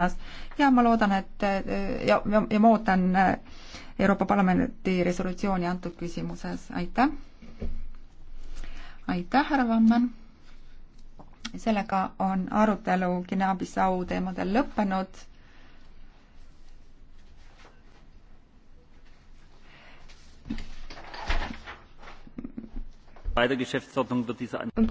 ennast ja ma loodan, et ja, ja, ja ma ootan äh, Euroopa Parlamendi resolutsiooni antud küsimuses, aitäh. aitäh, härra Vammen. sellega on arutelu Guinea-Bissau teemadel lõppenud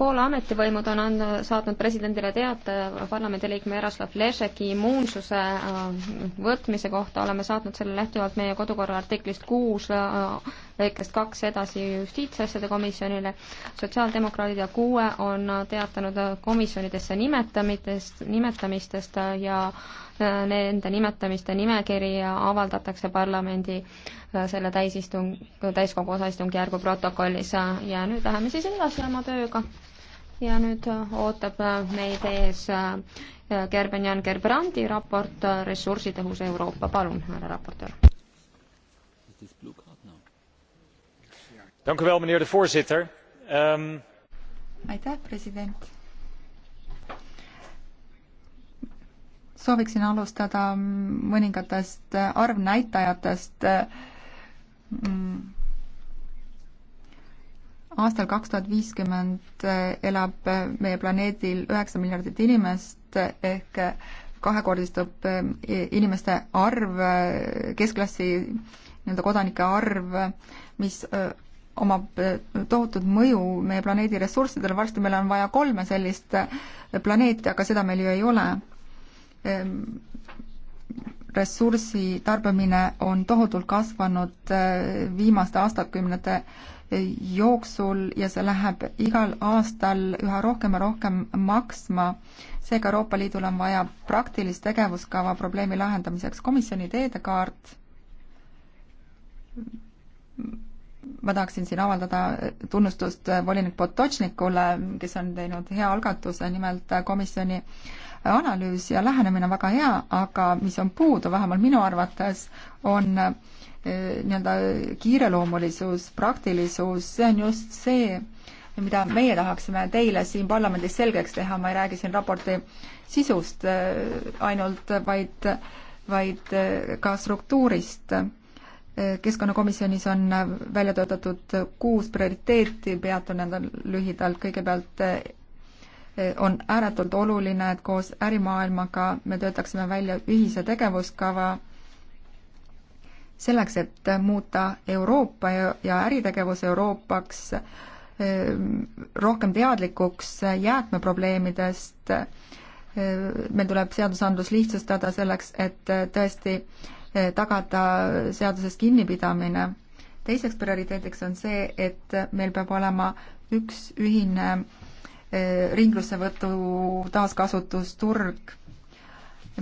Poola ametivõimud on anda, saatnud presidendile teate parlamendiliikme Jaroslav Lešeki immuunsuse äh, võtmise kohta, oleme saatnud selle lähtuvalt meie kodukorra artiklist kuus äh, lõikest kaks edasi Justiitsasjade komisjonile. sotsiaaldemokraadid ja kuue on teatanud komisjonidesse nimetamistest, nimetamistest ja äh, nende nimetamiste nimekiri avaldatakse parlamendi äh, selle täisistung, täiskogu osaistungjärgu protokollis ja nüüd läheme siis edasi oma tööga ja nüüd äh, ootab meid ees Gerben-Jan Gerbrandi raport Ressursitõhus Euroopa, palun, härra raportöör voorzitter ehm, sooviksin alustada mõningatest arvnäitajatest aastal kaks tuhat viiskümmend elab meie planeedil üheksa miljardit inimest ehk kahekordistub inimeste arv keskklassi nii-öelda kodanike arv mis omab eh, tohutut mõju meie planeedi ressurssidele, varsti meil on vaja kolme sellist eh, planeeti, aga seda meil ju ei ole. Ehm, ressursi tarbimine on tohutult kasvanud eh, viimaste aastakümnete jooksul ja see läheb igal aastal üha rohkem ja rohkem maksma. seega Euroopa Liidul on vaja praktilist tegevuskava probleemi lahendamiseks. komisjoni teedekaart ma tahaksin siin avaldada tunnustust volinik Potočnikule, kes on teinud hea algatuse, nimelt komisjoni analüüs ja lähenemine on väga hea, aga mis on puudu, vähemalt minu arvates, on eh, nii-öelda kiireloomulisus, praktilisus, see on just see, mida meie tahaksime teile siin parlamendis selgeks teha, ma ei räägi siin raporti sisust eh, ainult, vaid, vaid eh, ka struktuurist keskkonnakomisjonis on välja töötatud kuus prioriteeti, peatun nendel lühidalt, kõigepealt eh, on ääretult oluline, et koos ärimaailmaga me töötaksime välja ühise tegevuskava selleks, et muuta Euroopa ja äritegevus Euroopaks eh, rohkem teadlikuks jäätmeprobleemidest. Eh, meil tuleb seadusandlus lihtsustada selleks, et tõesti Eh, tagada seadusest kinnipidamine. teiseks prioriteediks on see, et meil peab olema üks ühine eh, ringlussevõtu taaskasutusturg.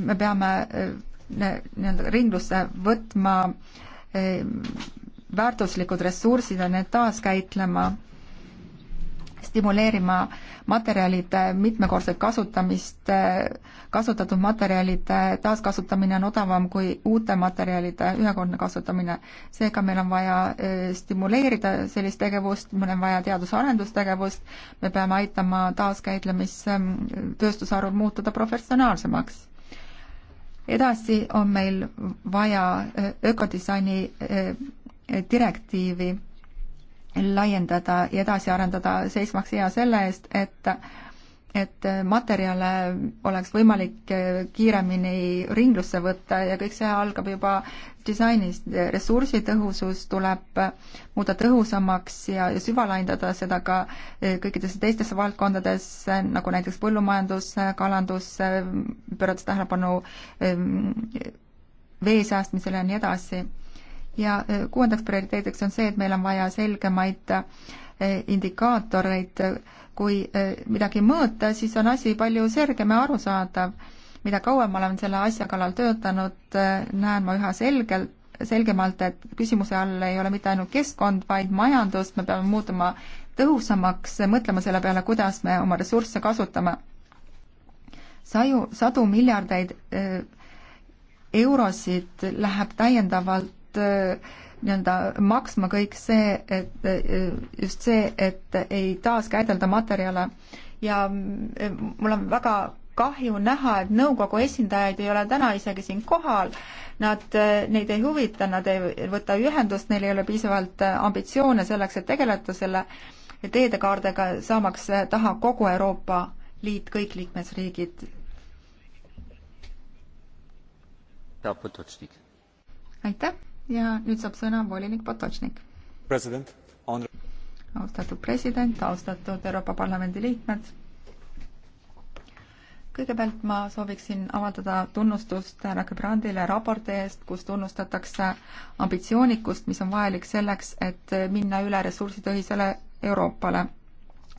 me peame eh, nii-öelda ringlusse võtma väärtuslikud ressursid ja need taaskäitlema stimuleerima materjalide mitmekordset kasutamist, kasutatud materjalide taaskasutamine on odavam kui uute materjalide ühekordne kasutamine. seega meil on vaja e, stimuleerida sellist tegevust, meil on vaja teadus-arendustegevust, me peame aitama taaskäitlemistööstusharul e, muutuda professionaalsemaks. edasi on meil vaja e, ökodisaini direktiivi laiendada ja edasi arendada, seismaks hea selle eest, et et materjale oleks võimalik kiiremini ringlusse võtta ja kõik see algab juba disainist. ressursitõhusus tuleb muuta tõhusamaks ja, ja süvalaiendada seda ka kõikidesse teistesse valdkondadesse, nagu näiteks põllumajandus, kalandus, pöörates tähelepanu ehm, vee säästmisele ja nii edasi ja eh, kuuendaks prioriteediks on see, et meil on vaja selgemaid eh, indikaatoreid, kui eh, midagi mõõta, siis on asi palju selgem ja arusaadav. mida kauem ma olen selle asja kallal töötanud, näen ma üha selgelt, selgemalt, et küsimuse all ei ole mitte ainult keskkond, vaid majandus, me peame muutuma tõhusamaks, mõtlema selle peale, kuidas me oma ressursse kasutame. saju, sadu miljardeid eurosid läheb täiendavalt peavad äh, nii-öelda maksma kõik see, et äh, just see, et ei taaskäidelda materjale ja äh, mul on väga kahju näha, et nõukogu esindajaid ei ole täna isegi siin kohal. Nad, neid ei huvita, nad ei võta ühendust, neil ei ole piisavalt ambitsioone selleks, et tegeleda selle teedekaardega, saamaks taha kogu Euroopa Liit, kõik liikmesriigid. aitäh! ja nüüd saab sõna volinik Potočnik. austatud president, austatud Euroopa Parlamendi liikmed. kõigepealt ma sooviksin avaldada tunnustust härra Gebrandile raporti eest, kus tunnustatakse ambitsioonikust, mis on vajalik selleks, et minna üle ressursitõhisele Euroopale.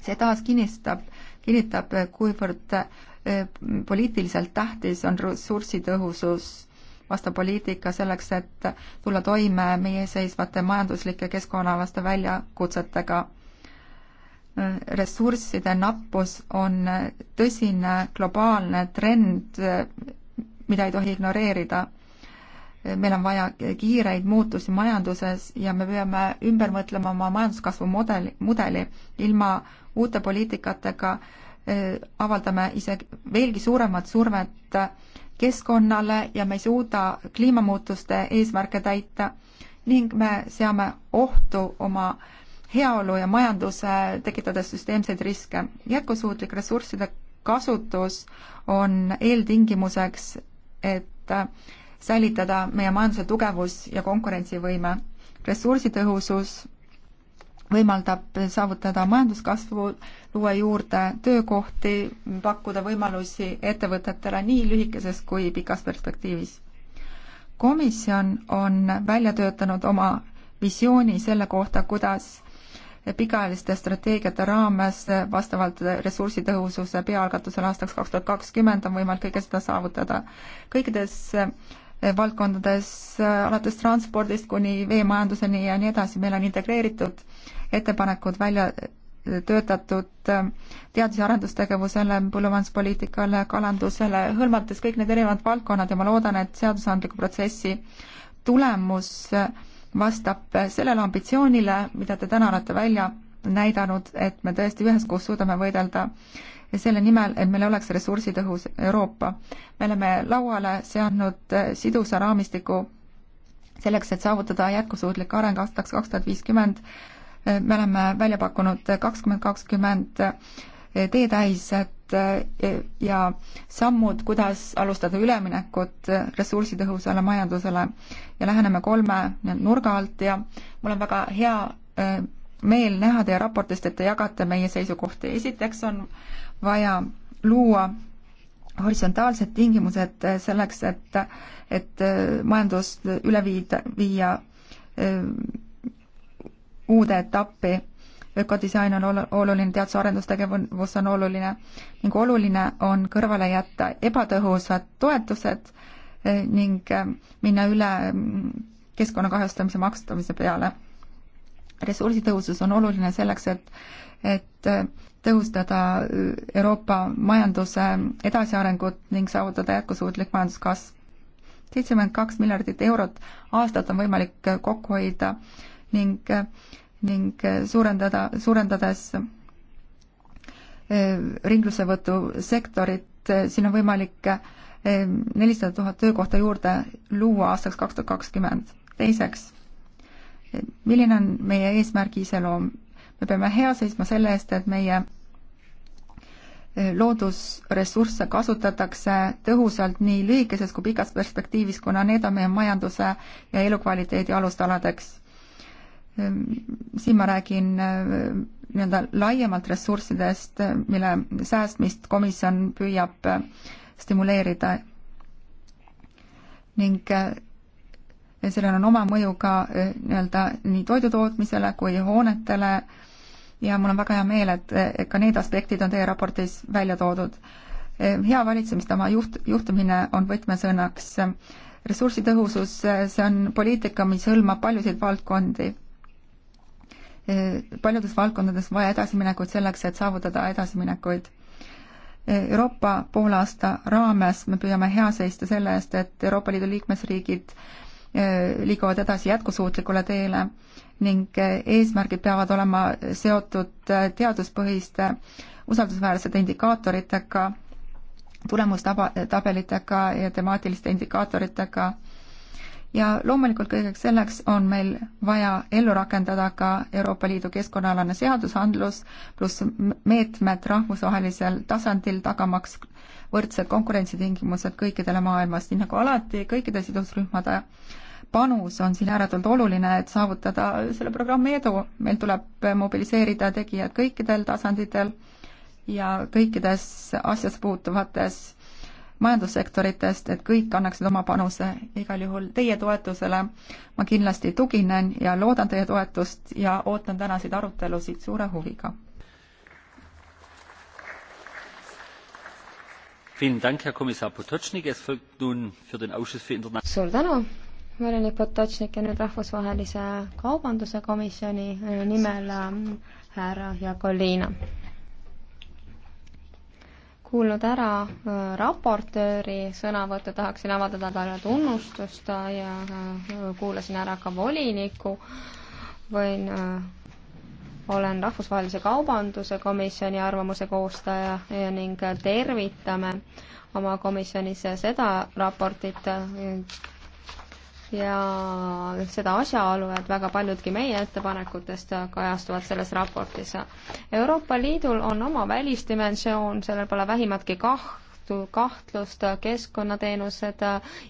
see taas kinnistab, kinnitab, kuivõrd eh, poliitiliselt tähtis on ressursitõhusus vastav poliitika selleks, et tulla toime meie seisvate majanduslike keskkonnaalaste väljakutsetega. ressursside nappus on tõsine globaalne trend, mida ei tohi ignoreerida. meil on vaja kiireid muutusi majanduses ja me peame ümber mõtlema oma majanduskasvu mudeli, mudeli ilma uute poliitikatega eh, avaldame isegi veelgi suuremat survet keskkonnale ja me ei suuda kliimamuutuste eesmärke täita ning me seame ohtu oma heaolu ja majanduse, tekitades süsteemseid riske. jätkusuutlik ressursside kasutus on eeltingimuseks, et säilitada meie majanduse tugevus ja konkurentsivõime. ressursitõhusus võimaldab saavutada majanduskasvu, luua juurde töökohti, pakkuda võimalusi ettevõtetele nii lühikeses kui pikas perspektiivis. komisjon on välja töötanud oma visiooni selle kohta, kuidas pikaajaliste strateegiate raames vastavalt ressursitõhususe peaalgatusele aastaks kaks tuhat kakskümmend on võimalik kõike seda saavutada. kõikides eh, valdkondades, eh, alates transpordist kuni veemajanduseni ja nii edasi, meil on integreeritud ettepanekud välja töötatud äh, teadus- ja arendustegevusele, põllumajanduspoliitikale, kalandusele, hõlmates kõik need erinevad valdkonnad ja ma loodan, et seadusandliku protsessi tulemus äh, vastab äh, sellele ambitsioonile, mida te täna olete välja näidanud, et me tõesti üheskoos suudame võidelda selle nimel, et meil oleks ressursitõhus Euroopa. me oleme lauale seadnud sidusa raamistiku selleks, et saavutada jätkusuutlik areng aastaks kaks tuhat viiskümmend me oleme välja pakkunud kakskümmend kakskümmend teetähised ja sammud, kuidas alustada üleminekut ressursitõhusale majandusele ja läheneme kolme nurga alt ja mul on väga hea äh, meel näha teie raportist, et te jagate meie seisukohti. esiteks on vaja luua horisontaalsed tingimused selleks, et, et äh, majandust üle viida, viia äh, uude etappi. ökodisain on oluline, teadus-arendustegevus on oluline ning oluline on kõrvale jätta ebatõhusad toetused eh, ning eh, minna üle mm, keskkonna kahjustamise maksustamise peale. ressursitõhusus on oluline selleks, et, et eh, tõhustada Euroopa majanduse edasiarengut ning saavutada jätkusuutlik majanduskasv. seitsekümmend kaks miljardit eurot aastat on võimalik kokku hoida ning ning äh, suurendada, suurendades äh, ringlussevõtusektorit, siin on võimalik äh, nelisada tuhat töökohta juurde luua aastaks kaks tuhat kakskümmend. teiseks, milline on meie eesmärgi iseloom? me peame hea seisma selle eest, et meie loodusressursse kasutatakse tõhusalt nii lühikeses kui pikas perspektiivis, kuna need on meie majanduse ja elukvaliteedi alustaladeks. Ehm, siin ma räägin ehm, nii-öelda laiemalt ressurssidest, mille säästmist komisjon püüab eh, stimuleerida. ning eh, sellel on oma mõju ka eh, nii-öelda nii toidutootmisele kui hoonetele ja mul on väga hea meel, et ka need aspektid on teie raportis välja toodud. Ehm, hea valitsemistava juht, juhtimine on võtmesõnaks. ressursitõhusus, see on poliitika, mis hõlmab paljusid valdkondi Eh, paljudes valdkondades vaja edasiminekut selleks, et saavutada edasiminekuid. Eh, Euroopa poolaasta raames me püüame hea seista selle eest, et Euroopa Liidu liikmesriigid eh, liiguvad edasi jätkusuutlikule teele ning eesmärgid peavad olema seotud teaduspõhiste usaldusväärsete indikaatoritega, tulemustabelitega ja temaatiliste indikaatoritega ja loomulikult kõigeks selleks on meil vaja ellu rakendada ka Euroopa Liidu keskkonnaalane seadusandlus pluss meetmed rahvusvahelisel tasandil, tagamaks võrdsed konkurentsitingimused kõikidele maailmas, nii nagu alati kõikide sidusrühmade panus on siin ääretult oluline, et saavutada selle programmi edu. meil tuleb mobiliseerida tegijad kõikidel tasanditel ja kõikides asjasse puutuvates majandussektoritest, et kõik annaksid oma panuse. igal juhul teie toetusele ma kindlasti tuginen ja loodan teie toetust ja ootan tänaseid arutelusid suure huviga. suur tänu, Marianne Potočnik ja nüüd Rahvusvahelise Kaubanduse Komisjoni äh, nimel ähm, härra Jakolina kuulnud ära äh, raportööri sõnavõttu, tahaksin avaldada talle tunnustust äh, ja äh, kuulasin ära ka voliniku, võin, olen Rahvusvahelise Kaubanduse Komisjoni arvamuse koostaja ning tervitame oma komisjonis seda raportit, ja seda asjaolu, et väga paljudki meie ettepanekutest kajastuvad selles raportis. Euroopa Liidul on oma välisdimensioon, sellel pole vähimatki kahtu, kahtlust, keskkonnateenused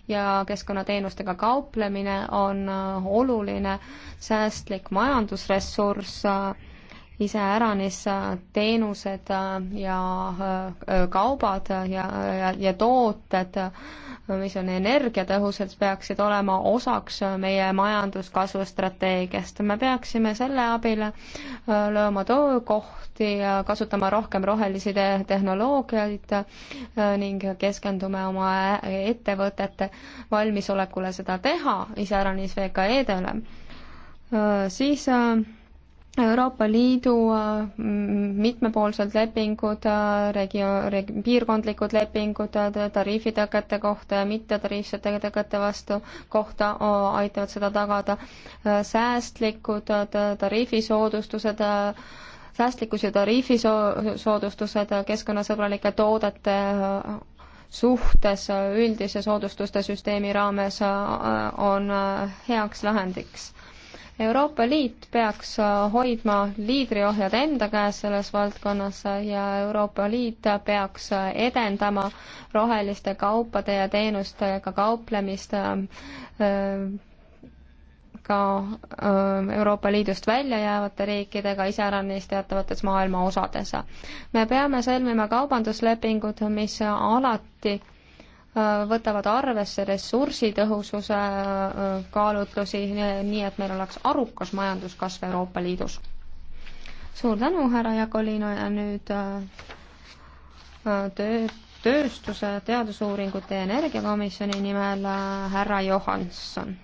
ja keskkonnateenustega kauplemine on oluline säästlik majandusressurss, iseäranis teenused ja kaubad ja, ja, ja tooted mis on energiatõhusad, peaksid olema osaks meie majanduskasvu strateegiast. me peaksime selle abil äh, lööma töökohti ja kasutama rohkem rohelisi te tehnoloogiaid äh, ning keskendume oma ettevõtete valmisolekule seda teha, iseäranis VKE-dele. Äh, siis Euroopa Liidu äh, mitmepoolsed lepingud, äh, regio-, reg-, piirkondlikud lepingud äh, tariifitõkete kohta ja mittetariifsete tõkete vastu kohta aitavad seda tagada, säästlikud tariifisoodustused, säästlikkus ja tariifisoodustused keskkonnasõbralike toodete suhtes üldise soodustuste süsteemi raames on heaks lahendiks Euroopa Liit peaks äh, hoidma liidriohjad enda käes selles valdkonnas ja Euroopa Liit peaks äh, edendama roheliste kaupade ja teenustega kauplemist äh, ka Euroopa Liidust välja jäävate riikidega, iseäranis teatavates maailma osades. me peame sõlmima kaubanduslepingud, mis alati võtavad arvesse ressursitõhususe äh, kaalutlusi, nii et meil oleks arukas majanduskasv Euroopa Liidus. suur tänu, härra Jakolino ja nüüd äh, äh, töö, tööstuse, teadusuuringute ja energiakomisjoni nimel härra Johanson.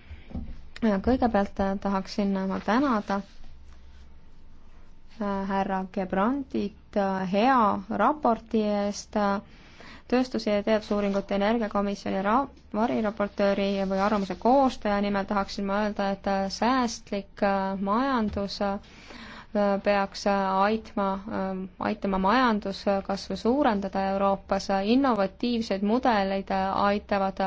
kõigepealt tahaksin ma tänada härra Gebrandit hea raporti eest tööstuse ja teadusuuringute energiakomisjoni ra-, variraportööri või arvamuse koostaja nimel tahaksin ma öelda, et äh, säästlik äh, majandus äh, peaks aitma, aitama majanduskasvu suurendada Euroopas, innovatiivsed mudeleid aitavad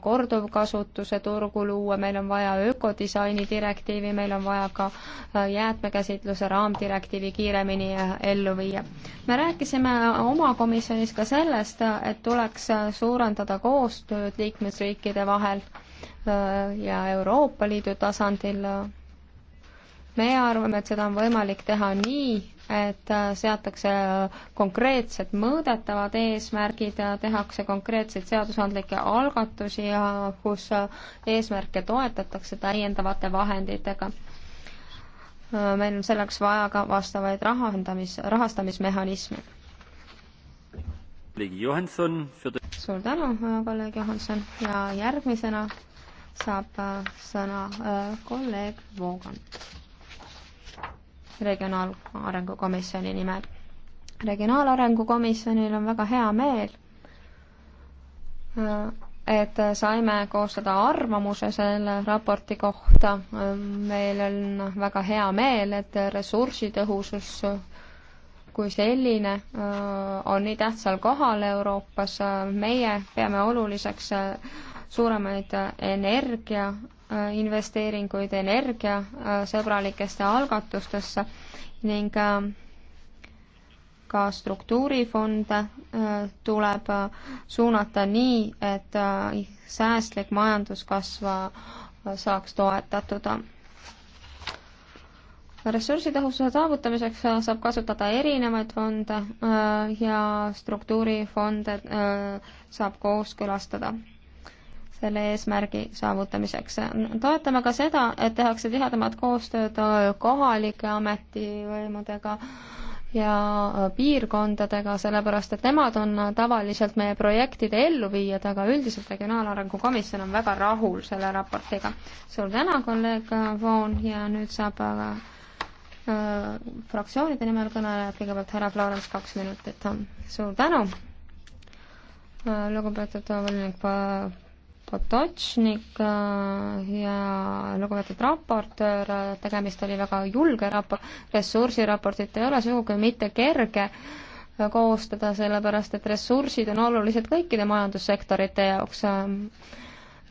korduvkasutuse turgu luua, meil on vaja ökodisaini direktiivi, meil on vaja ka äh, jäätmekäsitluse raamdirektiivi kiiremini äh, ellu viia. me rääkisime oma komisjonis ka sellest, et tuleks äh, suurendada koostööd liikmesriikide vahel ja Euroopa Liidu tasandil. meie arvame, et seda on võimalik teha nii, et äh, seatakse konkreetsed mõõdetavad eesmärgid, tehakse konkreetseid seadusandlikke algatusi ja kus äh, eesmärke toetatakse täiendavate vahenditega. Äh, meil on selleks vaja ka vastavaid rahandamis, rahastamismehhanisme. suur tänu, kolleeg Johanson ja järgmisena saab sõna kolleeg Voogan. Regionaalarengu Komisjoni nimel. regionaalarengu komisjonil on väga hea meel, et saime koostada arvamuse selle raporti kohta. meil on väga hea meel, et ressursitõhusus kui selline äh, on nii tähtsal kohal Euroopas. meie peame oluliseks suuremaid energia Äh, investeeringuid energiasõbralikesse algatustesse ning äh, ka struktuurifonde äh, tuleb suunata nii, et säästlik majanduskasv saaks toetatud. ressursitõhususe saavutamiseks saab kasutada erinevaid fonde ja struktuurifonde saab kooskõlastada selle eesmärgi saavutamiseks. toetame ka seda, et tehakse tihedamat koostööd kohalike ametivõimudega ja piirkondadega, sellepärast et nemad on tavaliselt meie projektide elluviijad, aga üldiselt Regionaalarengu Komisjon on väga rahul selle raportiga. suur tänu, kolleeg Voon ja nüüd saab aga äh, fraktsioonide nimel kõnelejad, kõigepealt härra Florence, kaks minutit. suur tänu, äh, lugupeetud volinik äh, Potočnik äh, ja lugupeetud raportöör, tegemist oli väga julge raport, ressursiraportit ei ole sugugi mitte kerge äh, koostada, sellepärast et ressursid on olulised kõikide majandussektorite jaoks.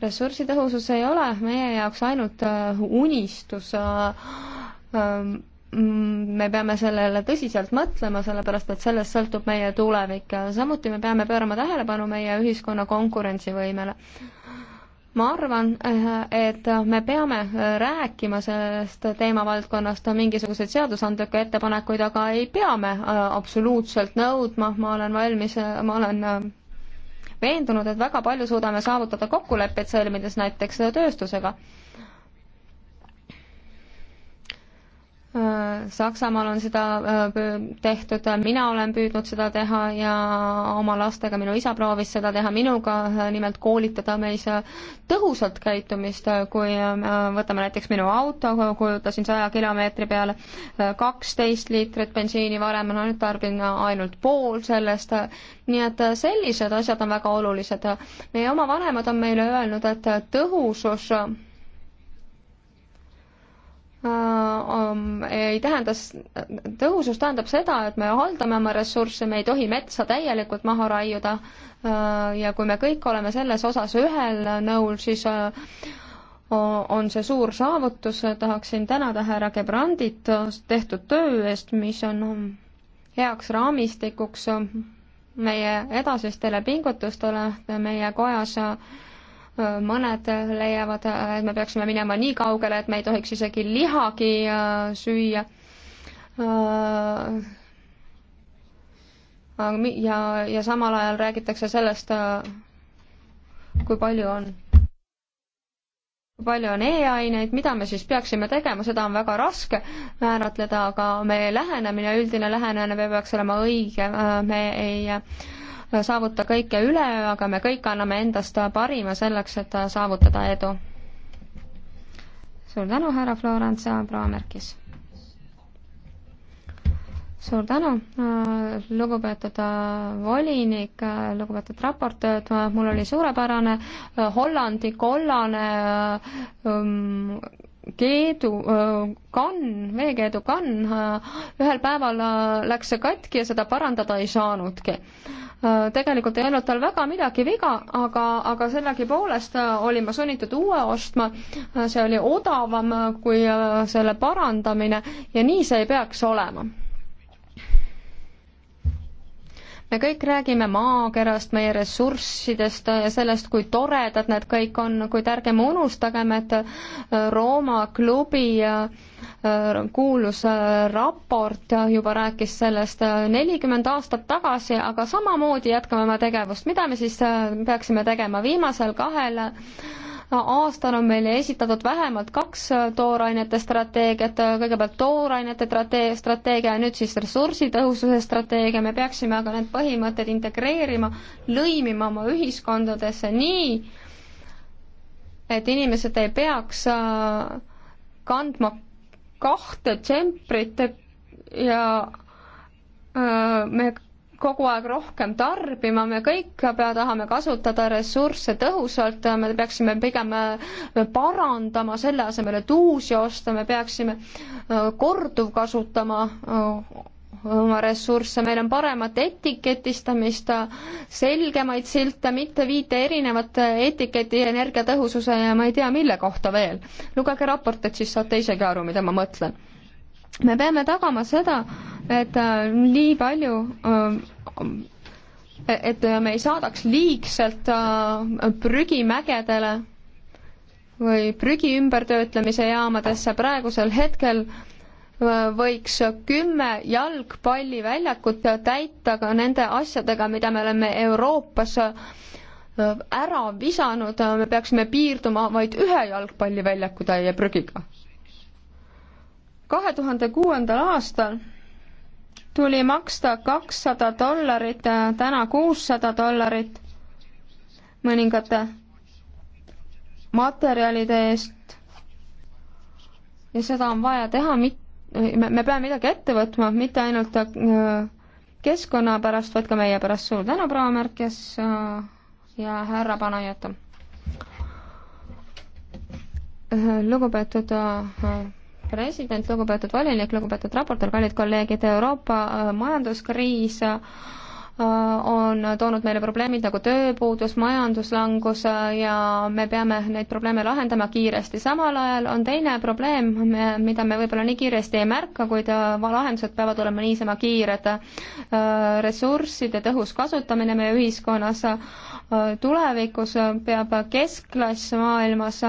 ressursitõhusus ei ole meie jaoks ainult äh, unistus, ähm, mm, me peame sellele tõsiselt mõtlema, sellepärast et sellest sõltub meie tulevik. samuti me peame pöörama tähelepanu meie ühiskonna konkurentsivõimele ma arvan, eh, et me peame eh, rääkima sellest teemavaldkonnast, mingisuguseid seadusandlikke ettepanekuid aga ei pea me eh, absoluutselt nõudma, ma olen valmis, ma olen veendunud, et väga palju suudame saavutada kokkuleppeid sõlmides näiteks tööstusega Saksamaal on seda äh, tehtud, mina olen püüdnud seda teha ja oma lastega, minu isa proovis seda teha minuga, äh, nimelt koolitada meis tõhusat käitumist, äh, kui võtame näiteks minu auto, kujutasin saja kilomeetri peale kaksteist liitrit bensiini varem, no nüüd tarbin ainult pool sellest, nii et sellised asjad on väga olulised. meie oma vanemad on meile öelnud, et tõhusus Äh, ähm, ei tähenda, tõhusus tähendab seda, et me haldame oma ressursse, me ei tohi metsa täielikult maha raiuda äh, ja kui me kõik oleme selles osas ühel nõul, siis äh, on see suur saavutus, tahaksin tänada härra Gebrandit tehtud töö eest, mis on heaks raamistikuks meie edasistele pingutustele meie kojas mõned leiavad, et me peaksime minema nii kaugele, et me ei tohiks isegi lihagi äh, süüa. Äh, ja, ja samal ajal räägitakse sellest, äh, kui palju on, kui palju on e-aineid, mida me siis peaksime tegema, seda on väga raske määratleda, aga meie lähenemine, üldine lähenemine peaks olema õige, me ei saavuta kõike üleöö, aga me kõik anname endast parima selleks, et saavutada edu. suur tänu, härra Florence Praamerkis. suur tänu, äh, lugupeetud äh, volinik, äh, lugupeetud raportööd, mul oli suurepärane Hollandi kollane um, keedu, kann, veekeedu kann, ühel päeval läks see katki ja seda parandada ei saanudki. Äh, tegelikult ei olnud tal väga midagi viga, aga, aga sellegipoolest äh, olin ma sunnitud uue ostma. Äh, see oli odavam kui selle parandamine ja nii see ei peaks olema me kõik räägime maakerast, meie ressurssidest ja sellest, kui toredad nad kõik on, kuid ärgem unustagem, et äh, Rooma klubi äh, äh, kuulus raport juba rääkis sellest nelikümmend aastat tagasi, aga samamoodi jätkame oma tegevust. mida me siis peaksime tegema? viimasel kahel aastal on meile esitatud vähemalt kaks äh, toorainete strateegiat, äh, kõigepealt toorainete strate-, strateegia ja nüüd siis ressursitõhususe strateegia, me peaksime aga need põhimõtted integreerima, lõimima oma ühiskondadesse nii, et inimesed ei peaks äh, kandma kahte tsemprit ja me kogu aeg rohkem tarbima, me kõik pea, tahame kasutada ressursse tõhusalt, me peaksime pigem äh, parandama selle asemel, et uusi osta, me peaksime äh, korduvkasutama äh, oma ressursse, meil on paremat etiketistamist, selgemaid silte, mitte viite erinevat etiketi energiatõhususe ja ma ei tea, mille kohta veel. lugege raportit, siis saate isegi aru, mida ma mõtlen me peame tagama seda, et äh, nii palju äh, et me ei saadaks liigselt äh, prügimägedele või prügi ümbertöötlemise jaamadesse praegusel hetkel võiks kümme jalgpalliväljakut täita ka nende asjadega, mida me oleme Euroopas ära visanud, me peaksime piirduma vaid ühe jalgpalliväljaku täie prügiga kahe tuhande kuuendal aastal tuli maksta kakssada dollarit, äh, täna kuussada dollarit mõningate materjalide eest. ja seda on vaja teha, mit-, me, me peame midagi ette võtma, mitte ainult äh, keskkonna pärast, vaid ka meie pärast. suur tänu, proua Märkes äh, ja härra Panajata. lugupeetud president, lugupeetud volinik, lugupeetud raportöör, kallid kolleegid, Euroopa äh, majanduskriis äh, on toonud meile probleemid nagu tööpuudus, majanduslangus äh, ja me peame neid probleeme lahendama kiiresti. samal ajal on teine probleem, mida me võib-olla nii kiiresti ei märka, kuid lahendused peavad olema niisama kiired. ressursside tõhus kasutamine meie ühiskonnas tulevikus peab keskklass maailmas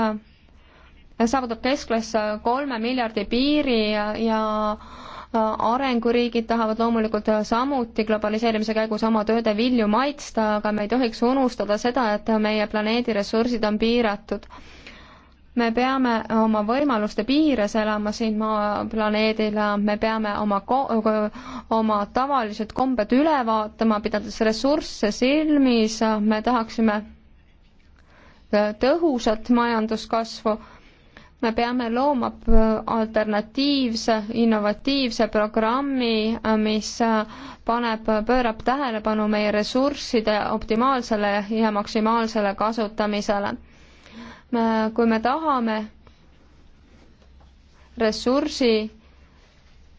saavutab keskklass kolme miljardi piiri ja, ja äh, arenguriigid tahavad loomulikult samuti globaliseerimise käigus oma tööde vilju maitsta, aga me ei tohiks unustada seda, et meie planeedi ressursid on piiratud. me peame oma võimaluste piires elama siin maa planeedil, me peame oma ko-, oma tavalised kombed üle vaatama, pidades ressursse silmis, me tahaksime tõhusat majanduskasvu me peame looma alternatiivse, innovatiivse programmi, mis äh, paneb, pöörab tähelepanu meie ressursside optimaalsele ja maksimaalsele kasutamisele. kui me tahame ressursi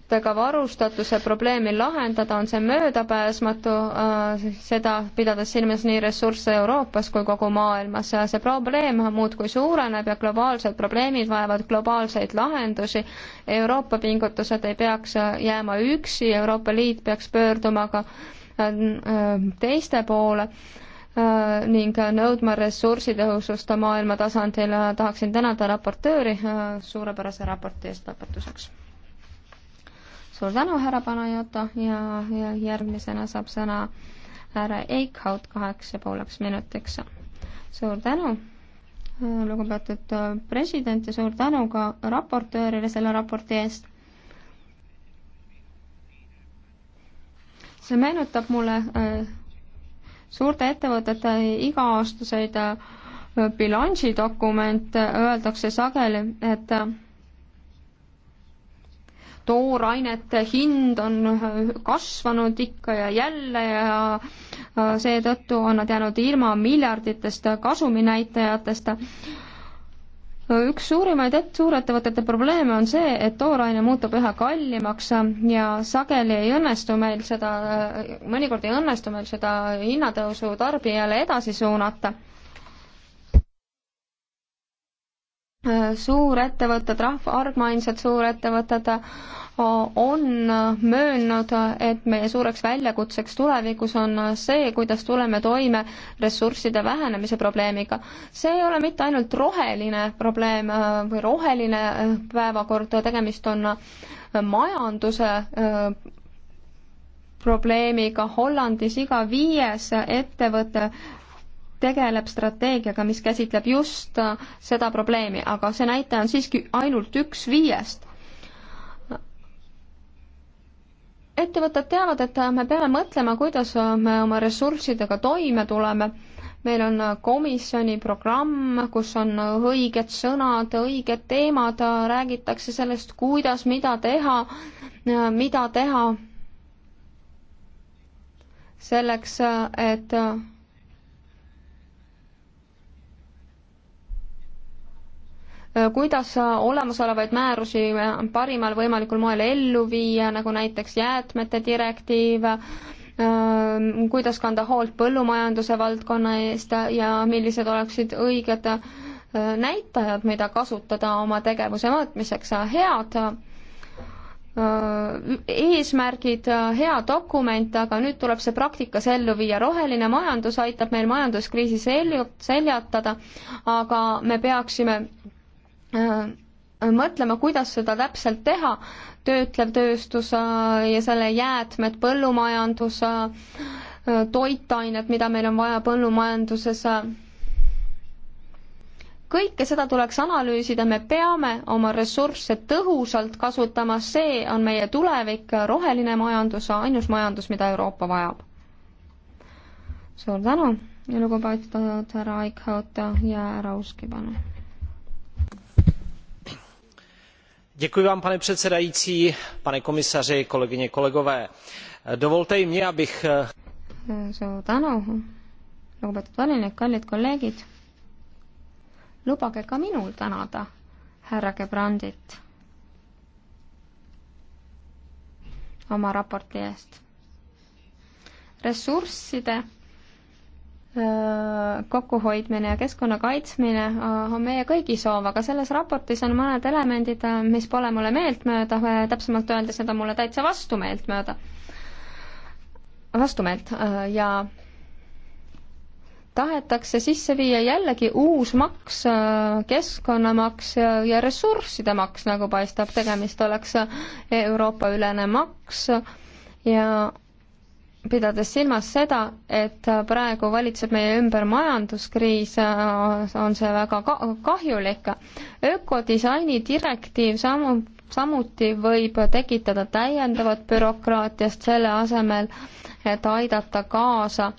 toodetega varustatuse probleemi lahendada, on see möödapääsmatu, äh, seda pidades silmas nii ressursse Euroopas kui kogu maailmas. see probleem muudkui suureneb ja globaalsed probleemid vajavad globaalseid lahendusi. Euroopa pingutused ei peaks jääma üksi, Euroopa Liit peaks pöörduma ka äh, teiste poole äh, ning nõudma ressursitõhusust maailma tasandil. tahaksin tänada raportööri suurepärase raporti eest lõpetuseks suur tänu, härra Panajota ja, ja järgmisena saab sõna härra Eichhaut kaheks ja pooleks minutiks. suur tänu, lugupeetud president ja suur tänu ka raportöörile selle raporti eest. see meenutab mulle äh, suurte ettevõtete iga-aastaseid äh, bilansidokumente, öeldakse sageli, et äh, toorainete hind on kasvanud ikka ja jälle ja seetõttu on nad jäänud ilma miljarditest kasuminäitajatest. üks suurimaid et-, suurettevõtete probleeme on see, et tooraine muutub üha kallimaks ja sageli ei õnnestu meil seda, mõnikord ei õnnestu meil seda hinnatõusu tarbijale edasi suunata suurettevõtted, rahva, argmainsad suurettevõtted äh, on möönnud, et meie suureks väljakutseks tulevikus on see, kuidas tuleme toime ressursside vähenemise probleemiga. see ei ole mitte ainult roheline probleem äh, või roheline äh, päevakord, tegemist on majanduse probleemiga Hollandis iga viies ettevõte tegeleb strateegiaga, mis käsitleb just äh, seda probleemi, aga see näitaja on siiski ainult üks viiest. ettevõtted teavad, et äh, me peame mõtlema, kuidas äh, me oma ressurssidega toime tuleme. meil on komisjoni programm, kus on õiged sõnad, õiged teemad, räägitakse sellest, kuidas, mida teha, mida teha selleks, et Äh, kuidas olemasolevaid määrusi äh, parimal võimalikul moel ellu viia, nagu näiteks jäätmete direktiiv, äh, kuidas kanda hoolt põllumajanduse valdkonna eest ja millised oleksid õiged näitajad, mida kasutada oma tegevuse mõõtmiseks, head eesmärgid, hea dokument, aga nüüd tuleb see praktikas ellu viia. roheline majandus aitab meil majanduskriisi seljatada, aga me peaksime Äh, äh, mõtlema, kuidas seda täpselt teha, töötlev tööstus äh, ja selle jäätmed, põllumajandus, toitained, mida meil on vaja põllumajanduses, kõike seda tuleks analüüsida, me peame oma ressursse tõhusalt kasutama, see on meie tulevik, roheline majandus, ainus majandus, mida Euroopa vajab. suur tänu ja lugupeetud härra Aikhaut ja härra Uski, palun! pane předsedající pane komisaři kolegyně kolegové dovolte i mně abych. Eh, suur tänu lugupeetud volinik kallid kolleegid lubage ka minul tänada härra gebrandit oma raporti eest ressursside kokkuhoidmine ja keskkonna kaitsmine on meie kõigi soov, aga selles raportis on mõned elemendid, mis pole mulle meeltmööda, täpsemalt öeldes need on mulle täitsa vastumeeltmööda, vastumeelt ja tahetakse sisse viia jällegi uus maks, keskkonnamaks ja ressursside maks, nagu paistab, tegemist oleks Euroopa-ülene maks ja pidades silmas seda, et praegu valitseb meie ümber majanduskriis, on see väga kahjulik. ökodisaini direktiiv samu, samuti võib tekitada täiendavat bürokraatiast selle asemel, et aidata kaasa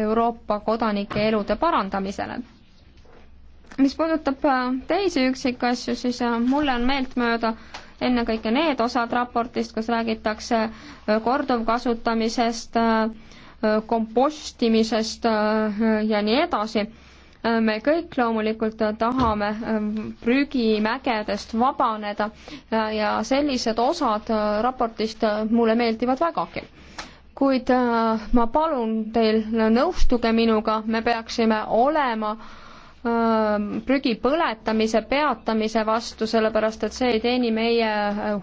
Euroopa kodanike elude parandamisele mis puudutab teisi üksikasju, siis mulle on meeltmööda ennekõike need osad raportist, kus räägitakse äh, korduvkasutamisest, äh, äh, kompostimisest ja nii edasi. me kõik loomulikult tahame prügimägedest vabaneda ja sellised osad raportist mulle meeldivad vägagi kuid ma palun teil, nõustuge minuga, me peaksime olema äh, prügi põletamise peatamise vastu, sellepärast et see ei teeni meie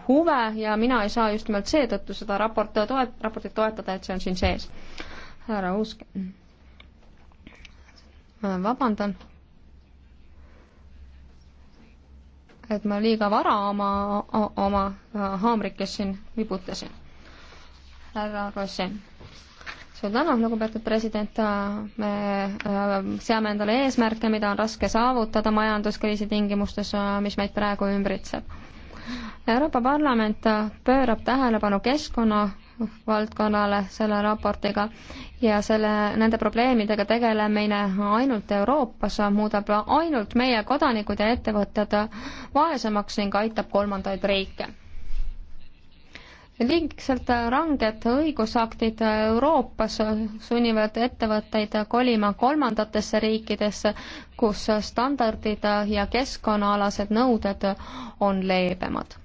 huve ja mina ei saa just nimelt seetõttu seda raport toet-, raportit toetada, et see on siin sees. härra Uusk. vabandan, et ma liiga vara oma, oma haamrikest siin vibutasin. härra Rossi suur tänu, lugupeetud president, äh, me äh, seame endale eesmärke, mida on raske saavutada majanduskriisi tingimustes, äh, mis meid praegu ümbritseb. Euroopa Parlament pöörab tähelepanu keskkonna valdkonnale selle raportiga ja selle, nende probleemidega tegelemine ainult Euroopas muudab ainult meie kodanikud ja ettevõtjad vaesemaks ning aitab kolmandaid riike liigselt ranged õigusaktid Euroopas sunnivad ettevõtteid kolima kolmandatesse riikidesse, kus standardid ja keskkonnaalased nõuded on leebemad.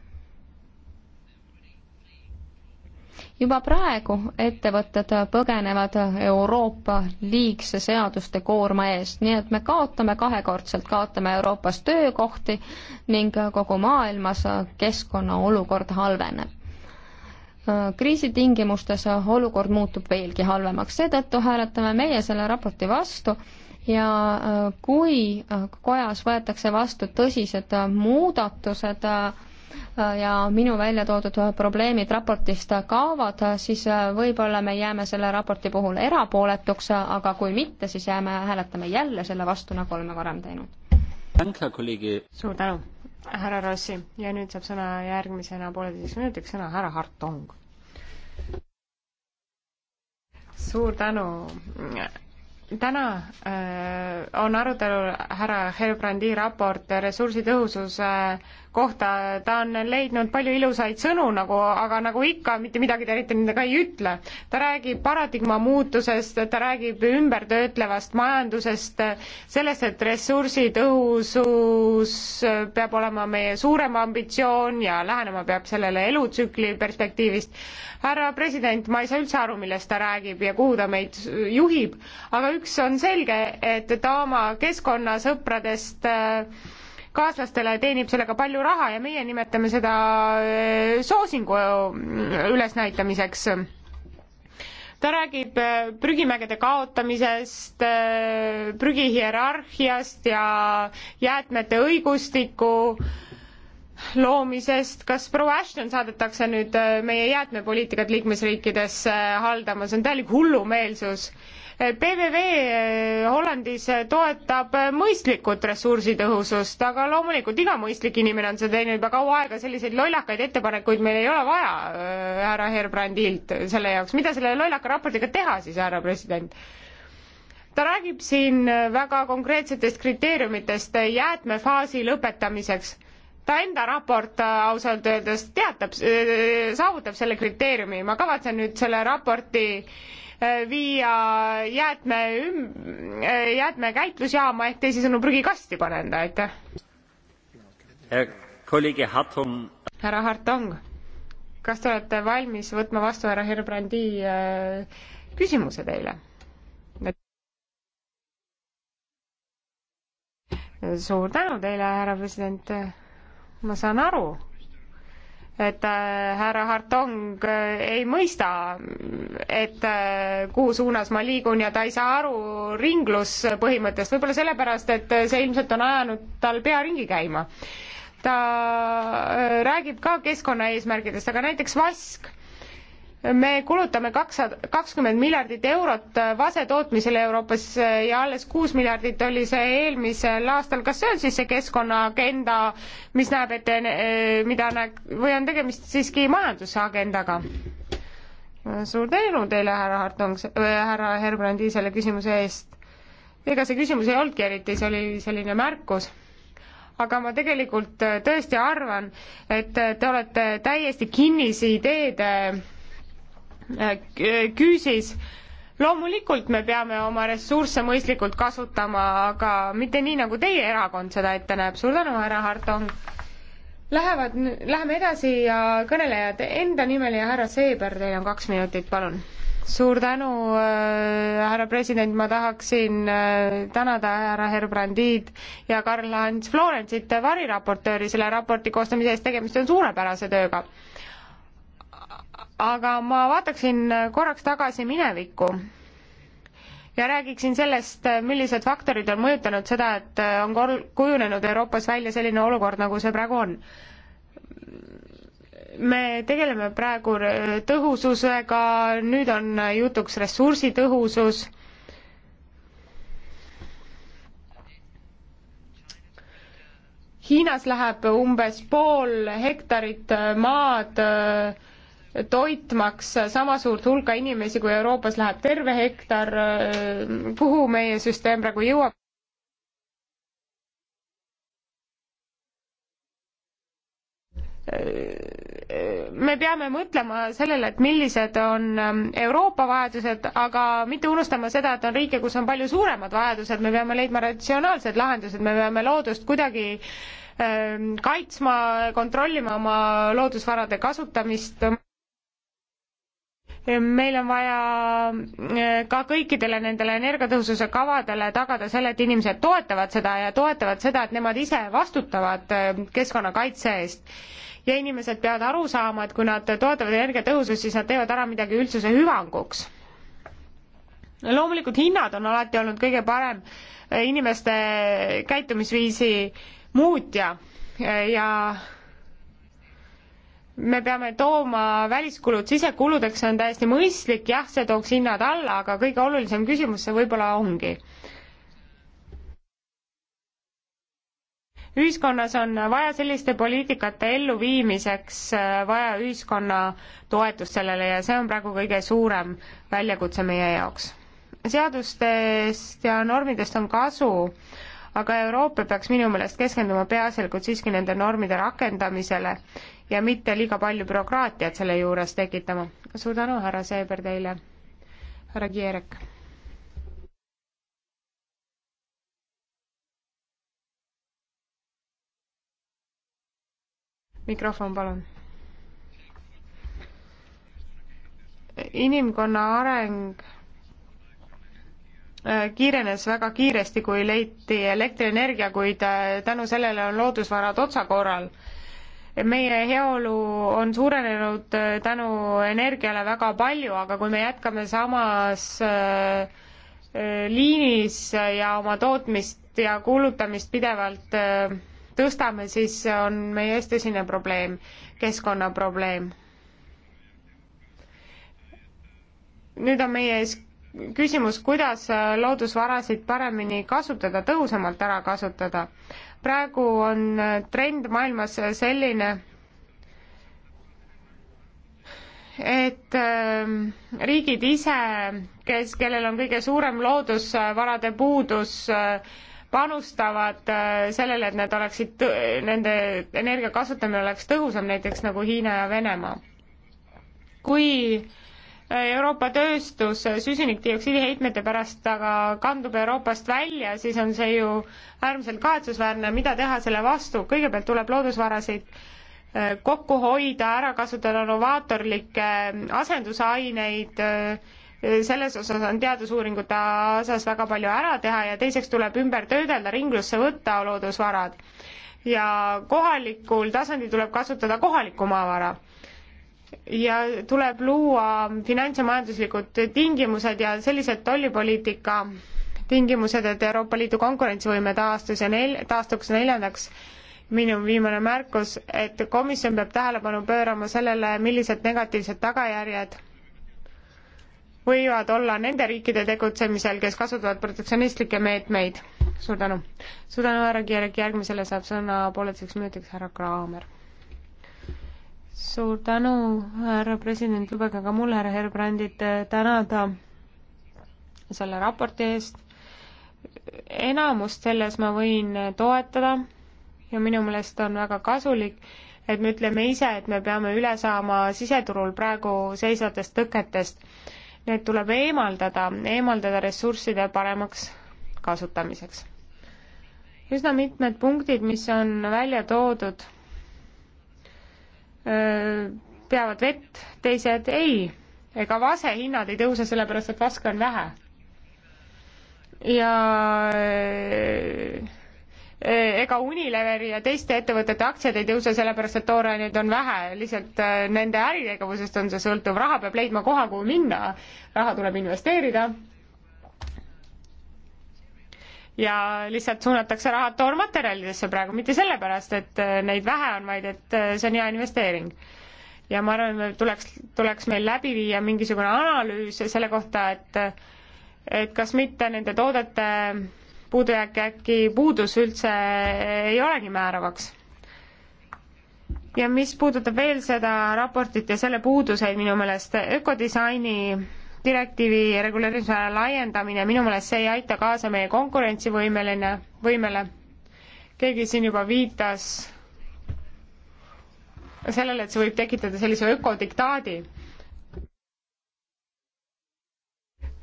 juba praegu ettevõtted põgenevad Euroopa liigse seaduste koorma eest, nii et me kaotame kahekordselt, kaotame Euroopas töökohti ning kogu maailmas keskkonna olukord halveneb Äh, kriisitingimustes olukord muutub veelgi halvemaks, seetõttu hääletame meie selle raporti vastu ja äh, kui äh, kojas võetakse vastu tõsised muudatused ja minu välja toodud probleemid raportist kaovad, siis võib-olla me jääme selle raporti puhul erapooletuks, aga kui mitte, siis jääme, hääletame jälle selle vastu, nagu oleme varem teinud. suur tänu, härra Rossi ja nüüd saab sõna järgmisena pooleteiseks minutiks sõna härra Hartong suur tänu. täna äh, on arutelul härra Helbrandi raport ressursitõhususe äh, kohta, ta on leidnud palju ilusaid sõnu nagu, aga nagu ikka, mitte midagi ta eriti nendega ei ütle. ta räägib paradigma muutusest, ta räägib ümbertöötlevast majandusest, sellest, et ressursitõhusus peab olema meie suurem ambitsioon ja lähenema peab sellele elutsükli perspektiivist. härra president, ma ei saa üldse aru, millest ta räägib ja kuhu ta meid juhib, aga üks on selge, et ta oma keskkonnasõpradest äh, kaaslastele teenib sellega palju raha ja meie nimetame seda äh, soosingu äh, ülesnäitamiseks ta räägib äh, prügimägede kaotamisest, prügihierarhiast ja jäätmete õigustiku loomisest, kas proua Ashton saadetakse nüüd meie jäätmepoliitikat liikmesriikidesse haldama, see on täielik hullumeelsus PVV eh, Hollandis toetab mõistlikult ressursitõhusust, aga loomulikult iga mõistlik inimene on seda teinud juba kaua aega, selliseid lollakaid ettepanekuid meil ei ole vaja eh, härra Herbrandilt selle jaoks. mida selle lollaka raportiga teha siis, härra president? ta räägib siin väga konkreetsetest kriteeriumitest jäätmefaasi lõpetamiseks ta enda raport äh, ausalt öeldes teatab, äh, saavutab selle kriteeriumi, ma kavatsen nüüd selle raporti äh, viia jäätme üm-, jäätmekäitlusjaama ehk teisisõnu prügikasti panen ta, aitäh. härra Hartong, kas te olete valmis võtma vastu härra Herbrandi küsimuse teile? suur tänu teile, härra president ma saan aru, et äh, härra Hartong äh, ei mõista, et äh, kuhu suunas ma liigun ja ta ei saa aru ringluspõhimõttest, võib-olla sellepärast, et see ilmselt on ajanud tal pea ringi käima. ta räägib ka keskkonnaeesmärkidest, aga näiteks vask me kulutame kakssada, kakskümmend miljardit eurot vase tootmisele Euroopas ja alles kuus miljardit oli see eelmisel aastal, kas see on siis see keskkonnaagenda, mis näeb ette, eh, mida näeb, või on tegemist siiski majandusagendaga? suur tänu teile, härra Hartong, eh, härra Herbrandi selle küsimuse eest. ega see küsimus ei olnudki eriti, see oli selline märkus aga ma tegelikult tõesti arvan, et te olete täiesti kinnise ideede Äh, küüsis. loomulikult me peame oma ressursse mõistlikult kasutama, aga mitte nii, nagu teie erakond seda ette näeb. suur tänu, härra Hartong. Lähevad, läheme edasi ja kõnelejad enda nimel ja härra Seeber, teil on kaks minutit, palun suur tänu äh,, härra president, ma tahaksin äh, tänada härra Herbrandid ja Karl-Hans Florensit äh, variraportööri selle raporti koostamise eest, tegemist on suurepärase tööga aga ma vaataksin korraks tagasi minevikku ja räägiksin sellest, millised faktorid on mõjutanud seda, et on kujunenud Euroopas välja selline olukord, nagu see praegu on. me tegeleme praegu tõhususega, nüüd on jutuks ressursitõhusus Hiinas läheb umbes pool hektarit maad toitmaks sama suurt hulka inimesi, kui Euroopas läheb terve hektar, kuhu äh, meie süsteem praegu jõuab? me peame mõtlema sellele, et millised on ähm, Euroopa vajadused, aga mitte unustama seda, et on riike, kus on palju suuremad vajadused, me peame leidma ratsionaalsed lahendused, me peame loodust kuidagi ähm, kaitsma, kontrollima oma loodusvarade kasutamist meil on vaja äh, ka kõikidele nendele energiatõhususe kavadele tagada selle, et inimesed toetavad seda ja toetavad seda, et nemad ise vastutavad äh, keskkonnakaitse eest. ja inimesed peavad aru saama, et kui nad toetavad energiatõhusust, siis nad teevad ära midagi üldsuse hüvanguks. loomulikult hinnad on alati olnud kõige parem äh, inimeste käitumisviisi muutja ja, ja me peame tooma väliskulud sisekuludeks, see on täiesti mõistlik, jah, see tooks hinnad alla, aga kõige olulisem küsimus see võib-olla ongi. ühiskonnas on vaja selliste poliitikate elluviimiseks äh, vaja ühiskonna toetust sellele ja see on praegu kõige suurem väljakutse meie jaoks. seadustest ja normidest on kasu, aga Euroopa peaks minu meelest keskenduma peaasjalikult siiski nende normide rakendamisele ja mitte liiga palju bürokraatiat selle juures tekitama. suur tänu, härra Seeber, teile, härra Kierek. mikrofon, palun. inimkonna areng äh, kiirenes väga kiiresti, kui leiti elektrienergia, kuid äh, tänu sellele on loodusvarad otsakorral meie heaolu on suurenenud äh, tänu energiale väga palju, aga kui me jätkame samas äh, äh, liinis ja oma tootmist ja kulutamist pidevalt tõstame, siis on meie ees tõsine probleem, keskkonnaprobleem. nüüd on meie ees küsimus, kuidas loodusvarasid paremini kasutada, tõhusamalt ära kasutada praegu on äh, trend maailmas äh, selline, et ähm, riigid ise, kes, kellel on kõige suurem loodusvarade puudus, äh, panustavad sellele, et need oleksid, nende energia kasutamine oleks tõhusam, näiteks nagu Hiina ja Venemaa. kui äh, Euroopa tööstus süsinikdioksiidi heitmete pärast aga kandub Euroopast välja, siis on see ju äärmiselt kahetsusväärne, mida teha selle vastu, kõigepealt tuleb loodusvarasid äh, kokku hoida, ära kasutada novaatorlikke äh, asendusaineid, äh, selles osas on teadusuuringute osas väga palju ära teha ja teiseks tuleb ümber töödelda, ringlusse võtta loodusvarad. ja kohalikul tasandil tuleb kasutada kohalikku maavara ja tuleb luua finants- ja majanduslikud tingimused ja sellised tollipoliitika tingimused, et Euroopa Liidu konkurentsivõime taastus ja nel-, taastuks neljandaks, minu viimane märkus, et komisjon peab tähelepanu pöörama sellele, millised negatiivsed tagajärjed võivad olla nende riikide tegutsemisel, kes kasutavad protektsionistlikke meetmeid. suur tänu. suur tänu, härra Kierek, järgmisele saab sõna pooleteiseks minutiks härra Kraamer suur tänu, härra president, lubage ka mul, härra Herbrandit, tänada selle raporti eest. enamust selles ma võin toetada ja minu meelest on väga kasulik, et me ütleme ise, et me peame üle saama siseturul praegu seisvatest tõketest. Need tuleb eemaldada, eemaldada ressursside paremaks kasutamiseks. üsna mitmed punktid, mis on välja toodud peavad vett, teised ei. ega vase hinnad ei tõuse, sellepärast et vaske on vähe. ja e, ega Unileveri ja teiste ettevõtete aktsiad ei tõuse, sellepärast et tooraineid on vähe, lihtsalt e, nende äritegevusest on see sõltuv, raha peab leidma koha, kuhu minna, raha tuleb investeerida ja lihtsalt suunatakse rahad toormaterjalidesse praegu, mitte sellepärast, et äh, neid vähe on, vaid et äh, see on hea investeering. ja ma arvan, et tuleks, tuleks meil läbi viia mingisugune analüüs selle kohta, et et kas mitte nende toodete puudujääk äkki, puudus üldse äh, ei olegi määravaks. ja mis puudutab veel seda raportit ja selle puuduseid minu meelest ökodisaini direktiivi reguleerimisala laiendamine, minu meelest see ei aita kaasa meie konkurentsivõimeline, võimele. keegi siin juba viitas sellele, et see võib tekitada sellise ökodiktaadi.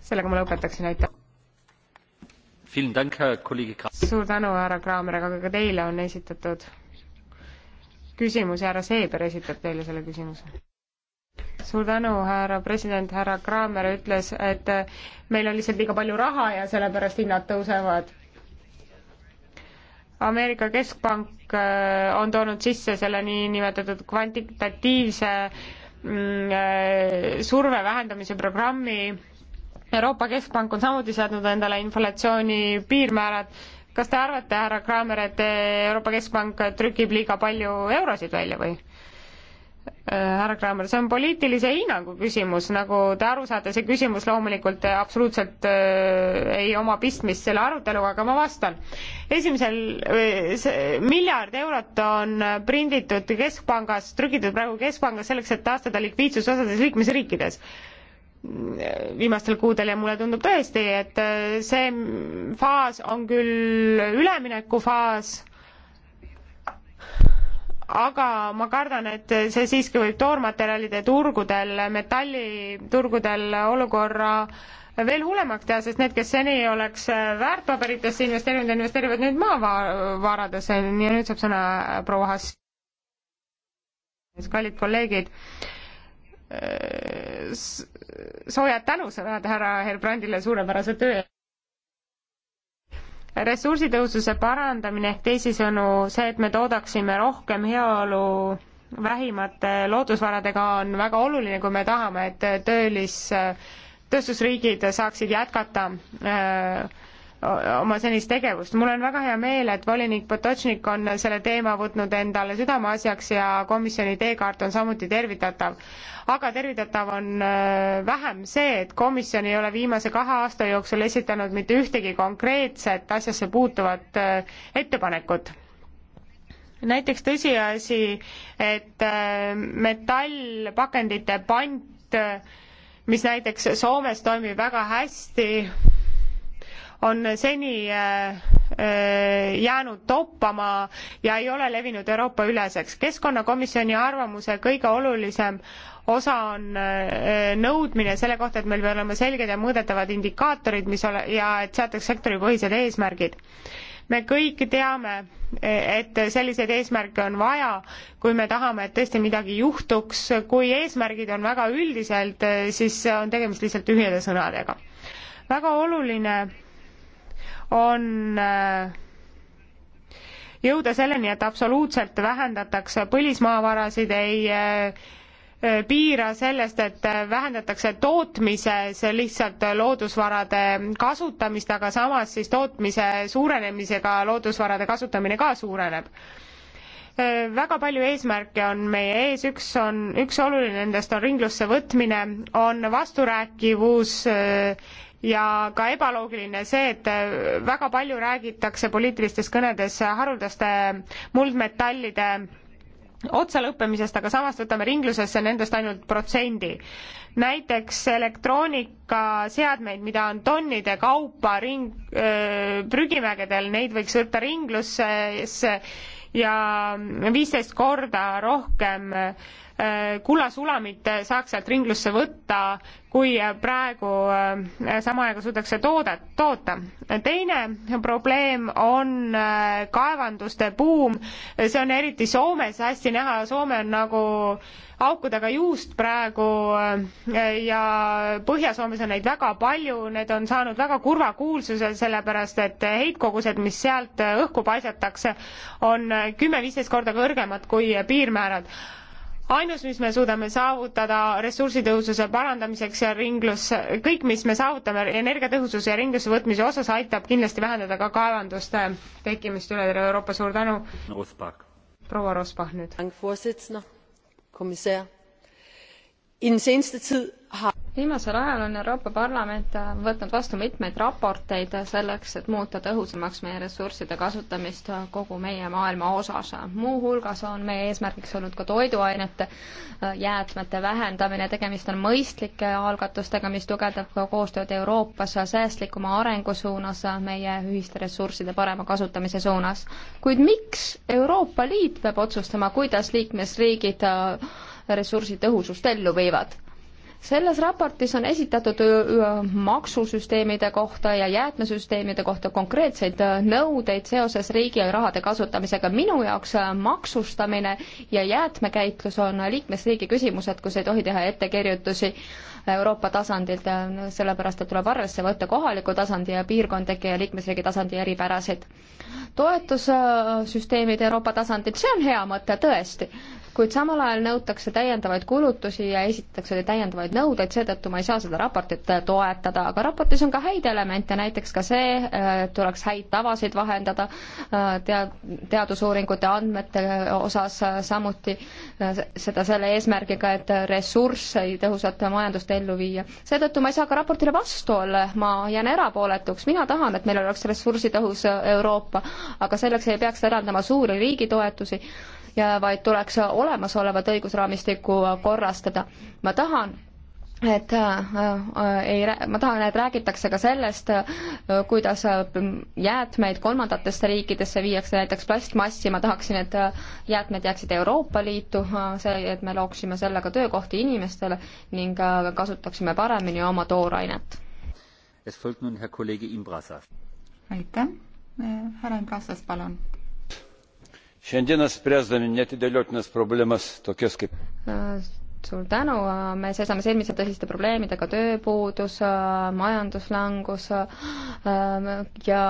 sellega ma lõpetaksin, aitäh. suur tänu, härra Kraamer, aga ka teile on esitatud küsimusi, härra Seeber esitab teile selle küsimuse suur tänu, härra president, härra Kramer ütles, et äh, meil on lihtsalt liiga palju raha ja sellepärast hinnad tõusevad. Ameerika Keskpank äh, on toonud sisse selle niinimetatud kvantitatiivse mm, äh, surve vähendamise programmi. Euroopa Keskpank on samuti seadnud endale inflatsiooni piirmäärad. kas te arvate, härra Kramer, et Euroopa Keskpank trükib liiga palju eurosid välja või? Äh, härra Kramer, see on poliitilise hinnangu küsimus, nagu te aru saate, see küsimus loomulikult äh, absoluutselt äh, ei oma pistmist selle aruteluga, aga ma vastan. esimesel äh,, miljard eurot on äh, prinditud keskpangas, trükitud praegu keskpangas selleks, et taastada likviidsus osades liikmesriikides viimastel kuudel ja mulle tundub tõesti, et see faas on küll üleminekufaas aga ma kardan, et see siiski võib toormaterjalide turgudel, metalliturgudel olukorra veel hullemaks teha, sest need, kes seni oleks väärtpaberitesse investeerinud, investeerivad nüüd maavaradesse ja nüüd saab sõna proua Hass. kallid kolleegid, soojad tänusõnad härra Herbrandile suurepärase töö eest ressursitõhususe parandamine ehk teisisõnu see, et me toodaksime rohkem heaolu vähimate loodusvaradega on väga oluline, kui me tahame, et töölis, tööstusriigid saaksid jätkata äh, oma senist tegevust. mul on väga hea meel, et volinik Potočnik on selle teema võtnud endale südameasjaks ja komisjoni teekaart on samuti tervitatav. aga tervitatav on äh, vähem see, et komisjon ei ole viimase kahe aasta jooksul esitanud mitte ühtegi konkreetset asjasse puutuvat äh, ettepanekut näiteks tõsiasi, et äh, metallpakendite pant, mis näiteks Soomes toimib väga hästi, on seni äh, äh, jäänud toppama ja ei ole levinud Euroopa üleseks. keskkonnakomisjoni arvamuse kõige olulisem osa on äh, nõudmine selle kohta, et meil peavad olema selged ja mõõdetavad indikaatorid, mis ole, ja et seataks sektoripõhised eesmärgid me kõik teame, et selliseid eesmärke on vaja, kui me tahame, et tõesti midagi juhtuks, kui eesmärgid on väga üldiselt, siis on tegemist lihtsalt tühjade sõnadega. väga oluline on äh, jõuda selleni, et absoluutselt vähendatakse põlismaavarasid, ei äh, äh, piira sellest, et vähendatakse tootmises lihtsalt loodusvarade kasutamist, aga samas siis tootmise suurenemisega loodusvarade kasutamine ka suureneb väga palju eesmärke on meie ees, üks on, üks oluline nendest on ringlusse võtmine, on vasturääkivus ja ka ebaloogiline see, et väga palju räägitakse poliitilistes kõnedes haruldaste muldmetallide otsalõppemisest, aga samas võtame ringlusesse nendest ainult protsendi. näiteks elektroonikaseadmeid, mida on tonnide kaupa ring, prügimägedel, neid võiks võtta ringlusse ja viisteist korda rohkem öö, Äh, kullasulamit saaks sealt ringlusse võtta, kui praegu äh, sama aega suudetakse toodet, toota. teine probleem on äh, kaevanduste buum, see on eriti Soomes hästi näha, Soome on nagu aukudega juust praegu ja Põhja-Soomes on neid väga palju, need on saanud väga kurva kuulsuse, sellepärast et heitkogused, mis sealt õhku paisatakse, on kümme-viisteist korda kõrgemad kui piirmäärad ainus, mis me suudame saavutada ressursitõhususe parandamiseks ja ringlus, kõik, mis me saavutame energiatõhususe ja ringlusse võtmise osas, aitab kindlasti vähendada ka kaevanduste tekkimist üle terve Euroopa, suur tänu. proua Rosbach nüüd viimasel ajal on Euroopa Parlament äh, võtnud vastu mitmeid raporteid selleks, et muuta tõhusamaks meie ressursside kasutamist äh, kogu meie maailma osas. muuhulgas on meie eesmärgiks olnud ka toiduainete äh, jäätmete vähendamine, tegemist on mõistlike algatustega, mis tugevdab ka koostööd Euroopas säästlikuma arengu suunas, meie ühiste ressursside parema kasutamise suunas. kuid miks Euroopa Liit peab otsustama, kuidas liikmesriigid ressursitõhusust ellu viivad? selles raportis on esitatud maksusüsteemide kohta ja jäätmesüsteemide kohta konkreetseid nõudeid seoses riigi rahade kasutamisega. minu jaoks maksustamine ja jäätmekäitlus on liikmesriigi küsimused, kus ei tohi teha ettekirjutusi Euroopa tasandilt, sellepärast et tuleb arvesse võtta kohaliku tasandi ja piirkondlikke ja liikmesriigi tasandi eripärasid. toetussüsteemid Euroopa tasandilt, see on hea mõte tõesti, kuid samal ajal nõutakse täiendavaid kulutusi ja esitatakse täiendavaid nõudeid, seetõttu ma ei saa seda raportit äh, toetada, aga raportis on ka häid elemente, näiteks ka see, et äh, tuleks häid tavasid vahendada äh, tead-, teadusuuringute andmete osas, samuti seda selle eesmärgiga, et ressursse tõhusat majandust ellu viia. seetõttu ma ei saa ka raportile vastu olla, ma jään erapooletuks, mina tahan, et meil oleks ressursitõhus Euroopa, aga selleks ei peaks eraldama suuri riigitoetusi ja vaid tuleks olemasolevat õigusraamistikku korrastada. ma tahan, et äh, ei, ma tahan, et räägitakse ka sellest, äh, kuidas äh, jäätmeid kolmandatesse riikidesse viiakse, näiteks plastmassi, ma tahaksin, et äh, jäätmed jääksid Euroopa Liitu, see, et me looksime sellega töökohti inimestele ning kasutaksime paremini oma toorainet. aitäh, härra Imbrasas, palun šiandieną spręsdami neatidėliotinas problemas tokias kaip suur tänu, me seisame silmitsi tõsiste probleemidega, tööpuudus, majanduslangus ähm, ja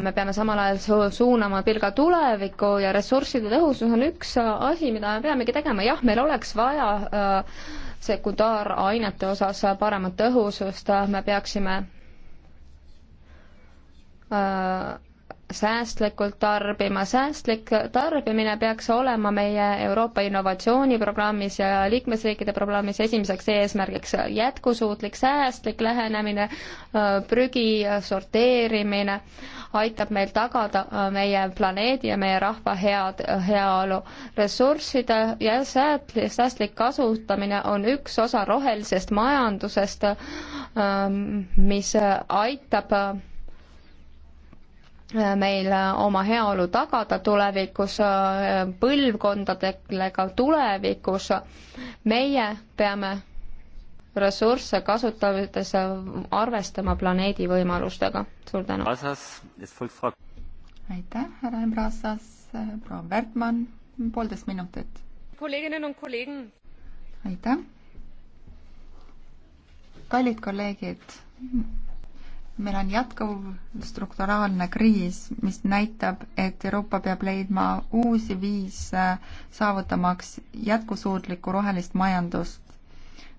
me peame samal ajal su suunama pilga tulevikku ja ressursside tõhusus on üks asi, mida me peamegi tegema, jah, meil oleks vaja äh, sekundaarainete osas paremat tõhusust, me peaksime äh, säästlikult tarbima. säästlik tarbimine peaks olema meie Euroopa innovatsiooniprogrammis ja liikmesriikide programmis esimeseks eesmärgiks. jätkusuutlik säästlik lähenemine, prügi sorteerimine aitab meil tagada meie planeedi ja meie rahva head, heaolu. ressursside ja säästlik kasutamine on üks osa rohelisest majandusest, mis aitab meil äh, oma heaolu tagada tulevikus, äh, põlvkondadele ka tulevikus. meie peame ressursse kasutades äh, arvestama planeedi võimalustega. suur tänu. aitäh, härra Embrasas, proua Bergmann, poolteist minutit. aitäh. kallid kolleegid meil on jätkuv strukturaalne kriis, mis näitab, et Euroopa peab leidma uusi viise saavutamaks jätkusuutlikku rohelist majandust.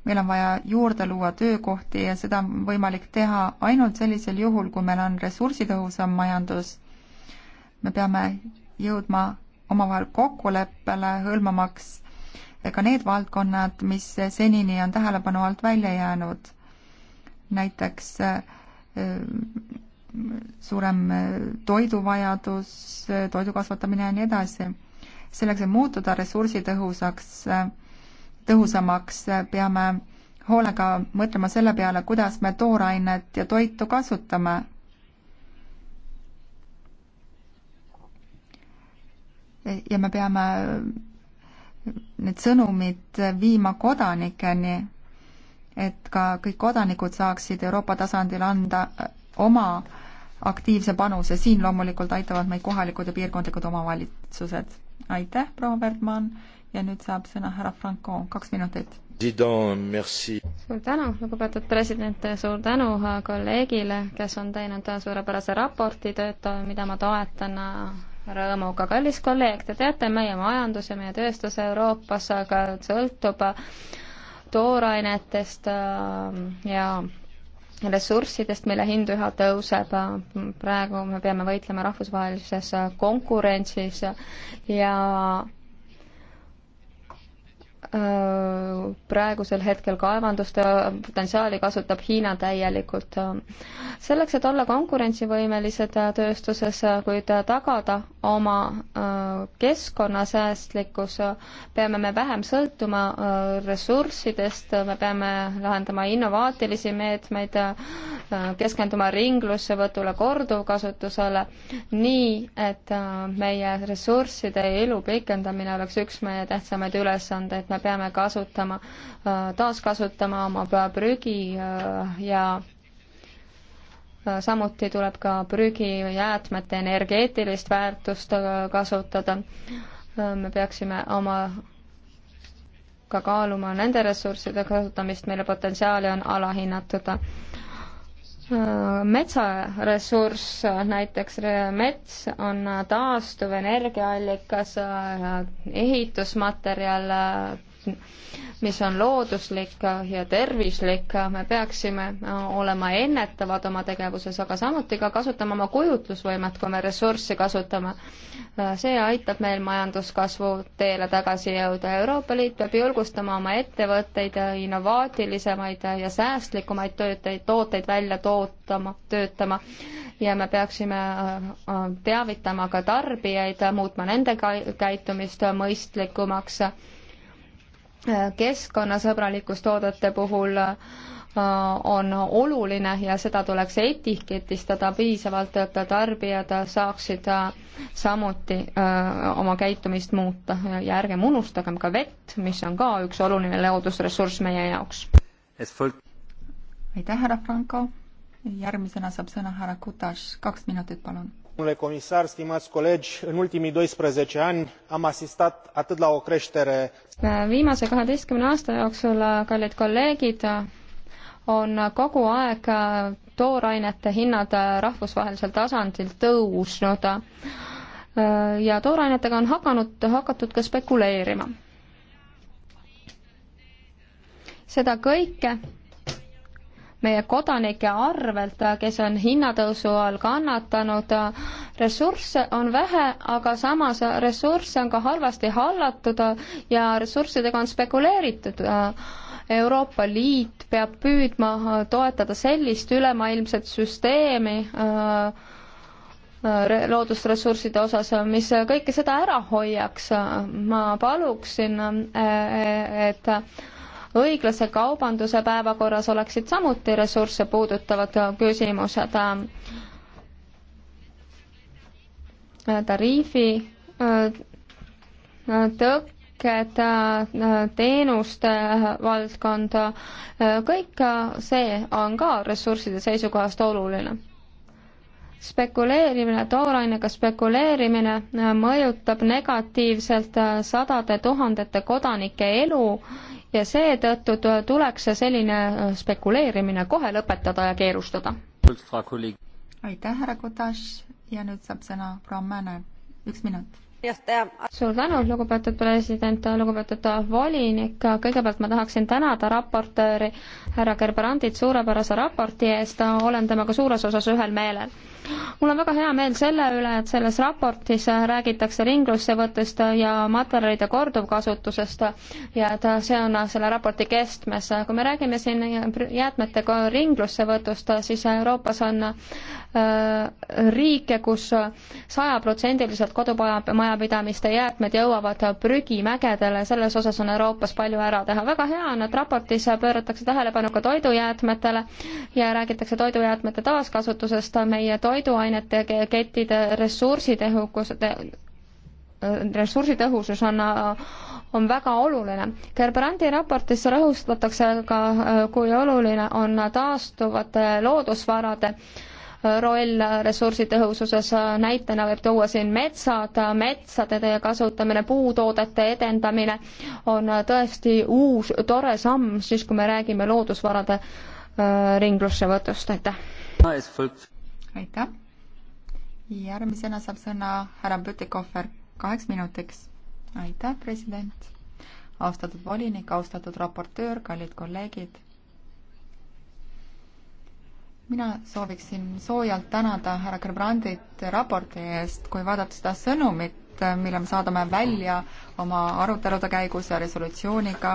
meil on vaja juurde luua töökohti ja seda on võimalik teha ainult sellisel juhul, kui meil on ressursitõhusam majandus. me peame jõudma omavahel kokkuleppele, hõlmamaks ka need valdkonnad, mis senini on tähelepanu alt välja jäänud. näiteks äh, suurem toiduvajadus, toidu kasvatamine ja nii edasi. selleks, et muutuda ressursitõhusaks, tõhusamaks, peame hoolega mõtlema selle peale, kuidas me toorainet ja toitu kasutame. ja me peame need sõnumid viima kodanikeni et ka kõik kodanikud saaksid Euroopa tasandil anda äh, oma aktiivse panuse, siin loomulikult aitavad meid kohalikud ja piirkondlikud omavalitsused. aitäh, proua Bergmann ja nüüd saab sõna härra Franco, kaks minutit. suur tänu, lugupeetud president, suur tänu äh, kolleegile, kes on teinud äh, suurepärase raporti, töötaja, mida ma toetan rõõmuga. kallis kolleeg, te teate, meie majandus ja meie tööstus Euroopas aga sõltub toorainetest ähm, ja ressurssidest, mille hind üha tõuseb. praegu me peame võitlema rahvusvahelises konkurentsis ja Äh, praegusel hetkel kaevanduste potentsiaali kasutab Hiina täielikult. selleks, et olla konkurentsivõimelised tööstuses, kuid tagada oma äh, keskkonnasäästlikkus, peame me vähem sõltuma äh, ressurssidest, me peame lahendama innovaatilisi meetmeid, keskenduma ringlussevõtule, korduvkasutusele, nii et meie ressursside elu pikendamine oleks üks meie tähtsamaid ülesandeid me peame kasutama, taaskasutama oma prügi äh, ja äh, samuti tuleb ka prügijäätmete energeetilist väärtust äh, kasutada. me peaksime oma ka kaaluma nende ressursside kasutamist, mille potentsiaali on alahinnatud metsaressurss, näiteks mets on taastuv energiaallikas, ehitusmaterjal, mis on looduslik ja tervislik, me peaksime äh, olema ennetavad oma tegevuses, aga samuti ka kasutama oma kujutlusvõimet, kui me ressurssi kasutame. Äh, see aitab meil majanduskasvu teele tagasi jõuda. Euroopa Liit peab julgustama oma ettevõtteid innovaatilisemaid ja säästlikumaid tööteid, tooteid välja tootama, töötama ja me peaksime äh, teavitama ka tarbijaid, muutma nende käitumist mõistlikumaks keskkonnasõbralikus toodete puhul äh, on oluline ja seda tuleks etiketistada piisavalt, et tarbijad saaksid äh, samuti äh, oma käitumist muuta ja ärgem unustagem ka vett, mis on ka üks oluline loodusressurss meie jaoks. aitäh, härra Franco. järgmisena saab sõna härra Kutas, kaks minutit, palun în ultimii doisprezece ani am asistat atât la o creștere. viimase kaheteistkümne aasta jooksul äh, kallid kolleegid on kogu aeg äh, toorainete hinnad äh, rahvusvahelisel tasandil tõusnud ja toorainetega on hakanud, hakatud ka spekuleerima. seda kõike meie kodanike arvelt, kes on hinnatõusu all kannatanud. ressursse on vähe, aga samas ressursse on ka halvasti hallatud ja ressurssidega on spekuleeritud. Euroopa Liit peab püüdma toetada sellist ülemaailmset süsteemi, loodusressursside osas, mis kõike seda ära hoiaks. ma paluksin, et õiglase kaubanduse päevakorras oleksid samuti ressursse puudutavad küsimused. tariifi äh, tõkked, äh, teenuste valdkond, äh, kõik see on ka ressursside seisukohast oluline spekuleerimine, toorainega spekuleerimine äh, mõjutab negatiivselt äh, sadade tuhandete kodanike elu ja seetõttu tuleks selline äh, spekuleerimine kohe lõpetada ja keelustada. aitäh, härra Kutaš ja nüüd saab sõna proua Mäner, üks minut. suur tänu, lugupeetud president, lugupeetud volinik, kõigepealt ma tahaksin tänada raportööri härra Gerberandit suurepärase raporti eest, olen temaga suures osas ühel meelel mul on väga hea meel selle üle, et selles raportis räägitakse ringlussevõttest ja materjalide korduvkasutusest ja et see on selle raporti kestmes. kui me räägime siin jäätmete ringlussevõtust, siis Euroopas on äh, riike kus, kus sajaprotsendiliselt kodumajapidamiste jäätmed jõuavad prügimägedele, selles osas on Euroopas palju ära teha. väga hea on, et raportis pööratakse tähelepanu ka toidujäätmetele ja räägitakse toidujäätmete taaskasutusest meie toidujäätmetele toiduainete kettide ressursitehukus, ressursitõhusus on on väga oluline. Gerbrandi raportis rõhustatakse ka, kui oluline on taastuvate loodusvarade roll ressursitõhususes, näitena võib tuua siin metsad, metsade kasutamine, puutoodete edendamine on tõesti uus tore samm, siis kui me räägime loodusvarade äh, ringlussevõtust, aitäh! aitäh. järgmisena saab sõna härra Pütikohver kaheks minutiks. aitäh, president. austatud volinik, austatud raportöör, kallid kolleegid. mina sooviksin soojalt tänada härra Gerbrandit raporti eest, kui vaadata seda sõnumit, Äh, mille me saadame välja oma arutelude käigus ja resolutsiooniga,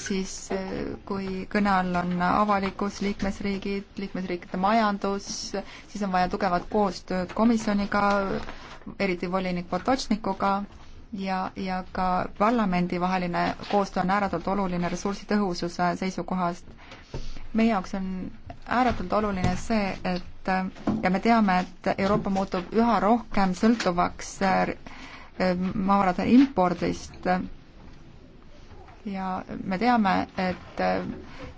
siis äh, kui kõne all on avalikkus, liikmesriigid, liikmesriikide majandus, siis on vaja tugevat koostööd komisjoniga, eriti volinik Potočnikuga ja, ja ka parlamendivaheline koostöö on ääretult oluline ressursitõhususe seisukohast. meie jaoks on ääretult oluline see, et ja me teame, et Euroopa muutub üha rohkem sõltuvaks äh, maavarade impordist ja me teame, et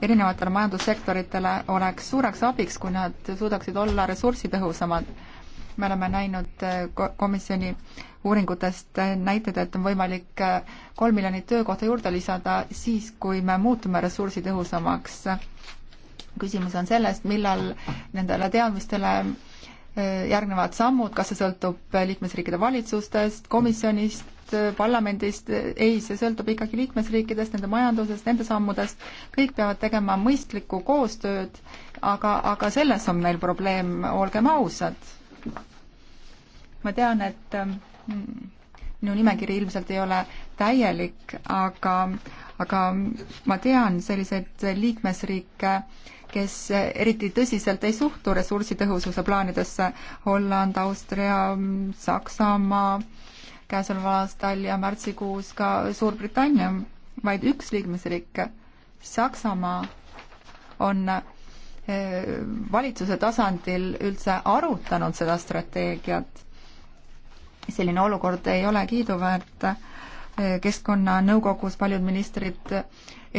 erinevatele majandussektoritele oleks suureks abiks, kui nad suudaksid olla ressursitõhusamad. me oleme näinud komisjoni uuringutest näiteid, et on võimalik kolm miljonit töökohta juurde lisada siis, kui me muutume ressursitõhusamaks. küsimus on sellest, millal nendele teadmistele järgnevad sammud, kas see sõltub liikmesriikide valitsustest, komisjonist, parlamendist, ei, see sõltub ikkagi liikmesriikidest, nende majandusest, nende sammudest, kõik peavad tegema mõistlikku koostööd, aga, aga selles on meil probleem, olgem ausad. ma tean, et mm, minu nimekiri ilmselt ei ole täielik, aga, aga ma tean selliseid liikmesriike, kes eriti tõsiselt ei suhtu ressursitõhususe plaanidesse. Holland, Austria, Saksamaa, käesoleval aastal ja märtsikuus ka Suurbritannia, vaid üks liikmesriik, Saksamaa, on eh, valitsuse tasandil üldse arutanud seda strateegiat. selline olukord ei ole kiiduväärt keskkonnanõukogus paljud ministrid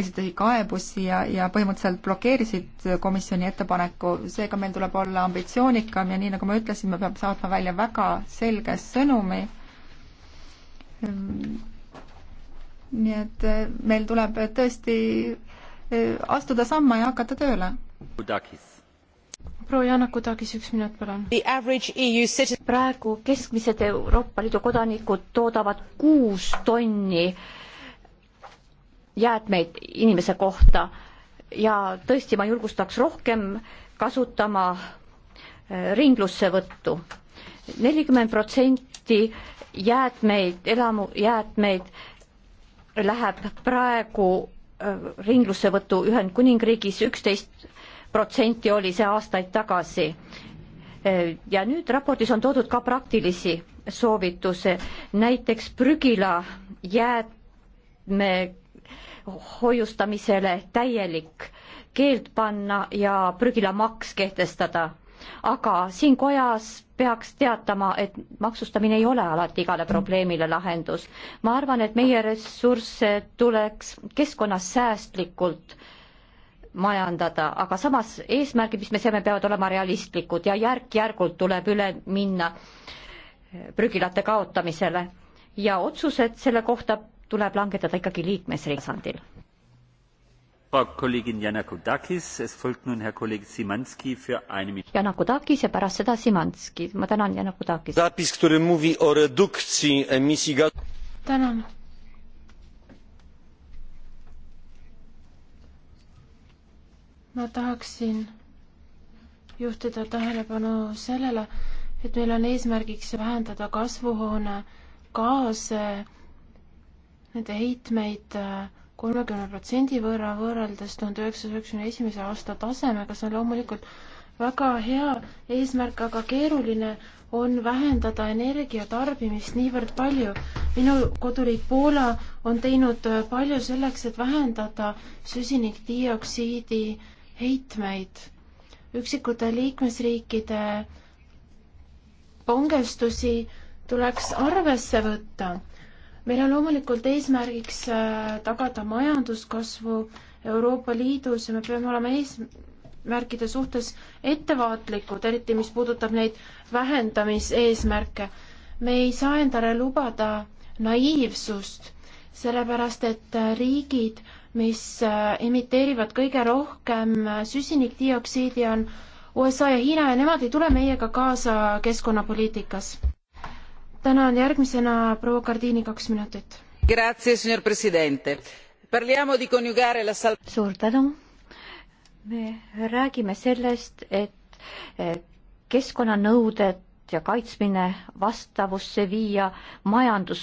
esitasid kaebusi ja, ja põhimõtteliselt blokeerisid komisjoni ettepaneku, seega meil tuleb olla ambitsioonikam ja nii, nagu ma ütlesin, me peame saatma välja väga selge sõnumi. nii et eh, meil tuleb tõesti eh, astuda samme ja hakata tööle. Kudakis proua Jana Kudagis, üks minut, palun. E praegu keskmised Euroopa Liidu kodanikud toodavad kuus tonni jäätmeid inimese kohta ja tõesti, ma julgustaks rohkem kasutama äh, ringlussevõttu. nelikümmend protsenti jäätmeid, elamujäätmeid läheb praegu äh, ringlussevõtu Ühendkuningriigis üksteist protsenti oli see aastaid tagasi. ja nüüd raportis on toodud ka praktilisi soovituse, näiteks prügila jäätme hoiustamisele täielik keeld panna ja prügilamaks kehtestada. aga siin kojas peaks teatama, et maksustamine ei ole alati igale probleemile lahendus. ma arvan, et meie ressursse tuleks keskkonnas säästlikult äh, majandada, aga samas eesmärgid, mis me seame, peavad olema realistlikud ja järk-järgult tuleb üle minna prügilate kaotamisele ja otsused selle kohta tuleb langetada ikkagi liikmesriigi tasandil. Janakudakis ja pärast seda Simanski. ma tänan Janakudakis. tänan ma tahaksin juhtida tähelepanu sellele, et meil on eesmärgiks vähendada kasvuhoone gaase, nende heitmeid äh, kolmekümne protsendi võrra võrreldes tuhande üheksasaja üheksakümne esimese aasta tasemega, see on loomulikult väga hea eesmärk, aga keeruline on vähendada energiatarbimist niivõrd palju. minu koduriik Poola on teinud äh, palju selleks, et vähendada süsinikdioksiidi heitmeid. üksikute liikmesriikide pangestusi tuleks arvesse võtta. meil on loomulikult eesmärgiks äh, tagada majanduskasvu Euroopa Liidus ja me peame olema eesmärkide suhtes ettevaatlikud, eriti mis puudutab neid vähendamiseesmärke. me ei saa endale lubada naiivsust, sellepärast et äh, riigid mis emiteerivad äh, kõige rohkem äh, süsinikdioksiidi, on USA ja Hiina ja nemad ei tule meiega kaasa keskkonnapoliitikas. tänan, järgmisena proua Gardiini kaks minutit. La... suur tänu. me räägime sellest, et eh, keskkonnanõuded ja kaitsmine vastavusse viia majandus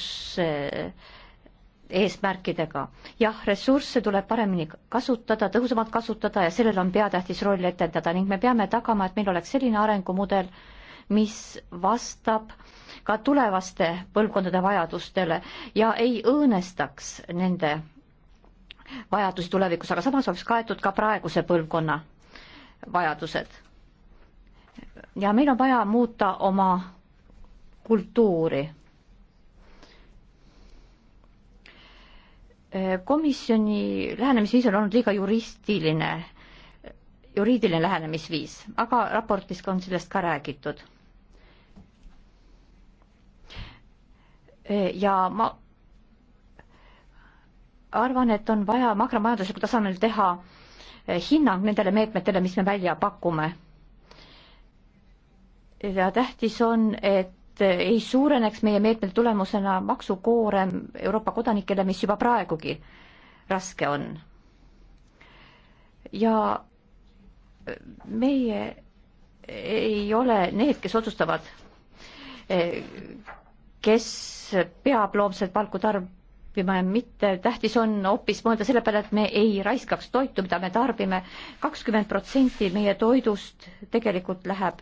eesmärkidega. jah, ressursse tuleb paremini kasutada, tõhusamalt kasutada ja sellel on peatähtis roll etendada ning me peame tagama, et meil oleks selline arengumudel, mis vastab ka tulevaste põlvkondade vajadustele ja ei õõnestaks nende vajadusi tulevikus, aga samas oleks kaetud ka praeguse põlvkonna vajadused. ja meil on vaja muuta oma kultuuri Äh, komisjoni lähenemisviis on olnud liiga juristiline, juriidiline lähenemisviis, aga raportis on sellest ka räägitud. Äh, ja ma arvan, et on vaja makromajanduslikul tasemel teha äh, hinnang nendele meetmetele, mis me välja pakume. ja tähtis on, et et ei suureneks meie meetmete tulemusena maksukoorem Euroopa kodanikele, mis juba praegugi raske on. ja meie ei ole need, kes otsustavad, kes peab loomset palku tarbima ja mitte, tähtis on hoopis mõelda selle peale, et me ei raiskaks toitu, mida me tarbime, kakskümmend protsenti meie toidust tegelikult läheb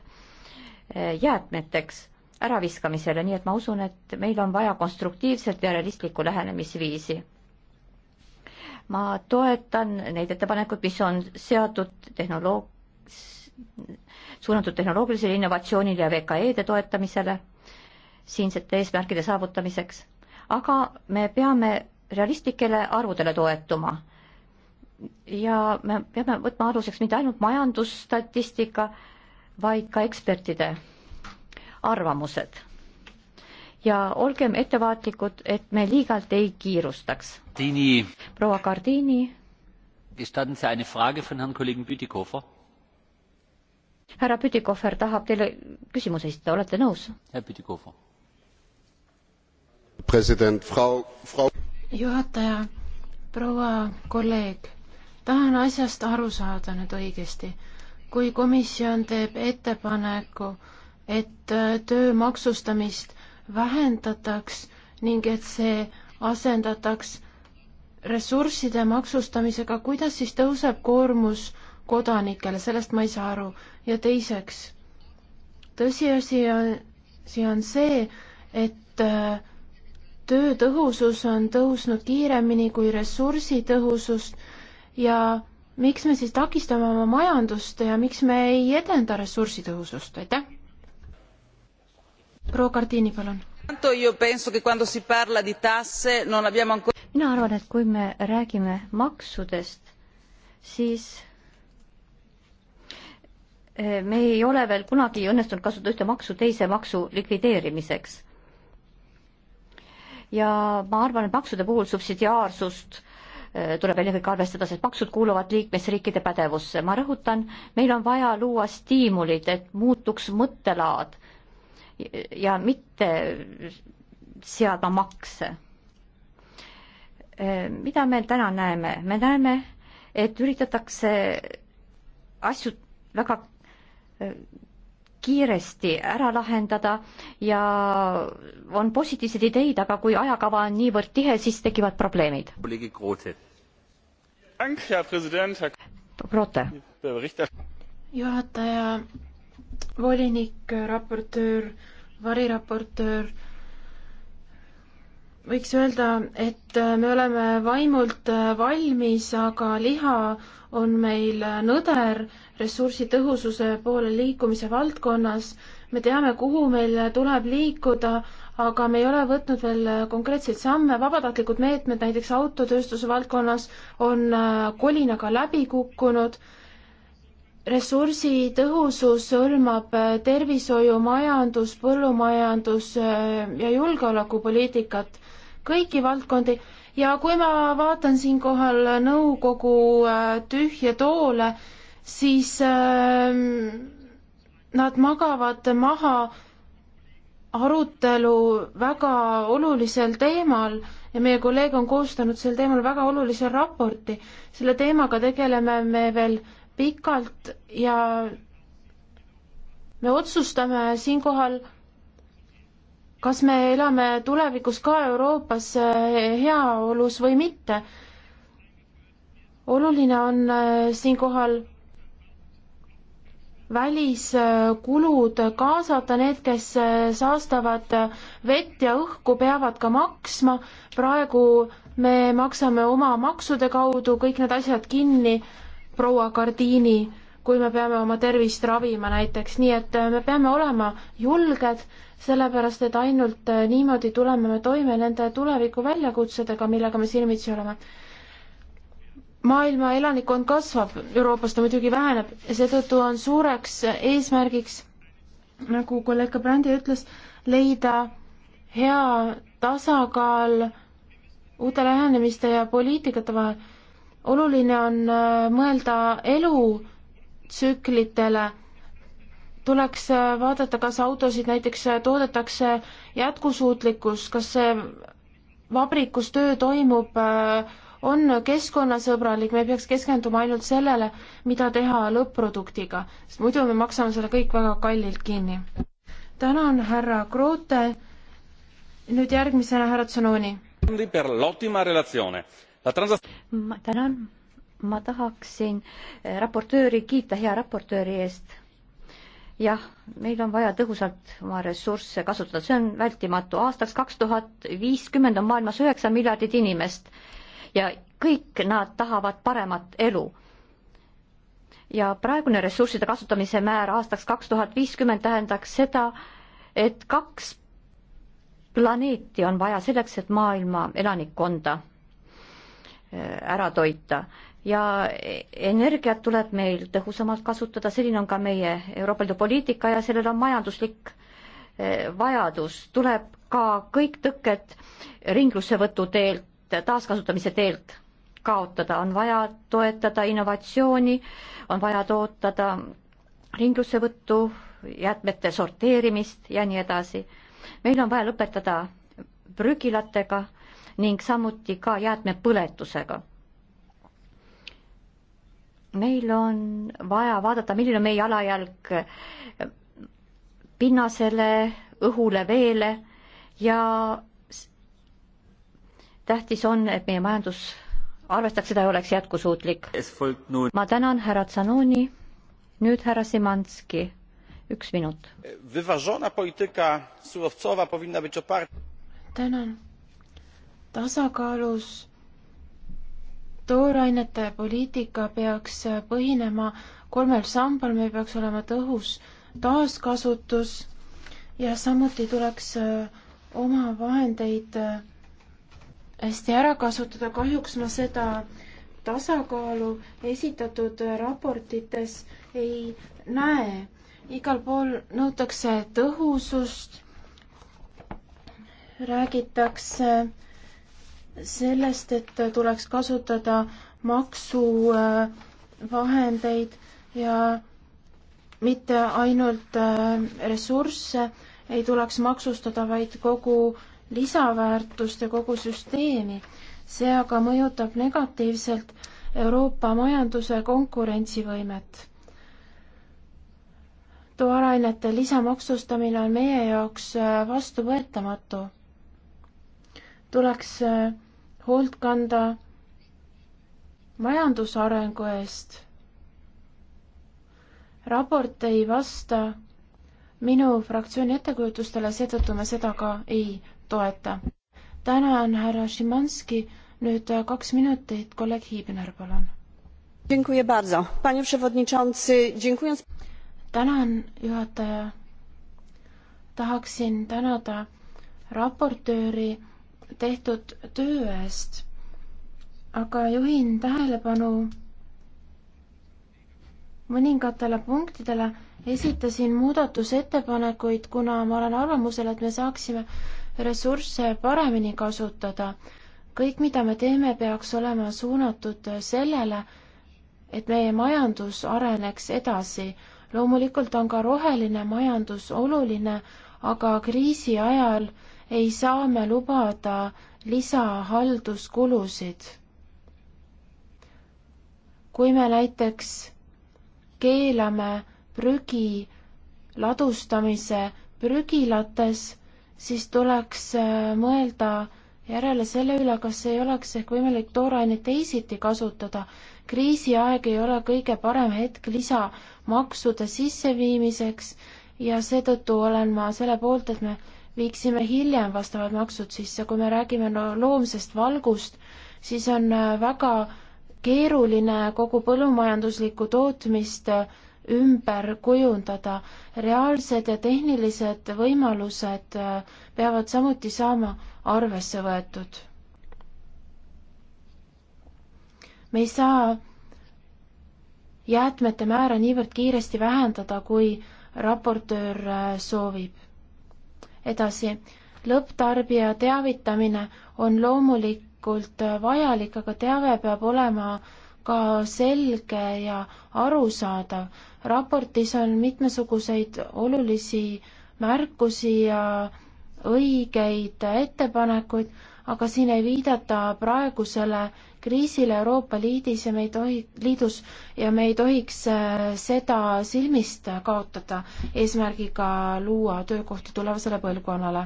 jäätmeteks äraviskamisele, nii et ma usun, et meil on vaja konstruktiivset ja realistlikku lähenemisviisi. ma toetan neid ettepanekuid, mis on seatud tehnoloog-, suunatud tehnoloogilisele innovatsioonile ja VKE-de toetamisele siinsete eesmärkide saavutamiseks, aga me peame realistlikele arvudele toetuma. ja me peame võtma aluseks mitte ainult majandusstatistika, vaid ka ekspertide arvamused. ja olgem ettevaatlikud, et me liigalt ei kiirustaks. proua Gardini. härra Pütikofer tahab teile küsimuse esitada, olete nõus? president, Frau, Frau. juhataja, proua kolleeg, tahan asjast aru saada nüüd õigesti. kui komisjon teeb ettepaneku et äh, töö maksustamist vähendataks ning et see asendataks ressursside maksustamisega, kuidas siis tõuseb koormus kodanikele, sellest ma ei saa aru. ja teiseks, tõsiasi on, see on see, et äh, töö tõhusus on tõusnud kiiremini kui ressursi tõhusust ja miks me siis takistame oma majandust ja miks me ei edenda ressursi tõhusust, aitäh! proua Kardini, palun. mina arvan, et kui me räägime maksudest, siis eh, me ei ole veel kunagi õnnestunud kasutada ühte maksu teise maksu likvideerimiseks. ja ma arvan, et maksude puhul subsidiaarsust eh, tuleb ennekõike arvestada, sest maksud kuuluvad liikmesriikide pädevusse. ma rõhutan, meil on vaja luua stiimulid, et muutuks mõttelaad ja mitte seadma makse. Äh, mida me täna näeme? me näeme, et üritatakse asju väga äh, kiiresti ära lahendada ja on positiivseid ideid, aga kui ajakava on niivõrd tihe, siis tekivad probleemid. juhataja, volinik, raportöör, variraportöör, võiks öelda, et me oleme vaimult valmis, aga liha on meil nõder ressursitõhususe poole liikumise valdkonnas. me teame, kuhu meil tuleb liikuda, aga me ei ole võtnud veel konkreetseid samme, vabatahtlikud meetmed näiteks autotööstuse valdkonnas on kolinaga läbi kukkunud ressursitõhusus hõlmab äh, tervishoiu, majandus, põllumajandus äh, ja julgeolekupoliitikat, kõiki valdkondi ja kui ma vaatan siinkohal nõukogu äh, tühje toole, siis ähm, nad magavad maha arutelu väga olulisel teemal ja meie kolleeg on koostanud sel teemal väga olulise raporti. selle teemaga tegeleme me veel pikalt ja me otsustame siinkohal, kas me elame tulevikus ka Euroopas eh, heaolus või mitte. oluline on eh, siinkohal väliskulud kaasata, need, kes eh, saastavad vett ja õhku, peavad ka maksma. praegu me maksame oma maksude kaudu kõik need asjad kinni proua Gardiini, kui me peame oma tervist ravima näiteks, nii et äh, me peame olema julged, sellepärast et ainult äh, niimoodi tuleme me toime nende tuleviku väljakutsedega, millega me silmitsi oleme. maailma elanikkond kasvab, Euroopas ta muidugi väheneb ja seetõttu on suureks äh, eesmärgiks, nagu kolleeg Brandi ütles, leida hea tasakaal uute lähenemiste ja poliitikate vahel oluline on äh, mõelda elutsüklitele, tuleks äh, vaadata, kas autosid näiteks äh, toodetakse jätkusuutlikkus, kas see vabrik, kus töö toimub, on keskkonnasõbralik, me ei peaks keskenduma ainult sellele, mida teha lõpp-produktiga, sest muidu me maksame selle kõik väga kallilt kinni. tänan, härra Kroote, nüüd järgmisena härra Tsunoni ma tänan, ma tahaksin eh, raportööri kiita hea raportööri eest. jah, meil on vaja tõhusalt oma ressursse kasutada, see on vältimatu. aastaks kaks tuhat viiskümmend on maailmas üheksa miljardit inimest ja kõik nad tahavad paremat elu ja praegune ressursside kasutamise määr aastaks kaks tuhat viiskümmend tähendaks seda, et kaks planeeti on vaja selleks, et maailma elanikkonda Äh, ära toita ja energiat tuleb meil tõhusamalt kasutada, selline on ka meie Euroopa Liidu poliitika ja sellel on majanduslik äh, vajadus, tuleb ka kõik tõkked ringlussevõtu teelt, taaskasutamise teelt kaotada, on vaja toetada innovatsiooni, on vaja tootada ringlussevõttu, jäätmete sorteerimist ja nii edasi. meil on vaja lõpetada prügilatega ning samuti ka jäätmepõletusega. meil on vaja vaadata, milline on meie jalajälg pinnasele, õhule, veele ja tähtis on, et meie majandus arvestaks seda ja oleks jätkusuutlik. ma tänan härra Tsanoni, nüüd härra Simanski, üks minut. tänan tasakaalus. toorainete poliitika peaks põhinema kolmel sambal, meil peaks olema tõhus taaskasutus ja samuti tuleks äh, oma vahendeid äh, hästi ära kasutada, kahjuks ma seda tasakaalu esitatud äh, raportites ei näe. igal pool nõutakse tõhusust, räägitakse sellest, et tuleks kasutada maksuvahendeid ja mitte ainult äh, ressursse ei tuleks maksustada, vaid kogu lisaväärtust ja kogu süsteemi. see aga mõjutab negatiivselt Euroopa majanduse konkurentsivõimet. toorainete lisamaksustamine on meie jaoks äh, vastuvõetamatu. tuleks äh, hoolt kanda majandusarengu eest. raport ei vasta minu fraktsiooni ettekujutustele, seetõttu me seda ka ei toeta. tänan, härra Šimanski, nüüd äh, kaks minutit, kolleeg Hiibner, palun. tänan, juhataja. tahaksin tänada raportööri tehtud töö eest, aga juhin tähelepanu mõningatele punktidele, esitasin muudatusettepanekuid, kuna ma olen arvamusel, et me saaksime ressursse paremini kasutada. kõik, mida me teeme, peaks olema suunatud sellele, et meie majandus areneks edasi. loomulikult on ka roheline majandus oluline, aga kriisi ajal äh, ei saa me lubada lisahalduskulusid. kui me näiteks keelame prügi ladustamise prügilates, siis tuleks äh, mõelda järele selle üle, kas ei oleks ehk võimalik toorainet teisiti kasutada. kriisiaeg ei ole kõige parem hetk lisamaksude sisseviimiseks ja seetõttu olen ma selle poolt, et me viiksime hiljem vastavad maksud sisse, kui me räägime no, loomsest valgust, siis on äh, väga keeruline kogu põllumajanduslikku tootmist äh, ümber kujundada. reaalsed ja tehnilised võimalused äh, peavad samuti saama arvesse võetud. me ei saa jäätmete määra niivõrd kiiresti vähendada, kui raportöör soovib edasi, lõpptarbija teavitamine on loomulikult vajalik, aga teave peab olema ka selge ja arusaadav. raportis on mitmesuguseid olulisi märkusi ja õigeid ettepanekuid, aga siin ei viidata praegusele kriisile Euroopa Liidis ja me ei tohi, liidus ja me ei tohiks äh, seda silmist kaotada eesmärgiga luua töökohti tulevasele põlvkonnale.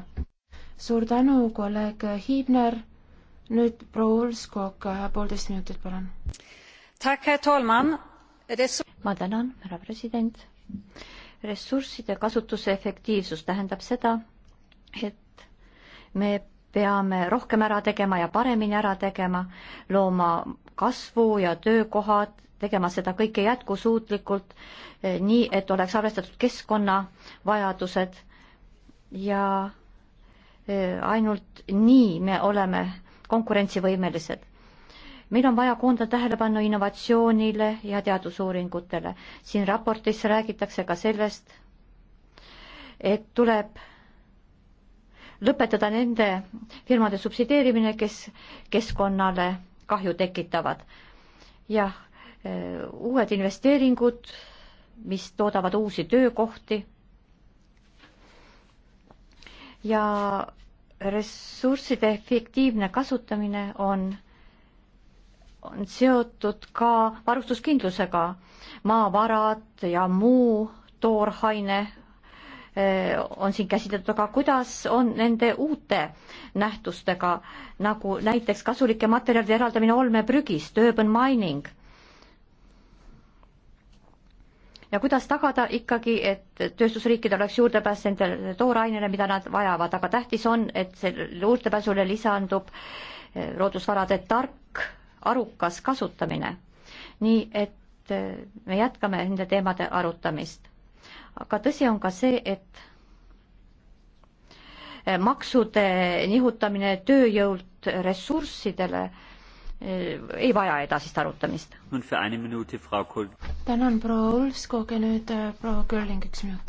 suur tänu, kolleeg Hiibner. nüüd proua Ulskog, äh, poolteist minutit, palun. ma tänan, härra president. ressursside kasutuse efektiivsus tähendab seda, et me peame rohkem ära tegema ja paremini ära tegema, looma kasvu ja töökohad, tegema seda kõike jätkusuutlikult, eh, nii et oleks arvestatud keskkonna vajadused ja eh, ainult nii me oleme konkurentsivõimelised. meil on vaja koondada tähelepanu innovatsioonile ja teadusuuringutele. siin raportis räägitakse ka sellest, et tuleb lõpetada nende firmade subsideerimine, kes keskkonnale kahju tekitavad. jah, eh, uued investeeringud, mis toodavad uusi töökohti ja ressursside efektiivne kasutamine on, on seotud ka varustuskindlusega. maavarad ja muu toorhaine Äh, on siin käsitletud, aga kuidas on nende uute nähtustega, nagu näiteks kasulike materjalide eraldamine olmeprügist, urban mining? ja kuidas tagada ikkagi, et tööstusriikidel oleks juurdepääs nendele toorainele, mida nad vajavad, aga tähtis on, et sellele juurdepääsule lisandub äh, loodusvarade tark, arukas kasutamine. nii et äh, me jätkame nende teemade arutamist aga tõsi on ka see, et eh, maksude nihutamine tööjõult ressurssidele eh, ei vaja edasist arutamist. tänan, proua Ulfskog ja nüüd eh, proua Kölling, üks minut.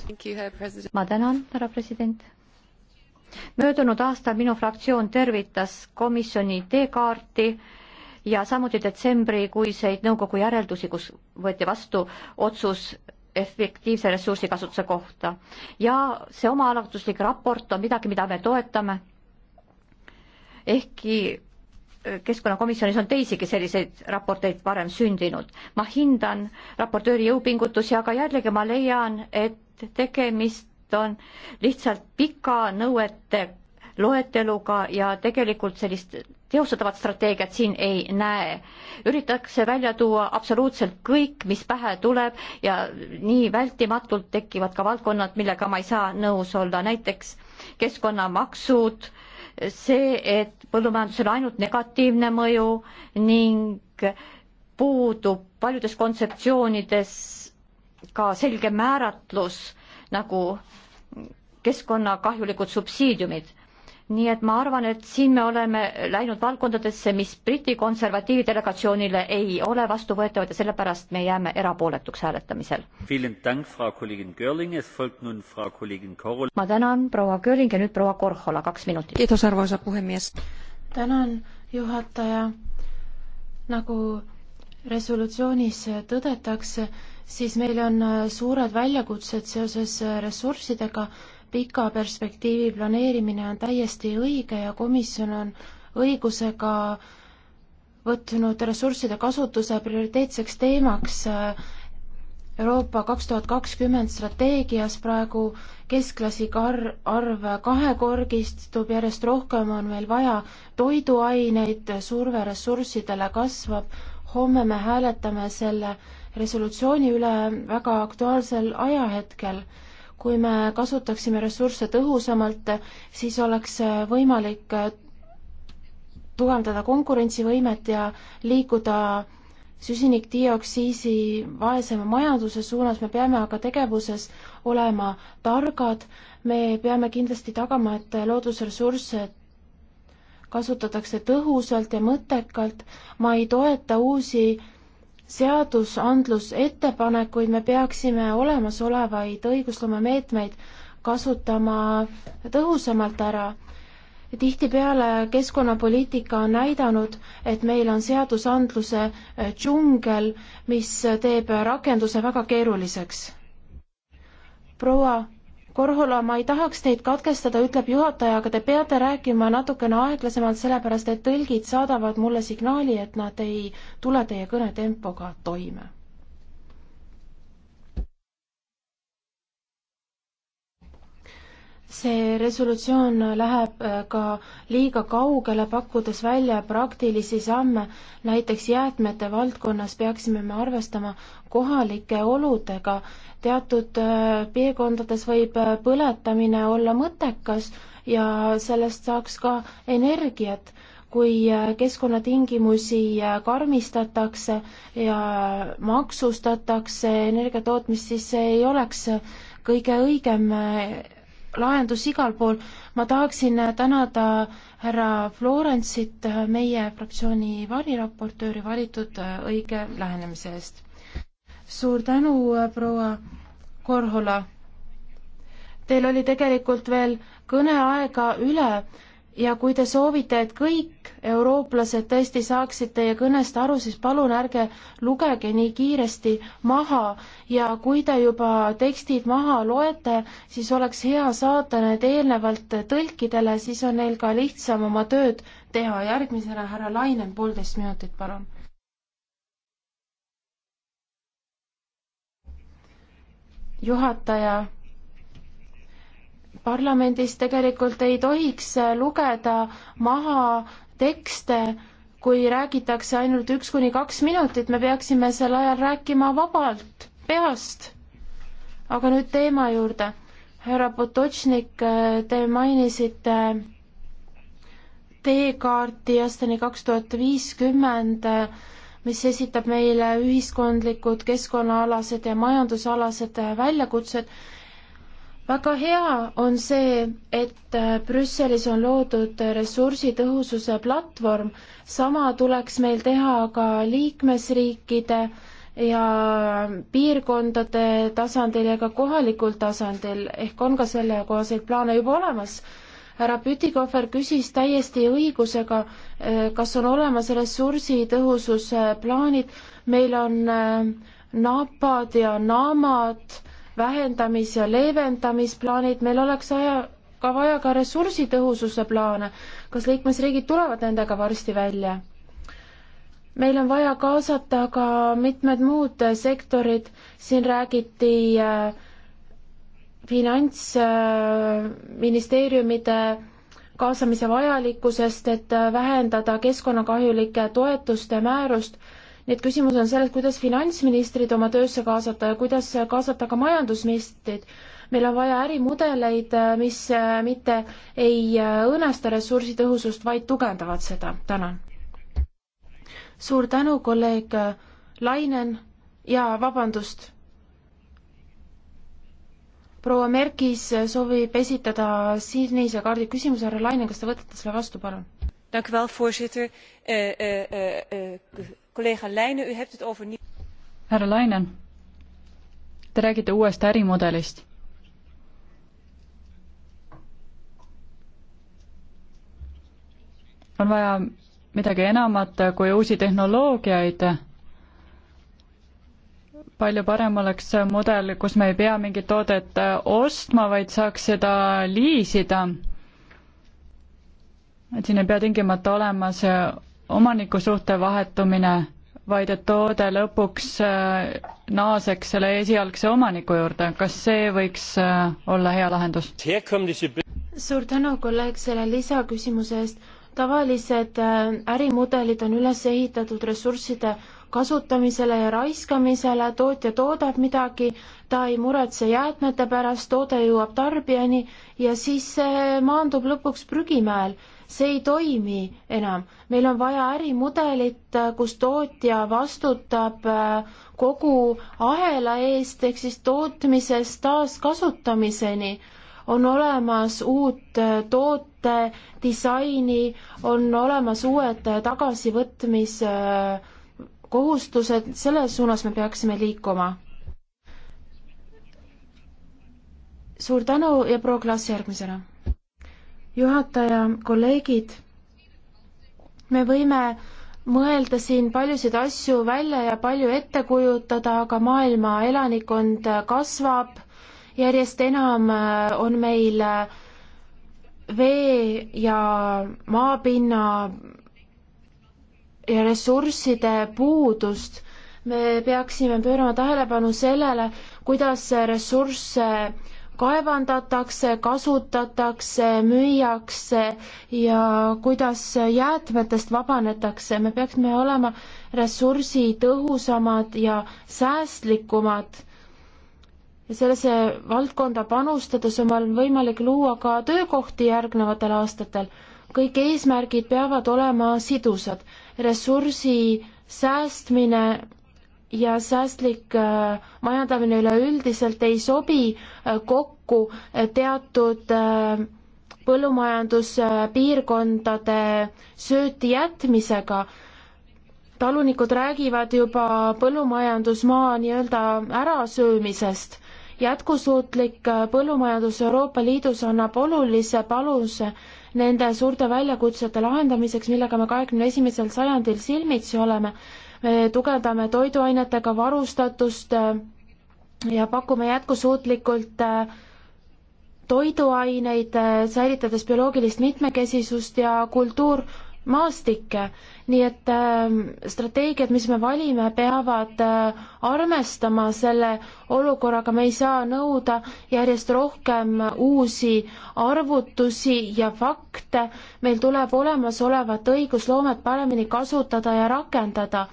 ma tänan, härra president. möödunud aastal minu fraktsioon tervitas komisjoni teekaarti ja samuti detsembrikuiseid nõukogu järeldusi, kus võeti vastu otsus efektiivse ressursikasutuse kohta ja see omaalgatuslik raport on midagi, mida me toetame. ehkki äh, keskkonnakomisjonis on teisigi selliseid raporteid varem sündinud. ma hindan raportööri jõupingutusi, aga jällegi ma leian, et tegemist on lihtsalt pika nõuete loeteluga ja tegelikult sellist teostatavat strateegiat siin ei näe. üritatakse välja tuua absoluutselt kõik, mis pähe tuleb ja nii vältimatult tekivad ka valdkonnad, millega ma ei saa nõus olla, näiteks keskkonnamaksud, see, et põllumajandusel ainult negatiivne mõju ning puudub paljudes kontseptsioonides ka selge määratlus nagu keskkonnakahjulikud subsiidiumid nii et ma arvan, et siin me oleme läinud valdkondadesse, mis Briti konservatiivi delegatsioonile ei ole vastuvõetavad ja sellepärast me jääme erapooletuks hääletamisel. ma tänan, proua Görling ja nüüd proua Korhola, kaks minutit. kiitos, arvoisa puhemees. tänan, juhataja. nagu resolutsioonis tõdetakse, siis meil on suured väljakutsed seoses ressurssidega pika perspektiivi planeerimine on täiesti õige ja komisjon on õigusega võtnud ressursside kasutuse prioriteetseks teemaks äh, Euroopa kaks tuhat kakskümmend strateegias praegu keskklasika ar-, arv kahekordistub, järjest rohkem on meil vaja toiduaineid, surve ressurssidele kasvab, homme me hääletame selle resolutsiooni üle väga aktuaalsel ajahetkel kui me kasutaksime ressursse tõhusamalt, siis oleks võimalik tugevdada konkurentsivõimet ja liikuda süsinikdioksiisi vaesema majanduse suunas, me peame aga tegevuses olema targad, me peame kindlasti tagama, et loodusressursse kasutatakse tõhusalt ja mõttekalt, ma ei toeta uusi seadusandlusettepanekuid, me peaksime olemasolevaid õigusloomemeetmeid kasutama tõhusamalt ära. tihtipeale keskkonnapoliitika on näidanud, et meil on seadusandluse džungel, mis teeb rakenduse väga keeruliseks. proua Korhola, ma ei tahaks teid katkestada, ütleb juhataja, aga te peate rääkima natukene aeglasemalt, sellepärast et tõlgid saadavad mulle signaali, et nad ei tule teie kõnetempoga toime see resolutsioon läheb äh, ka liiga kaugele, pakkudes välja praktilisi samme. näiteks jäätmete valdkonnas peaksime me arvestama kohalike oludega. teatud äh, piirkondades võib äh, põletamine olla mõttekas ja sellest saaks ka energiat. kui keskkonnatingimusi karmistatakse ja maksustatakse energia tootmist, siis see ei oleks kõige õigem lahendus igal pool. ma tahaksin tänada härra Florence'it, meie fraktsiooni variraportööri, valitud äh, õige lähenemise eest. suur tänu, äh, proua Korhola. Teil oli tegelikult veel kõneaega üle ja kui te soovite, et kõik eurooplased tõesti saaksid teie kõnest aru, siis palun ärge lugege nii kiiresti maha ja kui te juba tekstid maha loete, siis oleks hea saata need eelnevalt tõlkidele, siis on neil ka lihtsam oma tööd teha. järgmisena härra Lainen, poolteist minutit, palun. juhataja parlamendis tegelikult ei tohiks lugeda maha tekste, kui räägitakse ainult üks kuni kaks minutit, me peaksime sel ajal rääkima vabalt, peast. aga nüüd teema juurde. härra Potočnik, te mainisite teekaarti aastani kaks tuhat viiskümmend, mis esitab meile ühiskondlikud, keskkonnaalased ja majandusalased väljakutsed väga hea on see, et äh, Brüsselis on loodud ressursitõhususe platvorm, sama tuleks meil teha ka liikmesriikide ja piirkondade tasandil ja ka kohalikul tasandil, ehk on ka sellekohaseid plaane juba olemas. härra Pütikohver küsis täiesti õigusega, äh, kas on olemas ressursitõhususe plaanid, meil on äh, napad ja naamad vähendamis- ja leevendamisplaanid, meil oleks aja, ka vaja ka ressursitõhususe plaane. kas liikmesriigid tulevad nendega varsti välja? meil on vaja kaasata ka mitmed muud sektorid, siin räägiti äh, finantsministeeriumide äh, kaasamise vajalikkusest, et äh, vähendada keskkonnakahjulike toetuste määrust nii et küsimus on selles, kuidas finantsministrid oma töösse kaasata ja kuidas kaasata ka majandusministrid. meil on vaja ärimudeleid, mis mitte ei õõnesta ressursitõhusust, vaid tugevdavad seda. tänan. suur tänu, kolleeg Lainen ja vabandust. proua Merkis soovib esitada sinise kaardi küsimuse, härra Lainen, kas te võtate selle vastu, palun? voorzitter eh, eh, eh, collega leinen u hebt het over. härra leinen te räägite uuest ärimudelist. on vaja midagi enamat kui uusi tehnoloogiaid. palju parem oleks mudel, kus me ei pea mingit toodet ostma, vaid saaks seda liisida et siin ei pea tingimata olema see omaniku suhte vahetumine, vaid et toode lõpuks äh, naaseks selle esialgse omaniku juurde, kas see võiks äh, olla hea lahendus? suur tänu, kolleeg, selle lisaküsimuse eest. tavalised äh, ärimudelid on üles ehitatud ressursside kasutamisele ja raiskamisele, tootja toodab midagi, ta ei muretse jäätmete pärast, toode jõuab tarbijani ja siis see maandub lõpuks prügimäel see ei toimi enam. meil on vaja ärimudelit, kus tootja vastutab äh, kogu ahela eest ehk siis tootmisest taaskasutamiseni. on olemas uut äh, toote disaini, on olemas uued äh, tagasivõtmiskohustused, selles suunas me peaksime liikuma. suur tänu ja proua Klaas järgmisena juhataja, kolleegid, me võime mõelda siin paljusid asju välja ja palju ette kujutada, aga maailma elanikkond kasvab, järjest enam äh, on meil äh, vee ja maapinna ja ressursside puudust, me peaksime pöörama tähelepanu sellele, kuidas ressursse kaevandatakse, kasutatakse, müüakse ja kuidas jäätmetest vabanetakse. me peaksime olema ressursitõhusamad ja säästlikumad. ja sellesse valdkonda panustades on meil võimalik luua ka töökohti järgnevatel aastatel. kõik eesmärgid peavad olema sidusad. ressursi säästmine ja säästlik äh, majandamine üleüldiselt ei sobi äh, kokku äh, teatud põllumajanduspiirkondade sööti jätmisega. talunikud räägivad juba põllumajandusmaa nii-öelda ärasöömisest. jätkusuutlik põllumajandus Euroopa Liidus annab olulise panuse nende suurte väljakutsete lahendamiseks, millega me kahekümne esimesel sajandil silmitsi oleme me tugevdame toiduainetega varustatust äh, ja pakume jätkusuutlikult äh, toiduaineid, äh, säilitades bioloogilist mitmekesisust ja kultuur maastikke, nii et äh, strateegiad, mis me valime, peavad äh, arvestama selle olukorraga, me ei saa nõuda järjest rohkem äh, uusi arvutusi ja fakte, meil tuleb olemasolevat õigusloomet paremini kasutada ja rakendada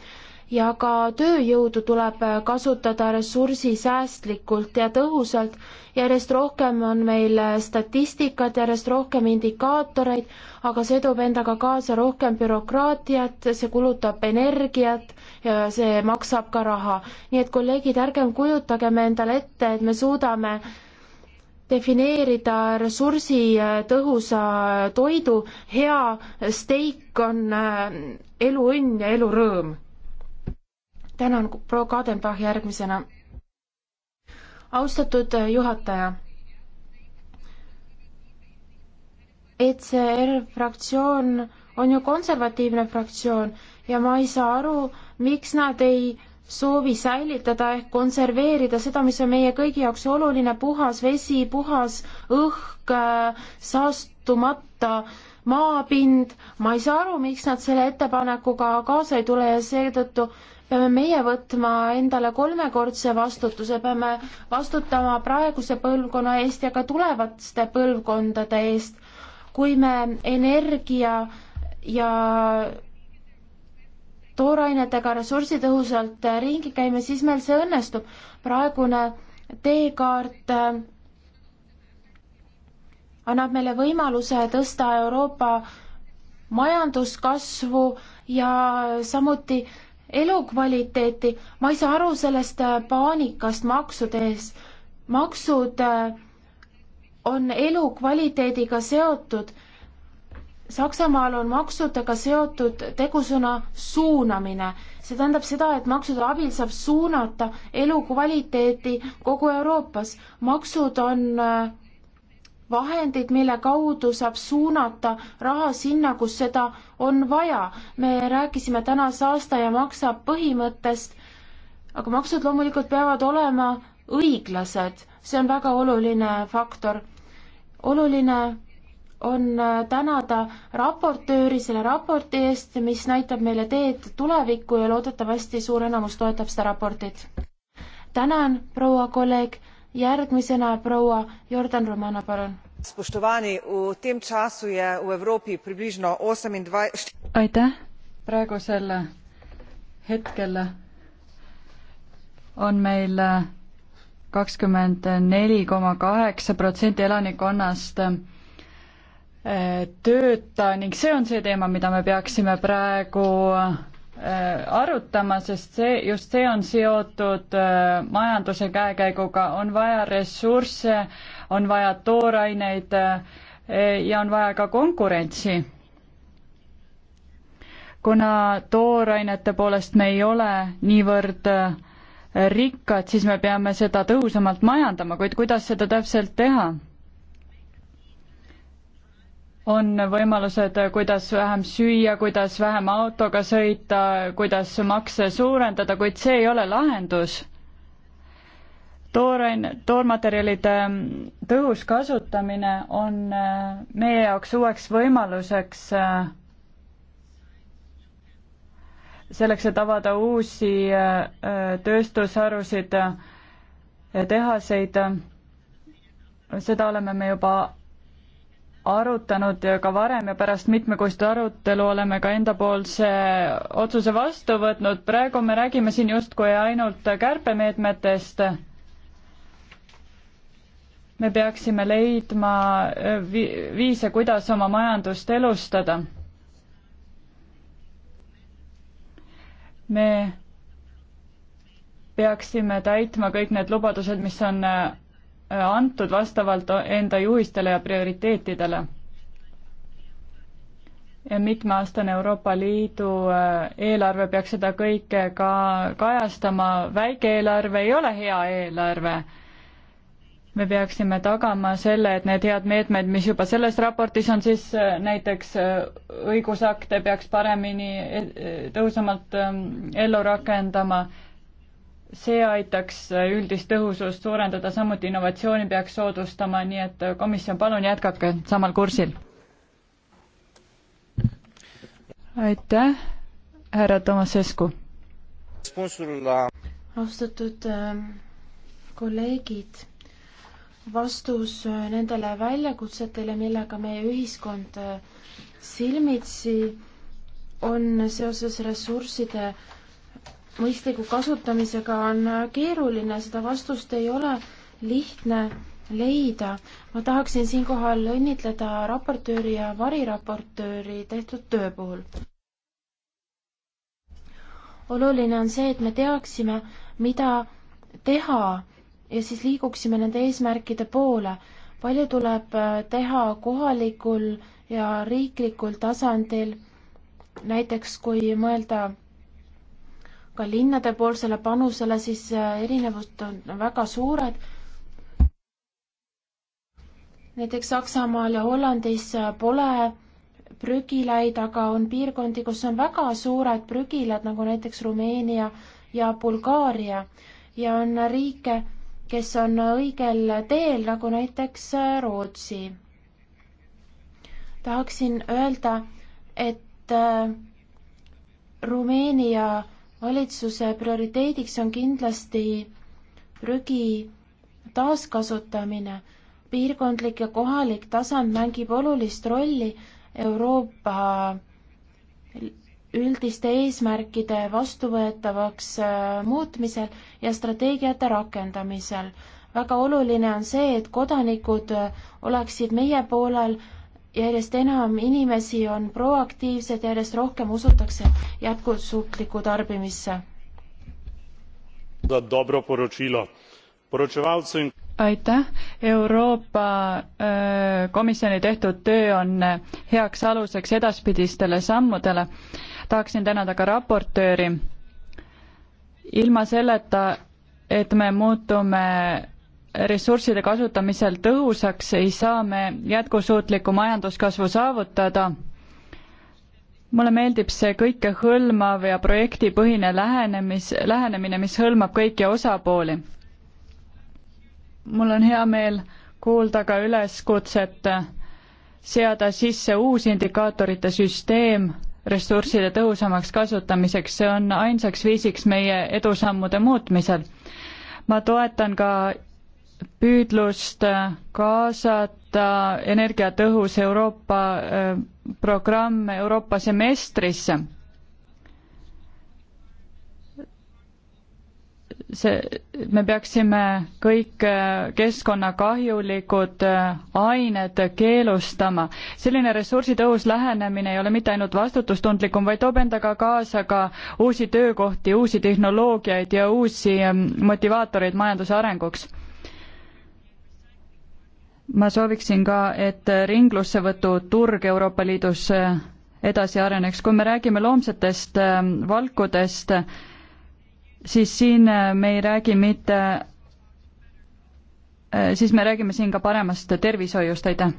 ja ka tööjõudu tuleb kasutada ressursisäästlikult ja tõhusalt. järjest rohkem on meil statistikat, järjest rohkem indikaatoreid, aga see toob endaga kaasa rohkem bürokraatiat, see kulutab energiat ja see maksab ka raha. nii et kolleegid, ärgem kujutagem endale ette, et me suudame defineerida ressursitõhusa toidu, hea steik on äh, eluõnn ja elurõõm tänan, proua Kadenbach järgmisena. austatud juhataja. ECR fraktsioon on ju konservatiivne fraktsioon ja ma ei saa aru, miks nad ei soovi säilitada ehk konserveerida seda, mis on meie kõigi jaoks oluline, puhas vesi, puhas õhk, saastumata maapind, ma ei saa aru, miks nad selle ettepanekuga kaasa ei tule ja seetõttu peame meie võtma endale kolmekordse vastutuse, peame vastutama praeguse põlvkonna eest ja ka tulevaste põlvkondade eest. kui me energia ja toorainetega ressursitõhusalt ringi käime, siis meil see õnnestub. praegune teekaart äh, annab meile võimaluse tõsta Euroopa majanduskasvu ja samuti elukvaliteeti, ma ei saa aru sellest äh, paanikast maksude ees. maksud äh, on elukvaliteediga seotud. Saksamaal on maksudega seotud tegusõna suunamine. see tähendab seda, et maksude abil saab suunata elukvaliteeti kogu Euroopas. maksud on äh, vahendeid, mille kaudu saab suunata raha sinna, kus seda on vaja. me rääkisime täna saasta ja maksab põhimõttest, aga maksud loomulikult peavad olema õiglased, see on väga oluline faktor. oluline on äh, tänada raportööri selle raporti eest, mis näitab meile teed tulevikku ja loodetavasti suur enamus toetab seda raportit. tänan, proua kolleeg järgmisena proua Jordan Romana, palun. aitäh, praegusel hetkel on meil kakskümmend neli koma kaheksa protsenti elanikkonnast eh, tööta ning see on see teema, mida me peaksime praegu Äh, arutama, sest see, just see on seotud äh, majanduse käekäiguga, on vaja ressursse, on vaja tooraineid äh, ja on vaja ka konkurentsi. kuna toorainete poolest me ei ole niivõrd rikkad, siis me peame seda tõhusamalt majandama, kuid kuidas seda täpselt teha? on võimalused, kuidas vähem süüa, kuidas vähem autoga sõita, kuidas makse suurendada, kuid see ei ole lahendus. toorain, toormaterjalide mm, tõhus kasutamine on mm, meie jaoks uueks võimaluseks mm, selleks, et avada uusi tööstusharusid ja tehaseid, seda oleme me juba arutanud ka varem ja pärast mitmekuist arutelu oleme ka endapoolse otsuse vastu võtnud. praegu me räägime siin justkui ainult kärpemeetmetest. me peaksime leidma vi-, viise, kuidas oma majandust elustada. me peaksime täitma kõik need lubadused, mis on Äh, antud vastavalt enda juhistele ja prioriteetidele. mitmeaastane Euroopa Liidu äh, eelarve peaks seda kõike ka kajastama, väike eelarve ei ole hea eelarve me peaksime tagama selle, et need head meetmed, mis juba selles raportis on, siis äh, näiteks õigusakte peaks paremini, tõhusamalt ähm, ellu rakendama see aitaks üldist tõhusust suurendada, samuti innovatsiooni peaks soodustama, nii et komisjon, palun jätkake samal kursil. aitäh, härra Tomasescu. austatud ähm, kolleegid, vastus äh, nendele väljakutsetele, millega meie ühiskond äh, silmitsi on seoses ressursside mõistliku kasutamisega on keeruline, seda vastust ei ole lihtne leida. ma tahaksin siinkohal õnnitleda raportööri ja variraportööri tehtud töö puhul. oluline on see, et me teaksime, mida teha ja siis liiguksime nende eesmärkide poole. palju tuleb teha kohalikul ja riiklikul tasandil, näiteks kui mõelda ka linnadepoolsele panusele, siis äh, erinevused on väga suured. näiteks Saksamaal ja Hollandis äh, pole prügilaid, aga on piirkondi, kus on väga suured prügilad, nagu näiteks Rumeenia ja Bulgaaria ja on riike, kes on õigel teel, nagu näiteks äh, Rootsi. tahaksin öelda, et Rumeenia äh, valitsuse prioriteediks on kindlasti prügi taaskasutamine. piirkondlik ja kohalik tasand mängib olulist rolli Euroopa üldiste eesmärkide vastuvõetavaks äh, muutmisel ja strateegiate rakendamisel. väga oluline on see, et kodanikud äh, oleksid meie poolel järjest enam inimesi on proaktiivsed, järjest rohkem usutakse jätkusuutlikku tarbimisse. aitäh, Euroopa Komisjoni tehtud töö on heaks aluseks edaspidistele sammudele. tahaksin tänada ka raportööri. ilma selleta, et me muutume ressursside kasutamisel tõhusaks, ei saa me jätkusuutlikku majanduskasvu saavutada. mulle meeldib see kõikehõlmav ja projektipõhine lähenemis, lähenemine, mis hõlmab kõiki osapooli. mul on hea meel kuulda ka üleskutset seada sisse uus indikaatorite süsteem ressursside tõhusamaks kasutamiseks, see on ainsaks viisiks meie edusammude muutmisel. ma toetan ka püüdlust äh, kaasata energiatõhus Euroopa äh, programm Euroopa semestrisse. see, me peaksime kõik äh, keskkonnakahjulikud ained keelustama. selline ressursitõhus lähenemine ei ole mitte ainult vastutustundlikum, vaid toob endaga kaasa ka uusi töökohti, uusi tehnoloogiaid ja uusi motivaatoreid majanduse arenguks ma sooviksin ka, et ringlussevõtuturg Euroopa Liidus edasi areneks, kui me räägime loomsetest ähm, valkudest, siis siin äh, me ei räägi mitte, äh, siis me räägime siin ka paremast tervishoiust, aitäh.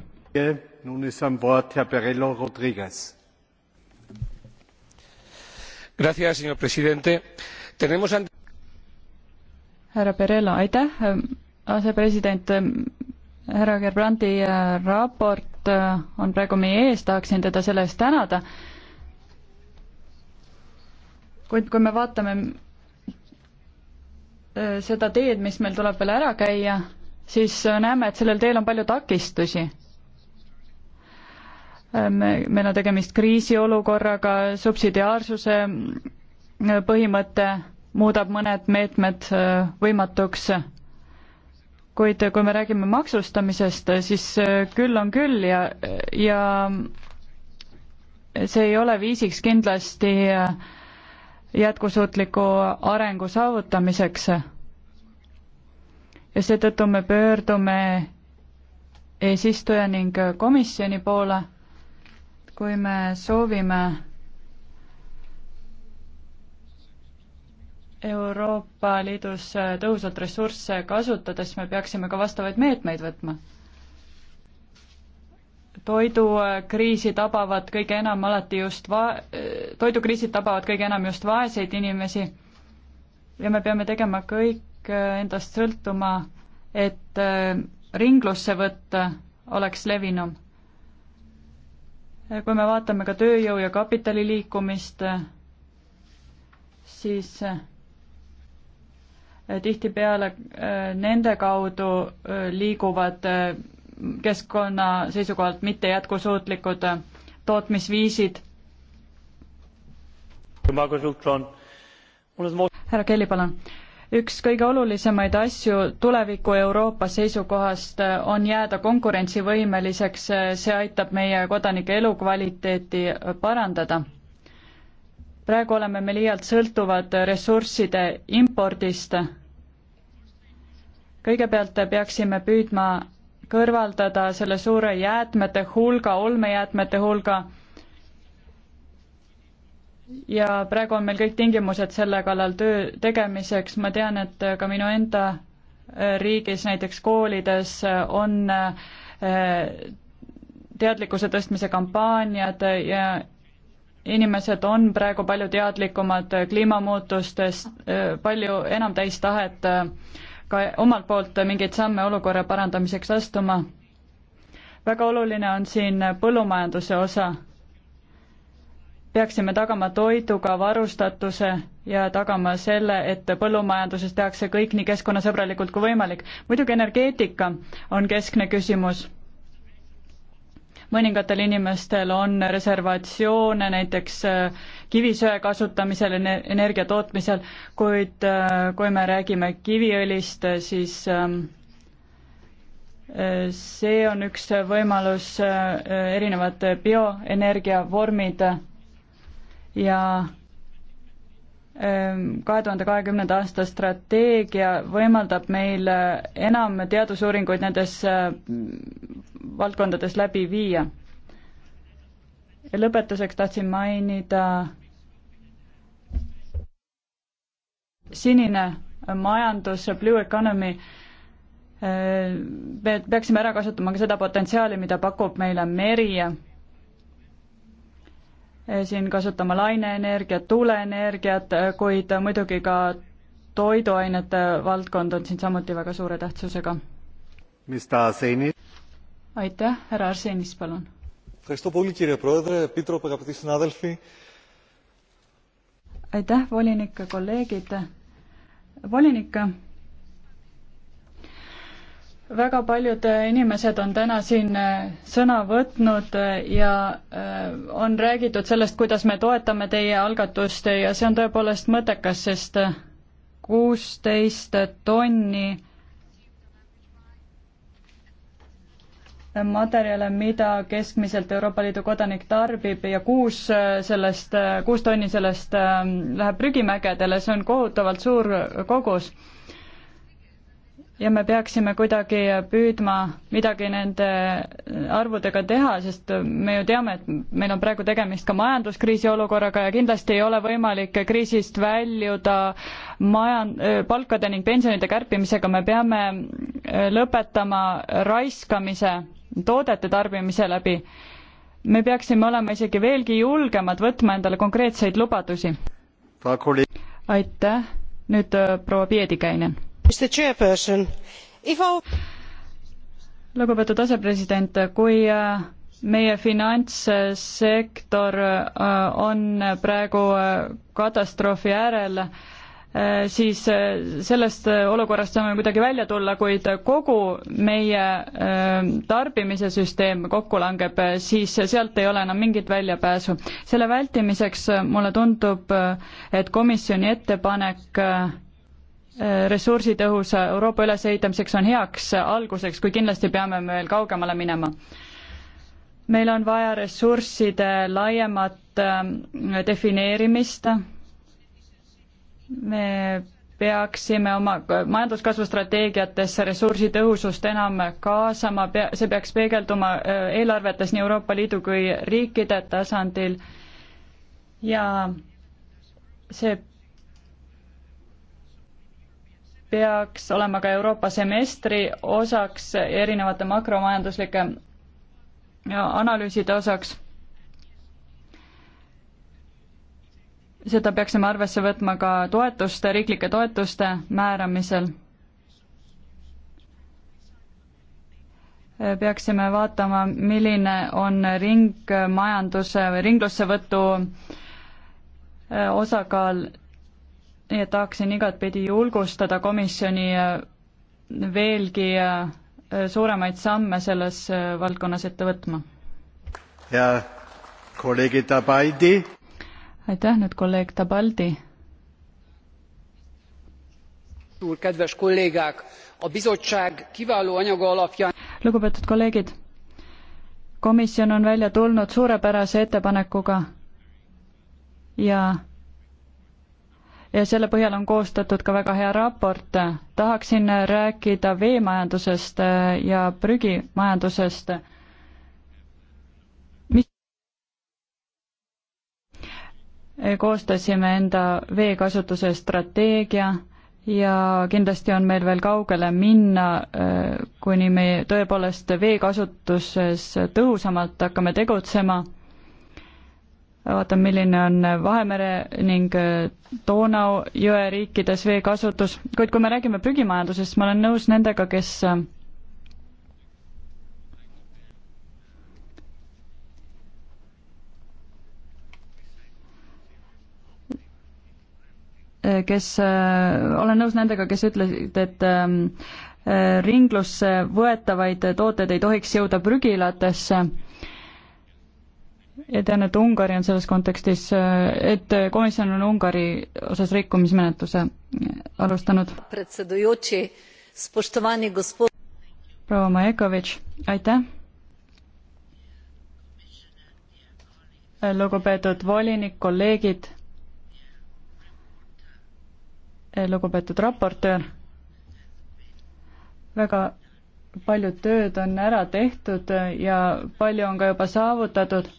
härra Perello, aitäh, ähm, asepresident härra Gerbrandi äh, raport äh, on praegu meie ees, tahaksin teda selle eest tänada. kuid kui me vaatame äh, seda teed, mis meil tuleb veel ära käia, siis näeme, et sellel teel on palju takistusi. me, meil on tegemist kriisiolukorraga, subsidiaarsuse põhimõte muudab mõned meetmed võimatuks kuid kui me räägime maksustamisest, siis äh, küll on küll ja, ja see ei ole viisiks kindlasti äh, jätkusuutliku arengu saavutamiseks. ja seetõttu me pöördume eesistuja ning komisjoni poole, kui me soovime Euroopa Liidus tõhusalt ressursse kasutades me peaksime ka vastavaid meetmeid võtma. toidukriisi tabavad kõige enam alati just va-, toidukriisid tabavad kõige enam just vaeseid inimesi ja me peame tegema kõik endast sõltuma, et ringlusse võtta oleks levinum. kui me vaatame ka tööjõu ja kapitali liikumist, siis tihtipeale äh, nende kaudu äh, liiguvad äh, keskkonna seisukohalt mitte jätkusuutlikud tootmisviisid. härra Kelly, palun üks kõige olulisemaid asju tuleviku Euroopa seisukohast on jääda konkurentsivõimeliseks, see aitab meie kodanike elukvaliteeti parandada. praegu oleme me liialt sõltuvad ressursside impordist kõigepealt peaksime püüdma kõrvaldada selle suure jäätmete hulga, olmejäätmete hulga. ja praegu on meil kõik tingimused selle kallal töö tegemiseks, ma tean, et ka minu enda äh, riigis, näiteks koolides on äh, teadlikkuse tõstmise kampaaniad ja inimesed on praegu palju teadlikumad kliimamuutustest, äh, palju enam täis tahet äh, ka omalt poolt mingeid samme olukorra parandamiseks astuma. väga oluline on siin põllumajanduse osa. peaksime tagama toiduga varustatuse ja tagama selle, et põllumajanduses tehakse kõik nii keskkonnasõbralikult kui võimalik. muidugi energeetika on keskne küsimus mõningatel inimestel on reservatsioone näiteks äh, kivisöe kasutamisel, energia tootmisel, kuid äh, kui me räägime kiviõlist, äh, siis ähm, see on üks võimalus, erinevad bioenergia vormid ja Ehm, kahe tuhande kahekümnenda aasta strateegia võimaldab meil eh, enam teadusuuringuid nendes eh, valdkondades läbi viia. ja lõpetuseks tahtsin mainida sinine majandus, blue economy, ehm, me peaksime ära kasutama ka seda potentsiaali, mida pakub meile meri Eh, siin kasutama laineenergiat, tuuleenergiat, eh, kuid muidugi ka toiduainete valdkond on siin samuti väga suure tähtsusega. mis ta Arseni? aitäh, härra Arsenis, palun. aitäh, volinik, kolleegid. volinik väga paljud äh, inimesed on täna siin äh, sõna võtnud äh, ja on räägitud sellest, kuidas me toetame teie algatust ja see on tõepoolest mõttekas, sest kuusteist tonni materjale, mida keskmiselt Euroopa Liidu kodanik tarbib ja kuus sellest, kuus tonni sellest läheb prügimägedele, see on kohutavalt suur kogus ja me peaksime kuidagi püüdma midagi nende arvudega teha, sest me ju teame, et meil on praegu tegemist ka majanduskriisi olukorraga ja kindlasti ei ole võimalik kriisist väljuda majan-, palkade ning pensionide kärpimisega, me peame äh, lõpetama raiskamise toodete tarbimise läbi. me peaksime olema isegi veelgi julgemad, võtma endale konkreetseid lubadusi. aitäh, nüüd äh, proua Piedikäinen lugupeetud asepresident, kui äh, meie finantssektor äh, on praegu äh, katastroofi äärel, siis sellest olukorrast saame kuidagi välja tulla, kuid kogu meie tarbimise süsteem kokku langeb, siis sealt ei ole enam mingit väljapääsu. selle vältimiseks mulle tundub, et komisjoni ettepanek ressursitõhusa Euroopa ülesehitamiseks on heaks alguseks, kui kindlasti peame me veel kaugemale minema. meil on vaja ressursside laiemat äh, defineerimist, me peaksime oma majanduskasvu strateegiatesse ressursitõhusust enam kaasama, pea, see peaks peegelduma äh, eelarvetes nii Euroopa Liidu kui riikide tasandil ja see peaks olema ka Euroopa semestri osaks, erinevate makromajanduslike analüüside osaks. seda peaksime arvesse võtma ka toetuste, riiklike toetuste määramisel. peaksime vaatama, milline on ringmajanduse või ringlussevõtu eh, osakaal nii et tahaksin igatpidi julgustada komisjoni eh, veelgi eh, suuremaid samme selles eh, valdkonnas ette võtma. ja kolleeg Tabaldi. aitäh nüüd kolleeg Tabaldi. lugupeetud kolleegid, komisjon on välja tulnud suurepärase ettepanekuga ja ja selle põhjal on koostatud ka väga hea raport. tahaksin rääkida veemajandusest äh, ja prügimajandusest. mis koostasime enda veekasutuse strateegia ja kindlasti on meil veel kaugele minna, äh, kuni me tõepoolest veekasutuses tõhusamalt hakkame tegutsema vaatame, milline on Vahemere ning Donau äh, jõe riikides veekasutus, kuid kui me räägime prügimajandusest, ma olen nõus nendega, kes äh, kes, äh, olen nõus nendega, kes ütlesid, et ähm, ringlusse võetavaid tooteid ei tohiks jõuda prügilatesse ja tean, et Ungari on selles kontekstis, et komisjon on Ungari osas rikkumismenetluse alustanud. proua Majekovitš, aitäh. lugupeetud volinik, kolleegid, lugupeetud raportöör, väga palju tööd on ära tehtud ja palju on ka juba saavutatud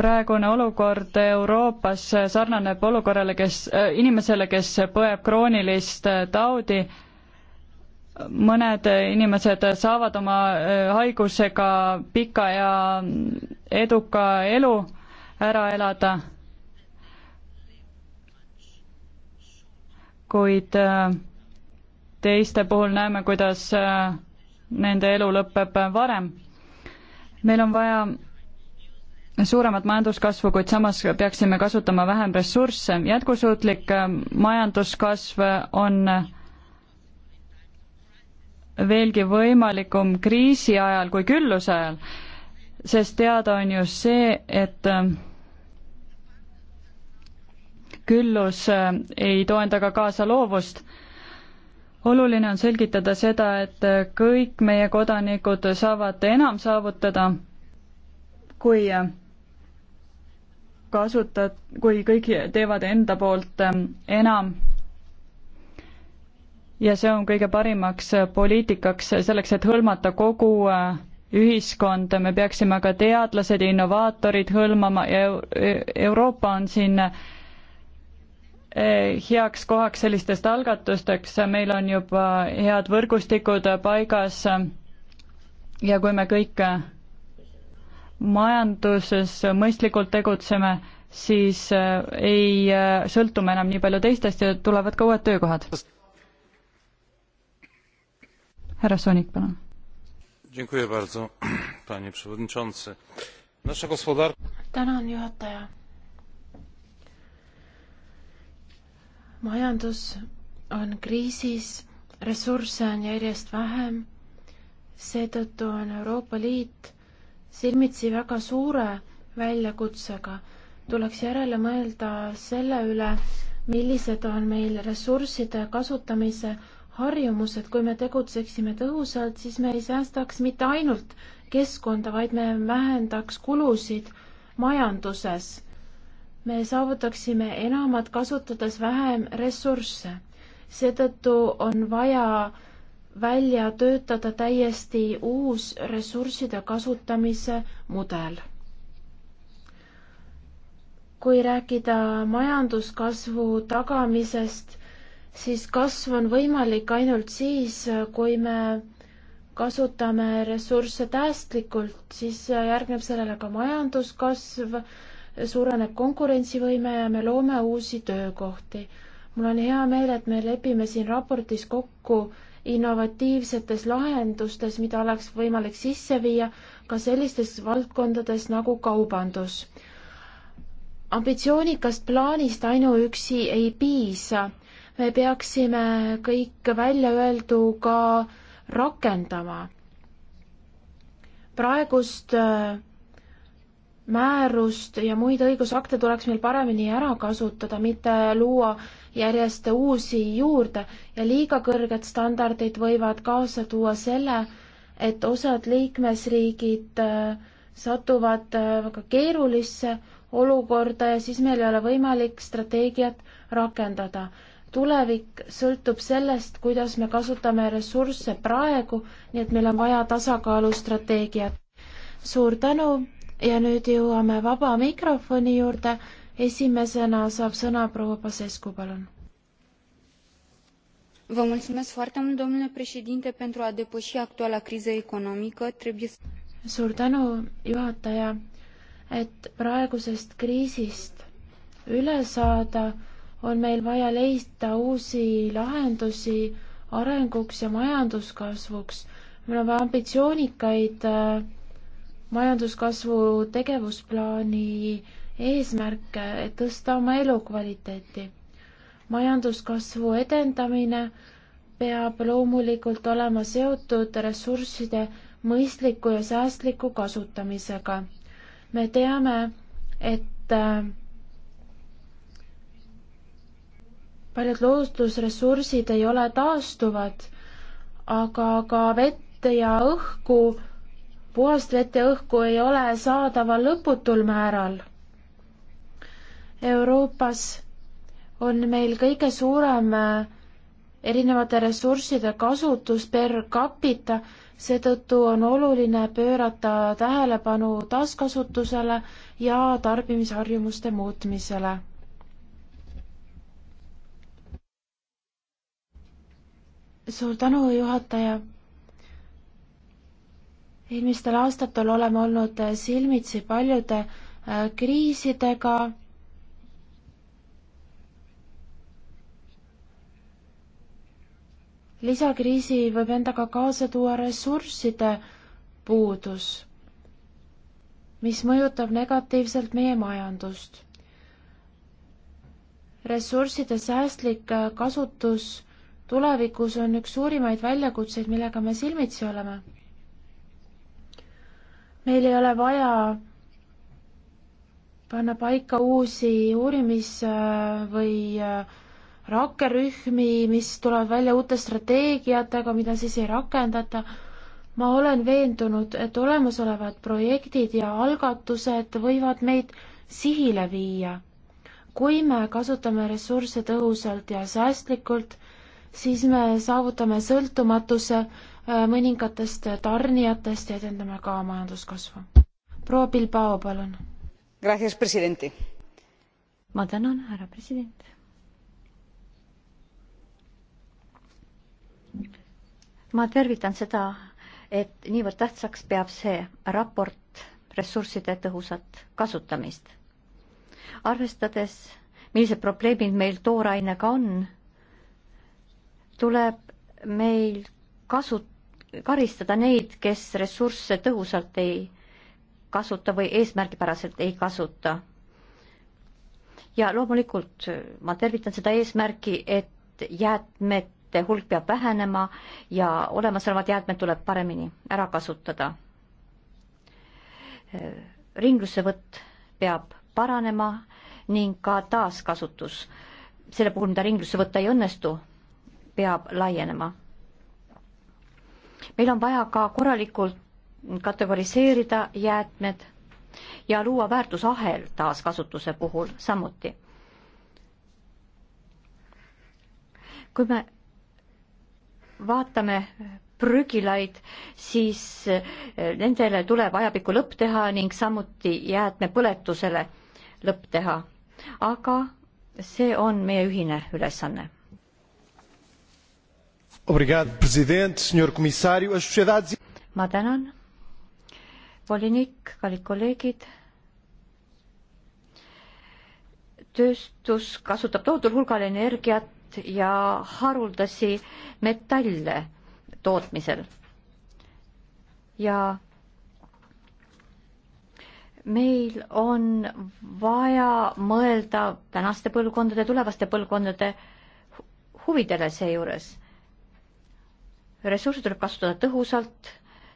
praegune olukord Euroopas sarnaneb olukorrale, kes, äh, inimesele, kes põeb kroonilist äh, taudi. mõned inimesed saavad oma äh, haigusega pika ja mm, eduka elu ära elada. kuid teiste puhul näeme, kuidas nende elu lõpeb varem. meil on vaja suuremat majanduskasvu, kuid samas peaksime kasutama vähem ressursse. jätkusuutlik äh, majanduskasv on veelgi võimalikum kriisi ajal kui külluse ajal, sest teada on ju see, et äh, küllus äh, ei too endaga kaasa loovust. oluline on selgitada seda, et kõik meie kodanikud saavad enam saavutada, kui kasutad, kui kõik teevad enda poolt ähm, enam. ja see on kõige parimaks äh, poliitikaks äh, selleks, et hõlmata kogu äh, ühiskonda, me peaksime ka teadlased ja innovaatorid hõlmama ja e-, Euroopa on siin heaks kohaks sellistest algatusteks, meil on juba head võrgustikud paigas ja kui me kõik majanduses mõistlikult tegutseme, siis äh, ei äh, sõltu me enam nii palju teistest ja tulevad ka uued töökohad. härra Soonik, palun. tänan, juhataja. majandus on kriisis, ressursse on järjest vähem, seetõttu on Euroopa Liit silmitsi väga suure väljakutsega. tuleks järele mõelda selle üle, millised on meil ressursside kasutamise harjumused, kui me tegutseksime tõhusalt, siis me ei säästaks mitte ainult keskkonda, vaid me vähendaks kulusid majanduses. me saavutaksime enamat, kasutades vähem ressursse. seetõttu on vaja välja töötada täiesti uus ressursside kasutamise mudel. kui rääkida majanduskasvu tagamisest, siis kasv on võimalik ainult siis, kui me kasutame ressursse säästlikult, siis järgneb sellele ka majanduskasv, suureneb konkurentsivõime ja me loome uusi töökohti. mul on hea meel, et me lepime siin raportis kokku innovatiivsetes lahendustes, mida oleks võimalik sisse viia ka sellistes valdkondades nagu kaubandus. ambitsioonikast plaanist ainuüksi ei piisa. me peaksime kõik väljaöeldu ka rakendama. praegust äh, määrust ja muid õigusakte tuleks meil paremini ära kasutada, mitte luua järjest uusi juurde ja liiga kõrged standardid võivad kaasa tuua selle, et osad liikmesriigid äh, satuvad äh, väga keerulisse olukorda ja siis meil ei ole võimalik strateegiat rakendada. tulevik sõltub sellest, kuidas me kasutame ressursse praegu, nii et meil on vaja tasakaalustrateegiat. suur tänu ja nüüd jõuame vaba mikrofoni juurde. esimesena saab sõna proua Pasescu, palun. Vă mulțumesc foarte mult, domnule președinte, pentru a depăși actuala criză economică. Trebuie să... Suur tänu, juhataja, et praegusest kriisist üle saada, on meil vaja leida uusi lahendusi arenguks ja majanduskasvuks. meil on vaja ambitsioonikaid äh, majanduskasvu tegevusplaani eesmärke, et tõsta oma elukvaliteeti. majanduskasvu edendamine peab loomulikult olema seotud ressursside mõistliku ja säästliku kasutamisega. me teame, et äh, paljud loodusressursid ei ole taastuvad, aga ka vett ja õhku puhast vett ja õhku ei ole saadaval lõputul määral. Euroopas on meil kõige suurem äh, erinevate ressursside kasutus per capita, seetõttu on oluline pöörata tähelepanu taaskasutusele ja tarbimisharjumuste muutmisele. suur tänu, juhataja eelmistel aastatel oleme olnud äh, silmitsi paljude äh, kriisidega. lisakriisi võib endaga kaasa tuua ressursside puudus, mis mõjutab negatiivselt meie majandust. ressursside säästlik äh, kasutus tulevikus on üks suurimaid väljakutseid, millega me silmitsi oleme meil ei ole vaja panna paika uusi uurimis- või äh, rakkerühmi, mis tulevad välja uute strateegiatega, mida siis ei rakendata. ma olen veendunud, et olemasolevad projektid ja algatused võivad meid sihile viia. kui me kasutame ressursse tõhusalt ja säästlikult, siis me saavutame sõltumatuse Äh, mõningatest äh, tarnijatest ja edendame ka majanduskasvu. proua Bilbao, palun. ma tänan, härra president. ma tervitan seda, et niivõrd tähtsaks peab see raport ressursside tõhusat kasutamist. arvestades, millised probleemid meil toorainega on, tuleb meil kasutada karistada neid, kes ressursse tõhusalt ei kasuta või eesmärgipäraselt ei kasuta. ja loomulikult ma tervitan seda eesmärki, et jäätmete hulk peab vähenema ja olemasolevad jäätmed tuleb paremini ära kasutada. ringlussevõtt peab paranema ning ka taaskasutus, selle puhul, mida ringlusse võtta ei õnnestu, peab laienema meil on vaja ka korralikult kategoriseerida jäätmed ja luua väärtusahel taaskasutuse puhul samuti. kui me vaatame prügilaid, siis eh, nendele tuleb ajapikku lõpp teha ning samuti jäätmepõletusele lõpp teha. aga see on meie ühine ülesanne ma tänan, volinik, kallid kolleegid. tööstus kasutab tohutul hulgal energiat ja haruldasi metalle tootmisel. ja meil on vaja mõelda tänaste põlvkondade, tulevaste põlvkondade huvidele seejuures ressursse tuleb kasutada tõhusalt,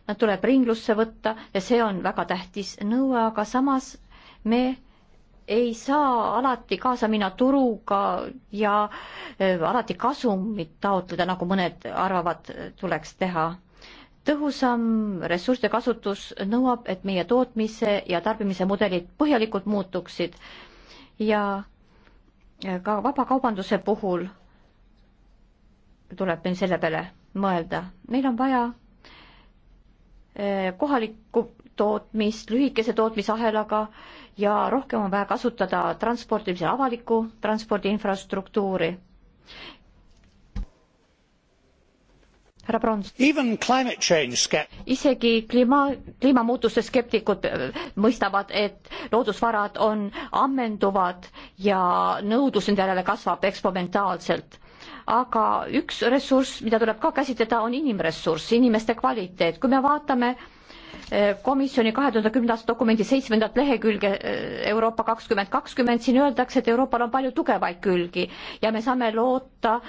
nad tuleb ringlusse võtta ja see on väga tähtis nõue, aga samas me ei saa alati kaasa minna turuga ja äh, alati kasumit taotleda, nagu mõned arvavad, äh, tuleks teha. tõhusam ressursside kasutus nõuab, et meie tootmise ja tarbimise mudelid põhjalikult muutuksid ja äh, ka vabakaubanduse puhul tuleb meil selle peale mõelda. meil on vaja eh, kohalikku tootmist, lühikese tootmisahelaga ja rohkem on vaja kasutada transportimisel avalikku transpordi infrastruktuuri. härra Prons. isegi kliima, kliimamuutuste skeptikud eh, mõistavad, et loodusvarad on ammenduvad ja nõudlus nende järele kasvab eksponentaalselt aga üks ressurss, mida tuleb ka käsitleda, on inimressurss, inimeste kvaliteet. kui me vaatame eh, komisjoni kahe tuhande kümnenda aasta dokumendi seitsmendat lehekülge eh, Euroopa kakskümmend kakskümmend, siin öeldakse, et Euroopal on palju tugevaid külgi ja me saame loota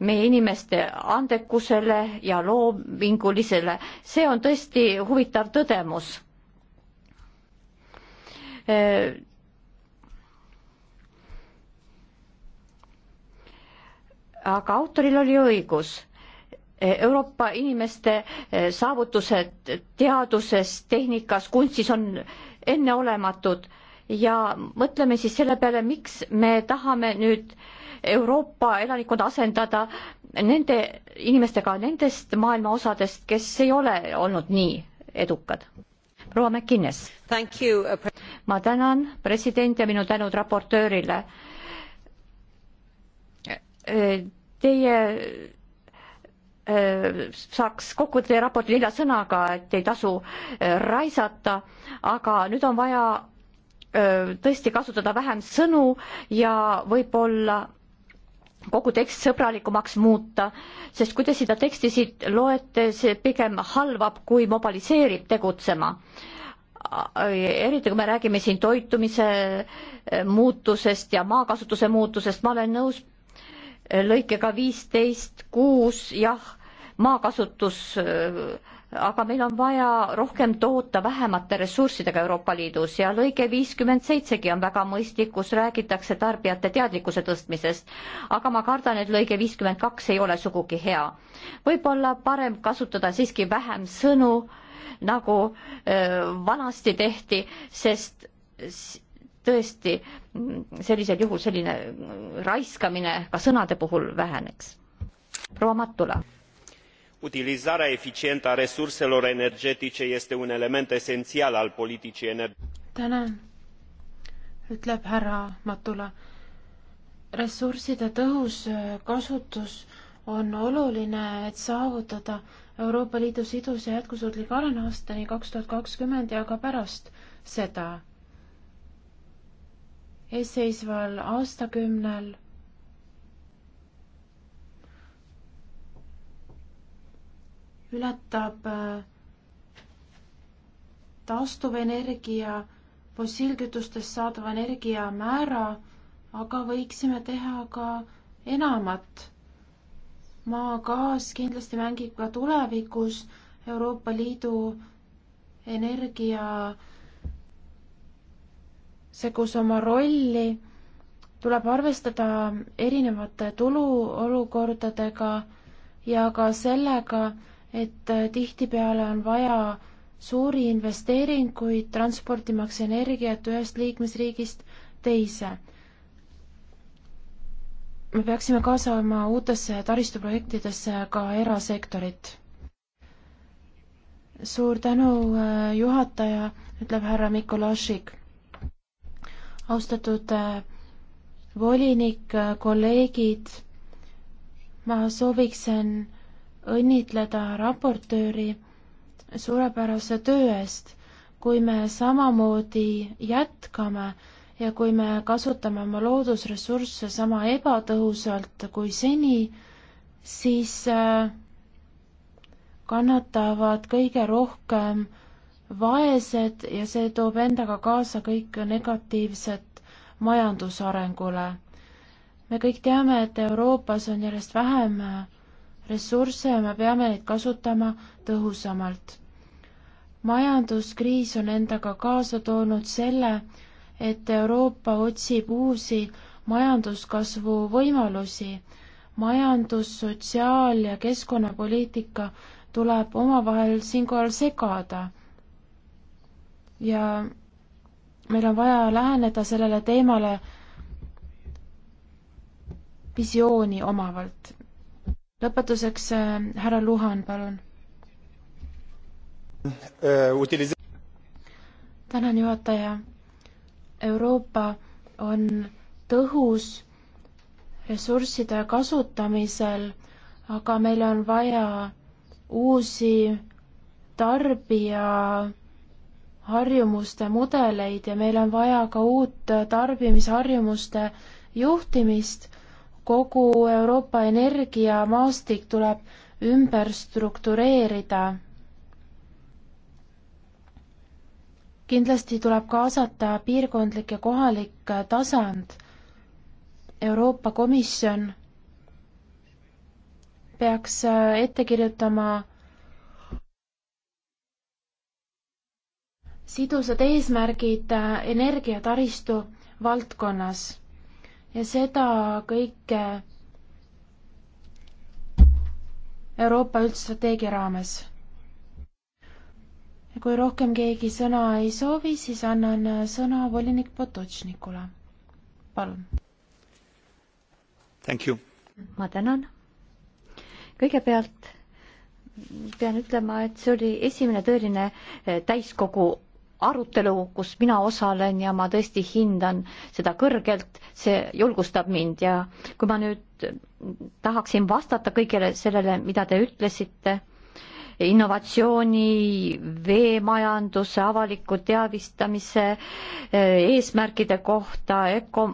meie inimeste andekusele ja loomingulisele. see on tõesti huvitav tõdemus eh, aga autoril oli õigus. Euroopa inimeste eh, saavutused teaduses, tehnikas, kunstis on enneolematud ja mõtleme siis selle peale, miks me tahame nüüd Euroopa elanikkonda asendada nende inimestega nendest maailma osadest, kes ei ole olnud nii edukad. proua McInnes. Uh, ma tänan president ja minu tänud raportöörile eh, eh, teie äh, saaks kokku teie raporti nelja sõnaga, et ei tasu äh, raisata, aga nüüd on vaja äh, tõesti kasutada vähem sõnu ja võib-olla kogu tekst sõbralikumaks muuta, sest kui te seda teksti siit loete, see pigem halvab, kui mobiliseerib tegutsema. eriti kui me räägime siin toitumise muutusest ja maakasutuse muutusest, ma olen nõus lõikega viisteist kuus, jah, maakasutus, aga meil on vaja rohkem toota vähemate ressurssidega Euroopa Liidus ja lõige viiskümmend seitsegi on väga mõistlik, kus räägitakse tarbijate teadlikkuse tõstmisest. aga ma kardan, et lõige viiskümmend kaks ei ole sugugi hea. võib-olla parem kasutada siiski vähem sõnu, nagu öö, vanasti tehti, sest tõesti sellisel juhul selline raiskamine ka sõnade puhul väheneks. proua Matula. Utilizarea eficientă a resurselor energetice este un element esențial al politicii energetice. tänan, ütleb härra Matula. ressursside tõhus kasutus on oluline, et saavutada Euroopa Liidu sidus ja jätkusuutlik arenev aastani kaks tuhat kakskümmend ja ka pärast seda eesseisval aastakümnel ületab äh, taastuvenergia fossiilkütustest saadava energia määra, aga võiksime teha ka enamat. maagaas kindlasti mängib ka tulevikus Euroopa Liidu energia see, kus oma rolli tuleb arvestada erinevate tuluolukordadega ja ka sellega, et äh, tihtipeale on vaja suuri investeeringuid transportimaks energiat ühest liikmesriigist teise. me peaksime kaasama uutesse taristuprojektidesse ka erasektorit. suur tänu, äh, juhataja, ütleb härra Mikolašik austatud äh, volinik, äh, kolleegid, ma sooviksin õnnitleda raportööri suurepärase töö eest. kui me samamoodi jätkame ja kui me kasutame oma loodusressursse sama ebatõhusalt kui seni, siis äh, kannatavad kõige rohkem vaesed ja see toob endaga kaasa kõik negatiivset majandusarengule. me kõik teame, et Euroopas on järjest vähem ressursse ja me peame neid kasutama tõhusamalt. majanduskriis on endaga kaasa toonud selle, et Euroopa otsib uusi majanduskasvu võimalusi. majandus, sotsiaal- ja keskkonnapoliitika tuleb omavahel siinkohal segada ja meil on vaja läheneda sellele teemale visiooni omavalt. lõpetuseks äh, härra Luhan, palun. Äh, tänan, juhataja. Euroopa on tõhus ressursside kasutamisel, aga meil on vaja uusi tarbija harjumuste mudeleid ja meil on vaja ka uut tarbimisharjumuste juhtimist. kogu Euroopa energiamaastik tuleb ümber struktureerida. kindlasti tuleb kaasata piirkondlik ja kohalik tasand. Euroopa Komisjon peaks ette kirjutama sidusad eesmärgid äh, energiataristu valdkonnas ja seda kõike Euroopa üldstrateegia raames. ja kui rohkem keegi sõna ei soovi, siis annan äh, sõna volinik Potočnikule. palun. ma tänan. kõigepealt pean ütlema, et see oli esimene tõeline äh, täiskogu arutelu, kus mina osalen ja ma tõesti hindan seda kõrgelt, see julgustab mind ja kui ma nüüd tahaksin vastata kõigele sellele, mida te ütlesite, innovatsiooni, veemajanduse, avaliku teavistamise eh, eesmärkide kohta, öko,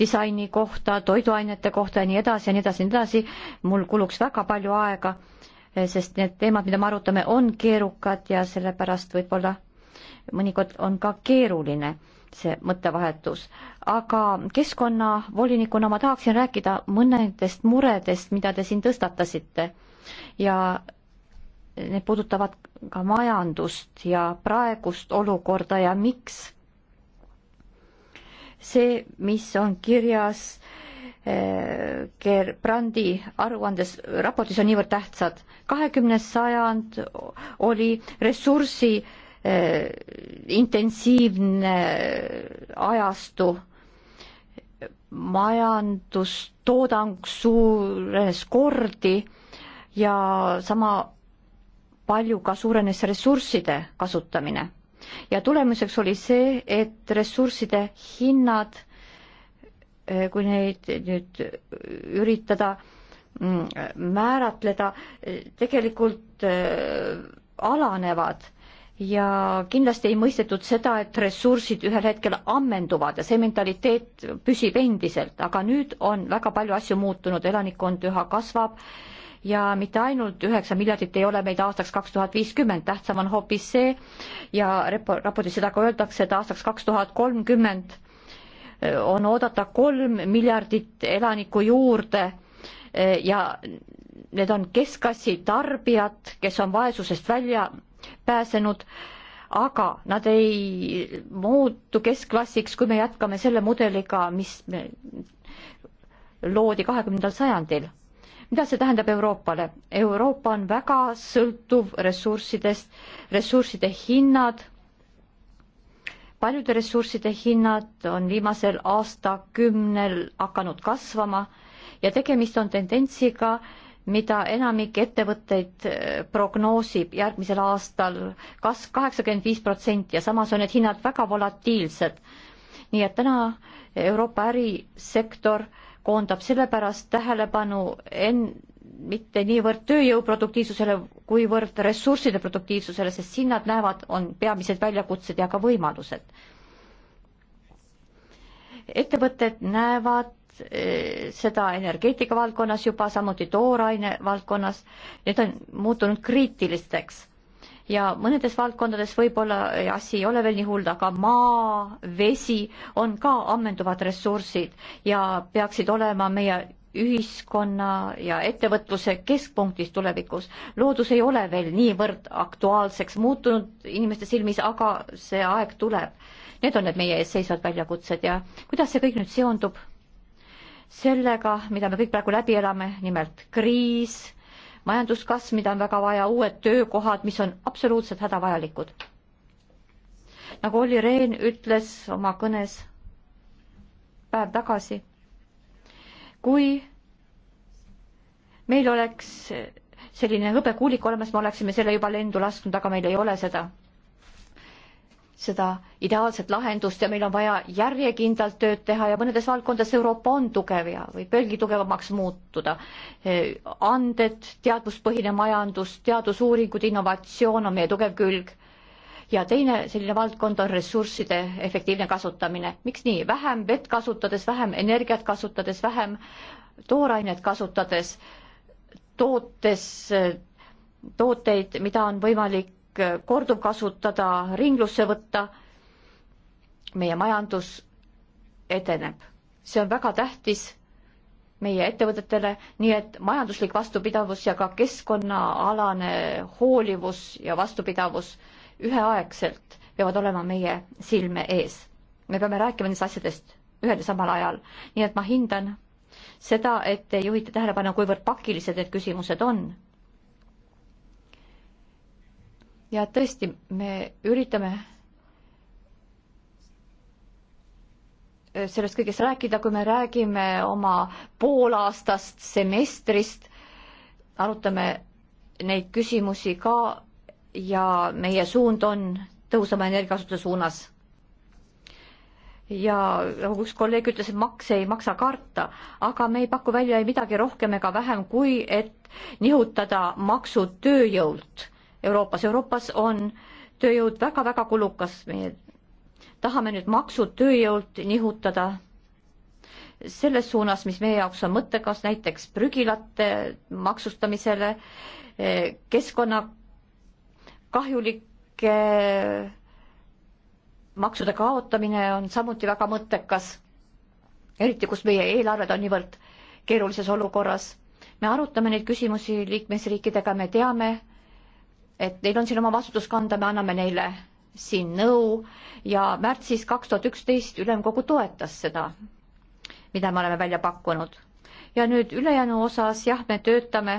disaini kohta, toiduainete kohta ja nii edasi ja nii edasi ja nii edasi, mul kuluks väga palju aega, eh, sest need teemad, mida me arutame, on keerukad ja sellepärast võib-olla mõnikord on ka keeruline see mõttevahetus, aga keskkonnavolinikuna ma tahaksin rääkida mõnedest muredest, mida te siin tõstatasite ja need puudutavad ka majandust ja praegust olukorda ja miks see, mis on kirjas eh, Gerbrandi aruandes, raportis on niivõrd tähtsad. kahekümnes sajand oli ressursi äh, Eh, intensiivne eh, ajastu, majandustoodang suures kordi ja sama palju ka suurenes ressursside kasutamine. ja tulemuseks oli see, et ressursside hinnad, eh, kui neid nüüd üritada mm, määratleda, tegelikult alanevad ja kindlasti ei mõistetud seda, et ressursid ühel hetkel ammenduvad ja see mentaliteet püsib endiselt, aga nüüd on väga palju asju muutunud, elanikkond üha kasvab ja mitte ainult üheksa miljardit ei ole meid aastaks kaks tuhat viiskümmend, tähtsam on hoopis see ja raportis seda ka öeldakse, et aastaks kaks tuhat kolmkümmend on oodata kolm miljardit elanikku juurde ja need on keskklassi tarbijad, kes on vaesusest välja pääsenud, aga nad ei muutu keskklassiks, kui me jätkame selle mudeliga, mis loodi kahekümnendal sajandil mida see tähendab Euroopale? Euroopa on väga sõltuv ressurssidest, ressursside hinnad, paljude ressursside hinnad on viimasel aastakümnel hakanud kasvama ja tegemist on tendentsiga, mida enamik ettevõtteid äh, prognoosib järgmisel aastal kas kaheksakümmend viis protsenti ja samas on need hinnad väga volatiilsed. nii et täna Euroopa ärisektor koondab sellepärast tähelepanu en-, mitte niivõrd tööjõu produktiivsusele, kuivõrd ressursside produktiivsusele, sest siin nad näevad, on peamised väljakutsed ja ka võimalused ettevõtted näevad eh, seda energeetika valdkonnas juba, samuti tooraine valdkonnas, need on muutunud kriitilisteks. ja mõnedes valdkondades võib-olla eh, asi ei ole veel nii hull, aga maa, vesi on ka ammenduvad ressursid ja peaksid olema meie ühiskonna ja ettevõtluse keskpunktis tulevikus. loodus ei ole veel niivõrd aktuaalseks muutunud inimeste silmis, aga see aeg tuleb Need on need meie ees seisvad väljakutsed ja kuidas see kõik nüüd seondub sellega, mida me kõik praegu läbi elame, nimelt kriis, majanduskasv, mida on väga vaja, uued töökohad, mis on absoluutselt hädavajalikud. nagu Olli Rehn ütles oma kõnes päev tagasi, kui meil oleks selline hõbekuulik olemas, me oleksime selle juba lendu lasknud, aga meil ei ole seda seda ideaalset lahendust ja meil on vaja järjekindlalt tööd teha ja mõnedes valdkondades Euroopa on tugev ja võib veelgi tugevamaks muutuda. anded, teadmuspõhine majandus, teadusuuringud, innovatsioon on meie tugev külg. ja teine selline valdkond on ressursside efektiivne kasutamine. miks nii, vähem vett kasutades, vähem energiat kasutades, vähem toorainet kasutades, tootes tooteid, mida on võimalik korduvkasutada, ringlusse võtta, meie majandus edeneb. see on väga tähtis meie ettevõtetele, nii et majanduslik vastupidavus ja ka keskkonnaalane hoolivus ja vastupidavus üheaegselt peavad olema meie silme ees. me peame rääkima nendest asjadest ühel ja samal ajal, nii et ma hindan seda, et te juhite tähelepanu, kuivõrd pakilised need küsimused on ja tõesti, me üritame sellest kõigest rääkida, kui me räägime oma poolaastast semestrist, arutame neid küsimusi ka ja meie suund on tõhusama energiakasutuse suunas. ja nagu üks kolleeg ütles, et makse ei maksa karta, aga me ei paku välja ei midagi rohkem ega vähem, kui et nihutada maksud tööjõult Euroopas. Euroopas on tööjõud väga-väga kulukas, meie tahame nüüd maksud tööjõult nihutada selles suunas, mis meie jaoks on mõttekas, näiteks prügilate maksustamisele, keskkonnakahjulike maksude kaotamine on samuti väga mõttekas, eriti kus meie eelarved on niivõrd keerulises olukorras. me arutame neid küsimusi liikmesriikidega, me teame, et neil on siin oma vastutus kanda, me anname neile siin nõu ja märtsis kaks tuhat üksteist ülemkogu toetas seda, mida me oleme välja pakkunud. ja nüüd ülejäänu osas jah, me töötame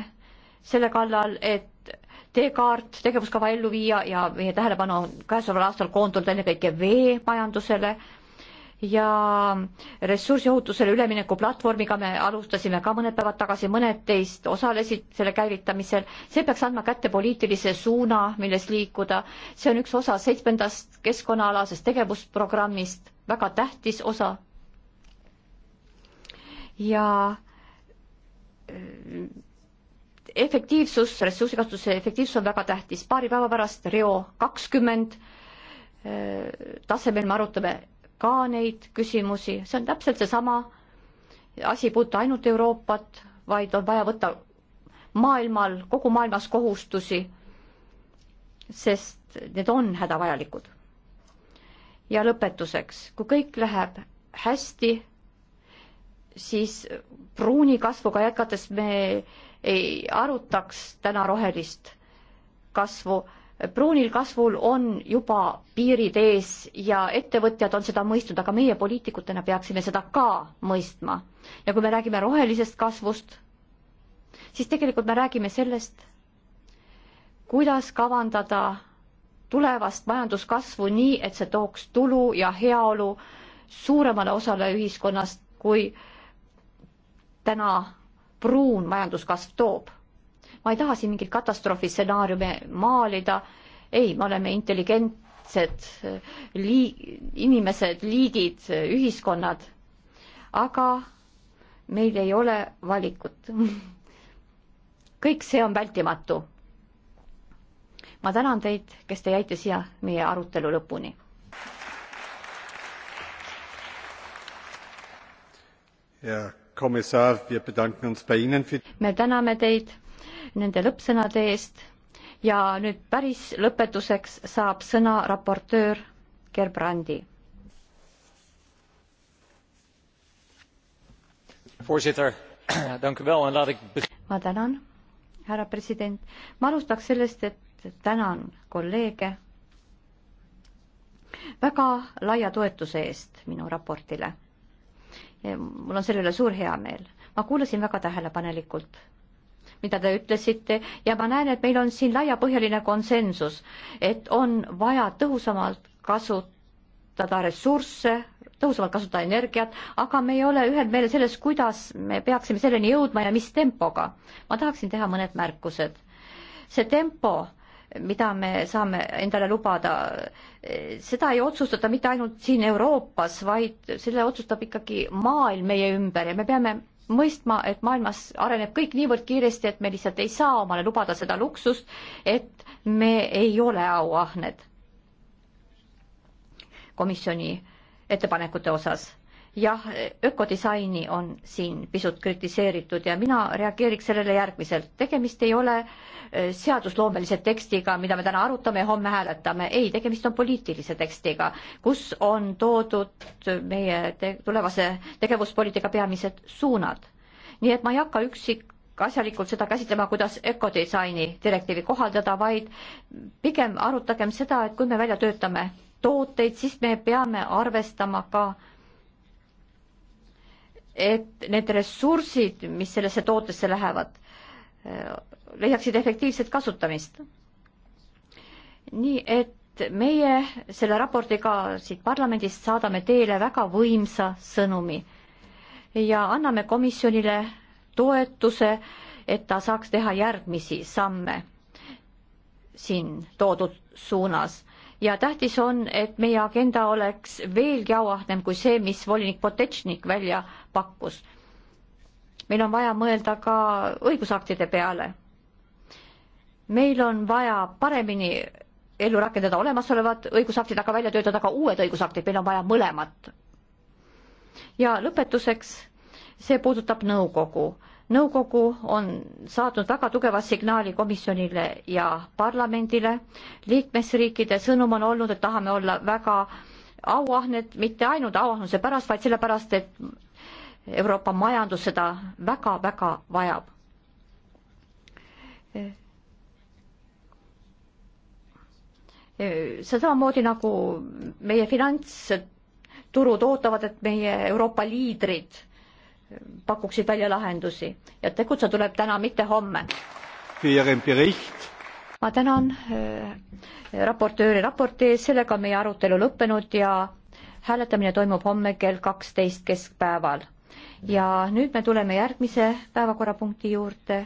selle kallal, et teekaart, tegevuskava ellu viia ja meie tähelepanu on käesoleval aastal koondunud ennekõike veemajandusele ja ressursiohutusele ülemineku platvormiga me alustasime ka mõned päevad tagasi, mõned teist osalesid selle käivitamisel. see peaks andma kätte poliitilise suuna, milles liikuda. see on üks osa seitsmendast keskkonnaalasest tegevusprogrammist, väga tähtis osa. ja äh, efektiivsus, ressursikasutuse efektiivsus on väga tähtis. paari päeva pärast Rio kakskümmend äh, tasemel me arutame ka neid küsimusi, see on täpselt seesama, asi ei puutu ainult Euroopat, vaid on vaja võtta maailmal, kogu maailmas kohustusi, sest need on hädavajalikud. ja lõpetuseks, kui kõik läheb hästi, siis pruuni kasvuga jätkates me ei arutaks täna rohelist kasvu pruunil kasvul on juba piirid ees ja ettevõtjad on seda mõistnud, aga meie poliitikutena peaksime seda ka mõistma. ja kui me räägime rohelisest kasvust, siis tegelikult me räägime sellest, kuidas kavandada tulevast majanduskasvu nii, et see tooks tulu ja heaolu suuremale osale ühiskonnast, kui täna pruun majanduskasv toob ma ei taha siin mingit katastroofistsenaariumi maalida. ei, me oleme intelligentsed lii-, inimesed, liigid, ühiskonnad. aga meil ei ole valikut. kõik see on vältimatu. ma tänan teid, kes te jäite siia meie arutelu lõpuni. ja Kommissar, wir bedanken uns bei Ihnen für me täname teid nende lõppsõnade eest ja nüüd päris lõpetuseks saab sõna raportöör Gerbrandi. voorzitter, dank u wel en laat ik. ma tänan, härra president. ma alustaks sellest, et tänan kolleege väga laia toetuse eest minu raportile. mul on selle üle suur heameel. ma kuulasin väga tähelepanelikult mida te ütlesite ja ma näen, et meil on siin laiapõhjaline konsensus, et on vaja tõhusamalt kasutada ressursse, tõhusamalt kasutada energiat, aga me ei ole ühel meelel selles, kuidas me peaksime selleni jõudma ja mis tempoga. ma tahaksin teha mõned märkused. see tempo, mida me saame endale lubada, seda ei otsustata mitte ainult siin Euroopas, vaid selle otsustab ikkagi maailm meie ümber ja me peame mõistma, et maailmas areneb kõik niivõrd kiiresti, et me lihtsalt ei saa omale lubada seda luksust, et me ei ole auahned komisjoni ettepanekute osas jah, ökodisaini on siin pisut kritiseeritud ja mina reageeriks sellele järgmiselt. tegemist ei ole eh, seadusloomelise tekstiga, mida me täna arutame ja homme hääletame. ei, tegemist on poliitilise tekstiga, kus on toodud meie te tulevase tegevuspoliitika peamised suunad. nii et ma ei hakka üksikasjalikult seda käsitlema, kuidas ökodisaini direktiivi kohaldada, vaid pigem arutagem seda, et kui me välja töötame tooteid, siis me peame arvestama ka äh, et need ressursid, mis sellesse tootesse lähevad, leiaksid efektiivset kasutamist. nii et meie selle raportiga siit parlamendist saadame teile väga võimsa sõnumi ja anname komisjonile toetuse, et ta saaks teha järgmisi samme siin toodud suunas ja tähtis on, et meie agenda oleks veelgi auahnem kui see, mis volinik Potečnik välja pakkus. meil on vaja mõelda ka õigusaktide peale. meil on vaja paremini ellu rakendada olemasolevad õigusaktid, aga välja töötada ka uued õigusaktid, meil on vaja mõlemat. ja lõpetuseks, see puudutab nõukogu nõukogu on saatnud väga tugeva signaali komisjonile ja parlamendile. liikmesriikide sõnum on olnud, et tahame olla väga auahned, mitte ainult auahnuse pärast, vaid sellepärast, et Euroopa majandus seda väga-väga vajab. see samamoodi nagu meie finantsturud ootavad, et meie Euroopa liidrid pakuksid välja lahendusi ja tegutse tuleb täna, mitte homme. ma tänan äh, raportööri raporti eest, sellega on meie arutelu lõppenud ja hääletamine toimub homme kell kaksteist keskpäeval. ja nüüd me tuleme järgmise päevakorrapunkti juurde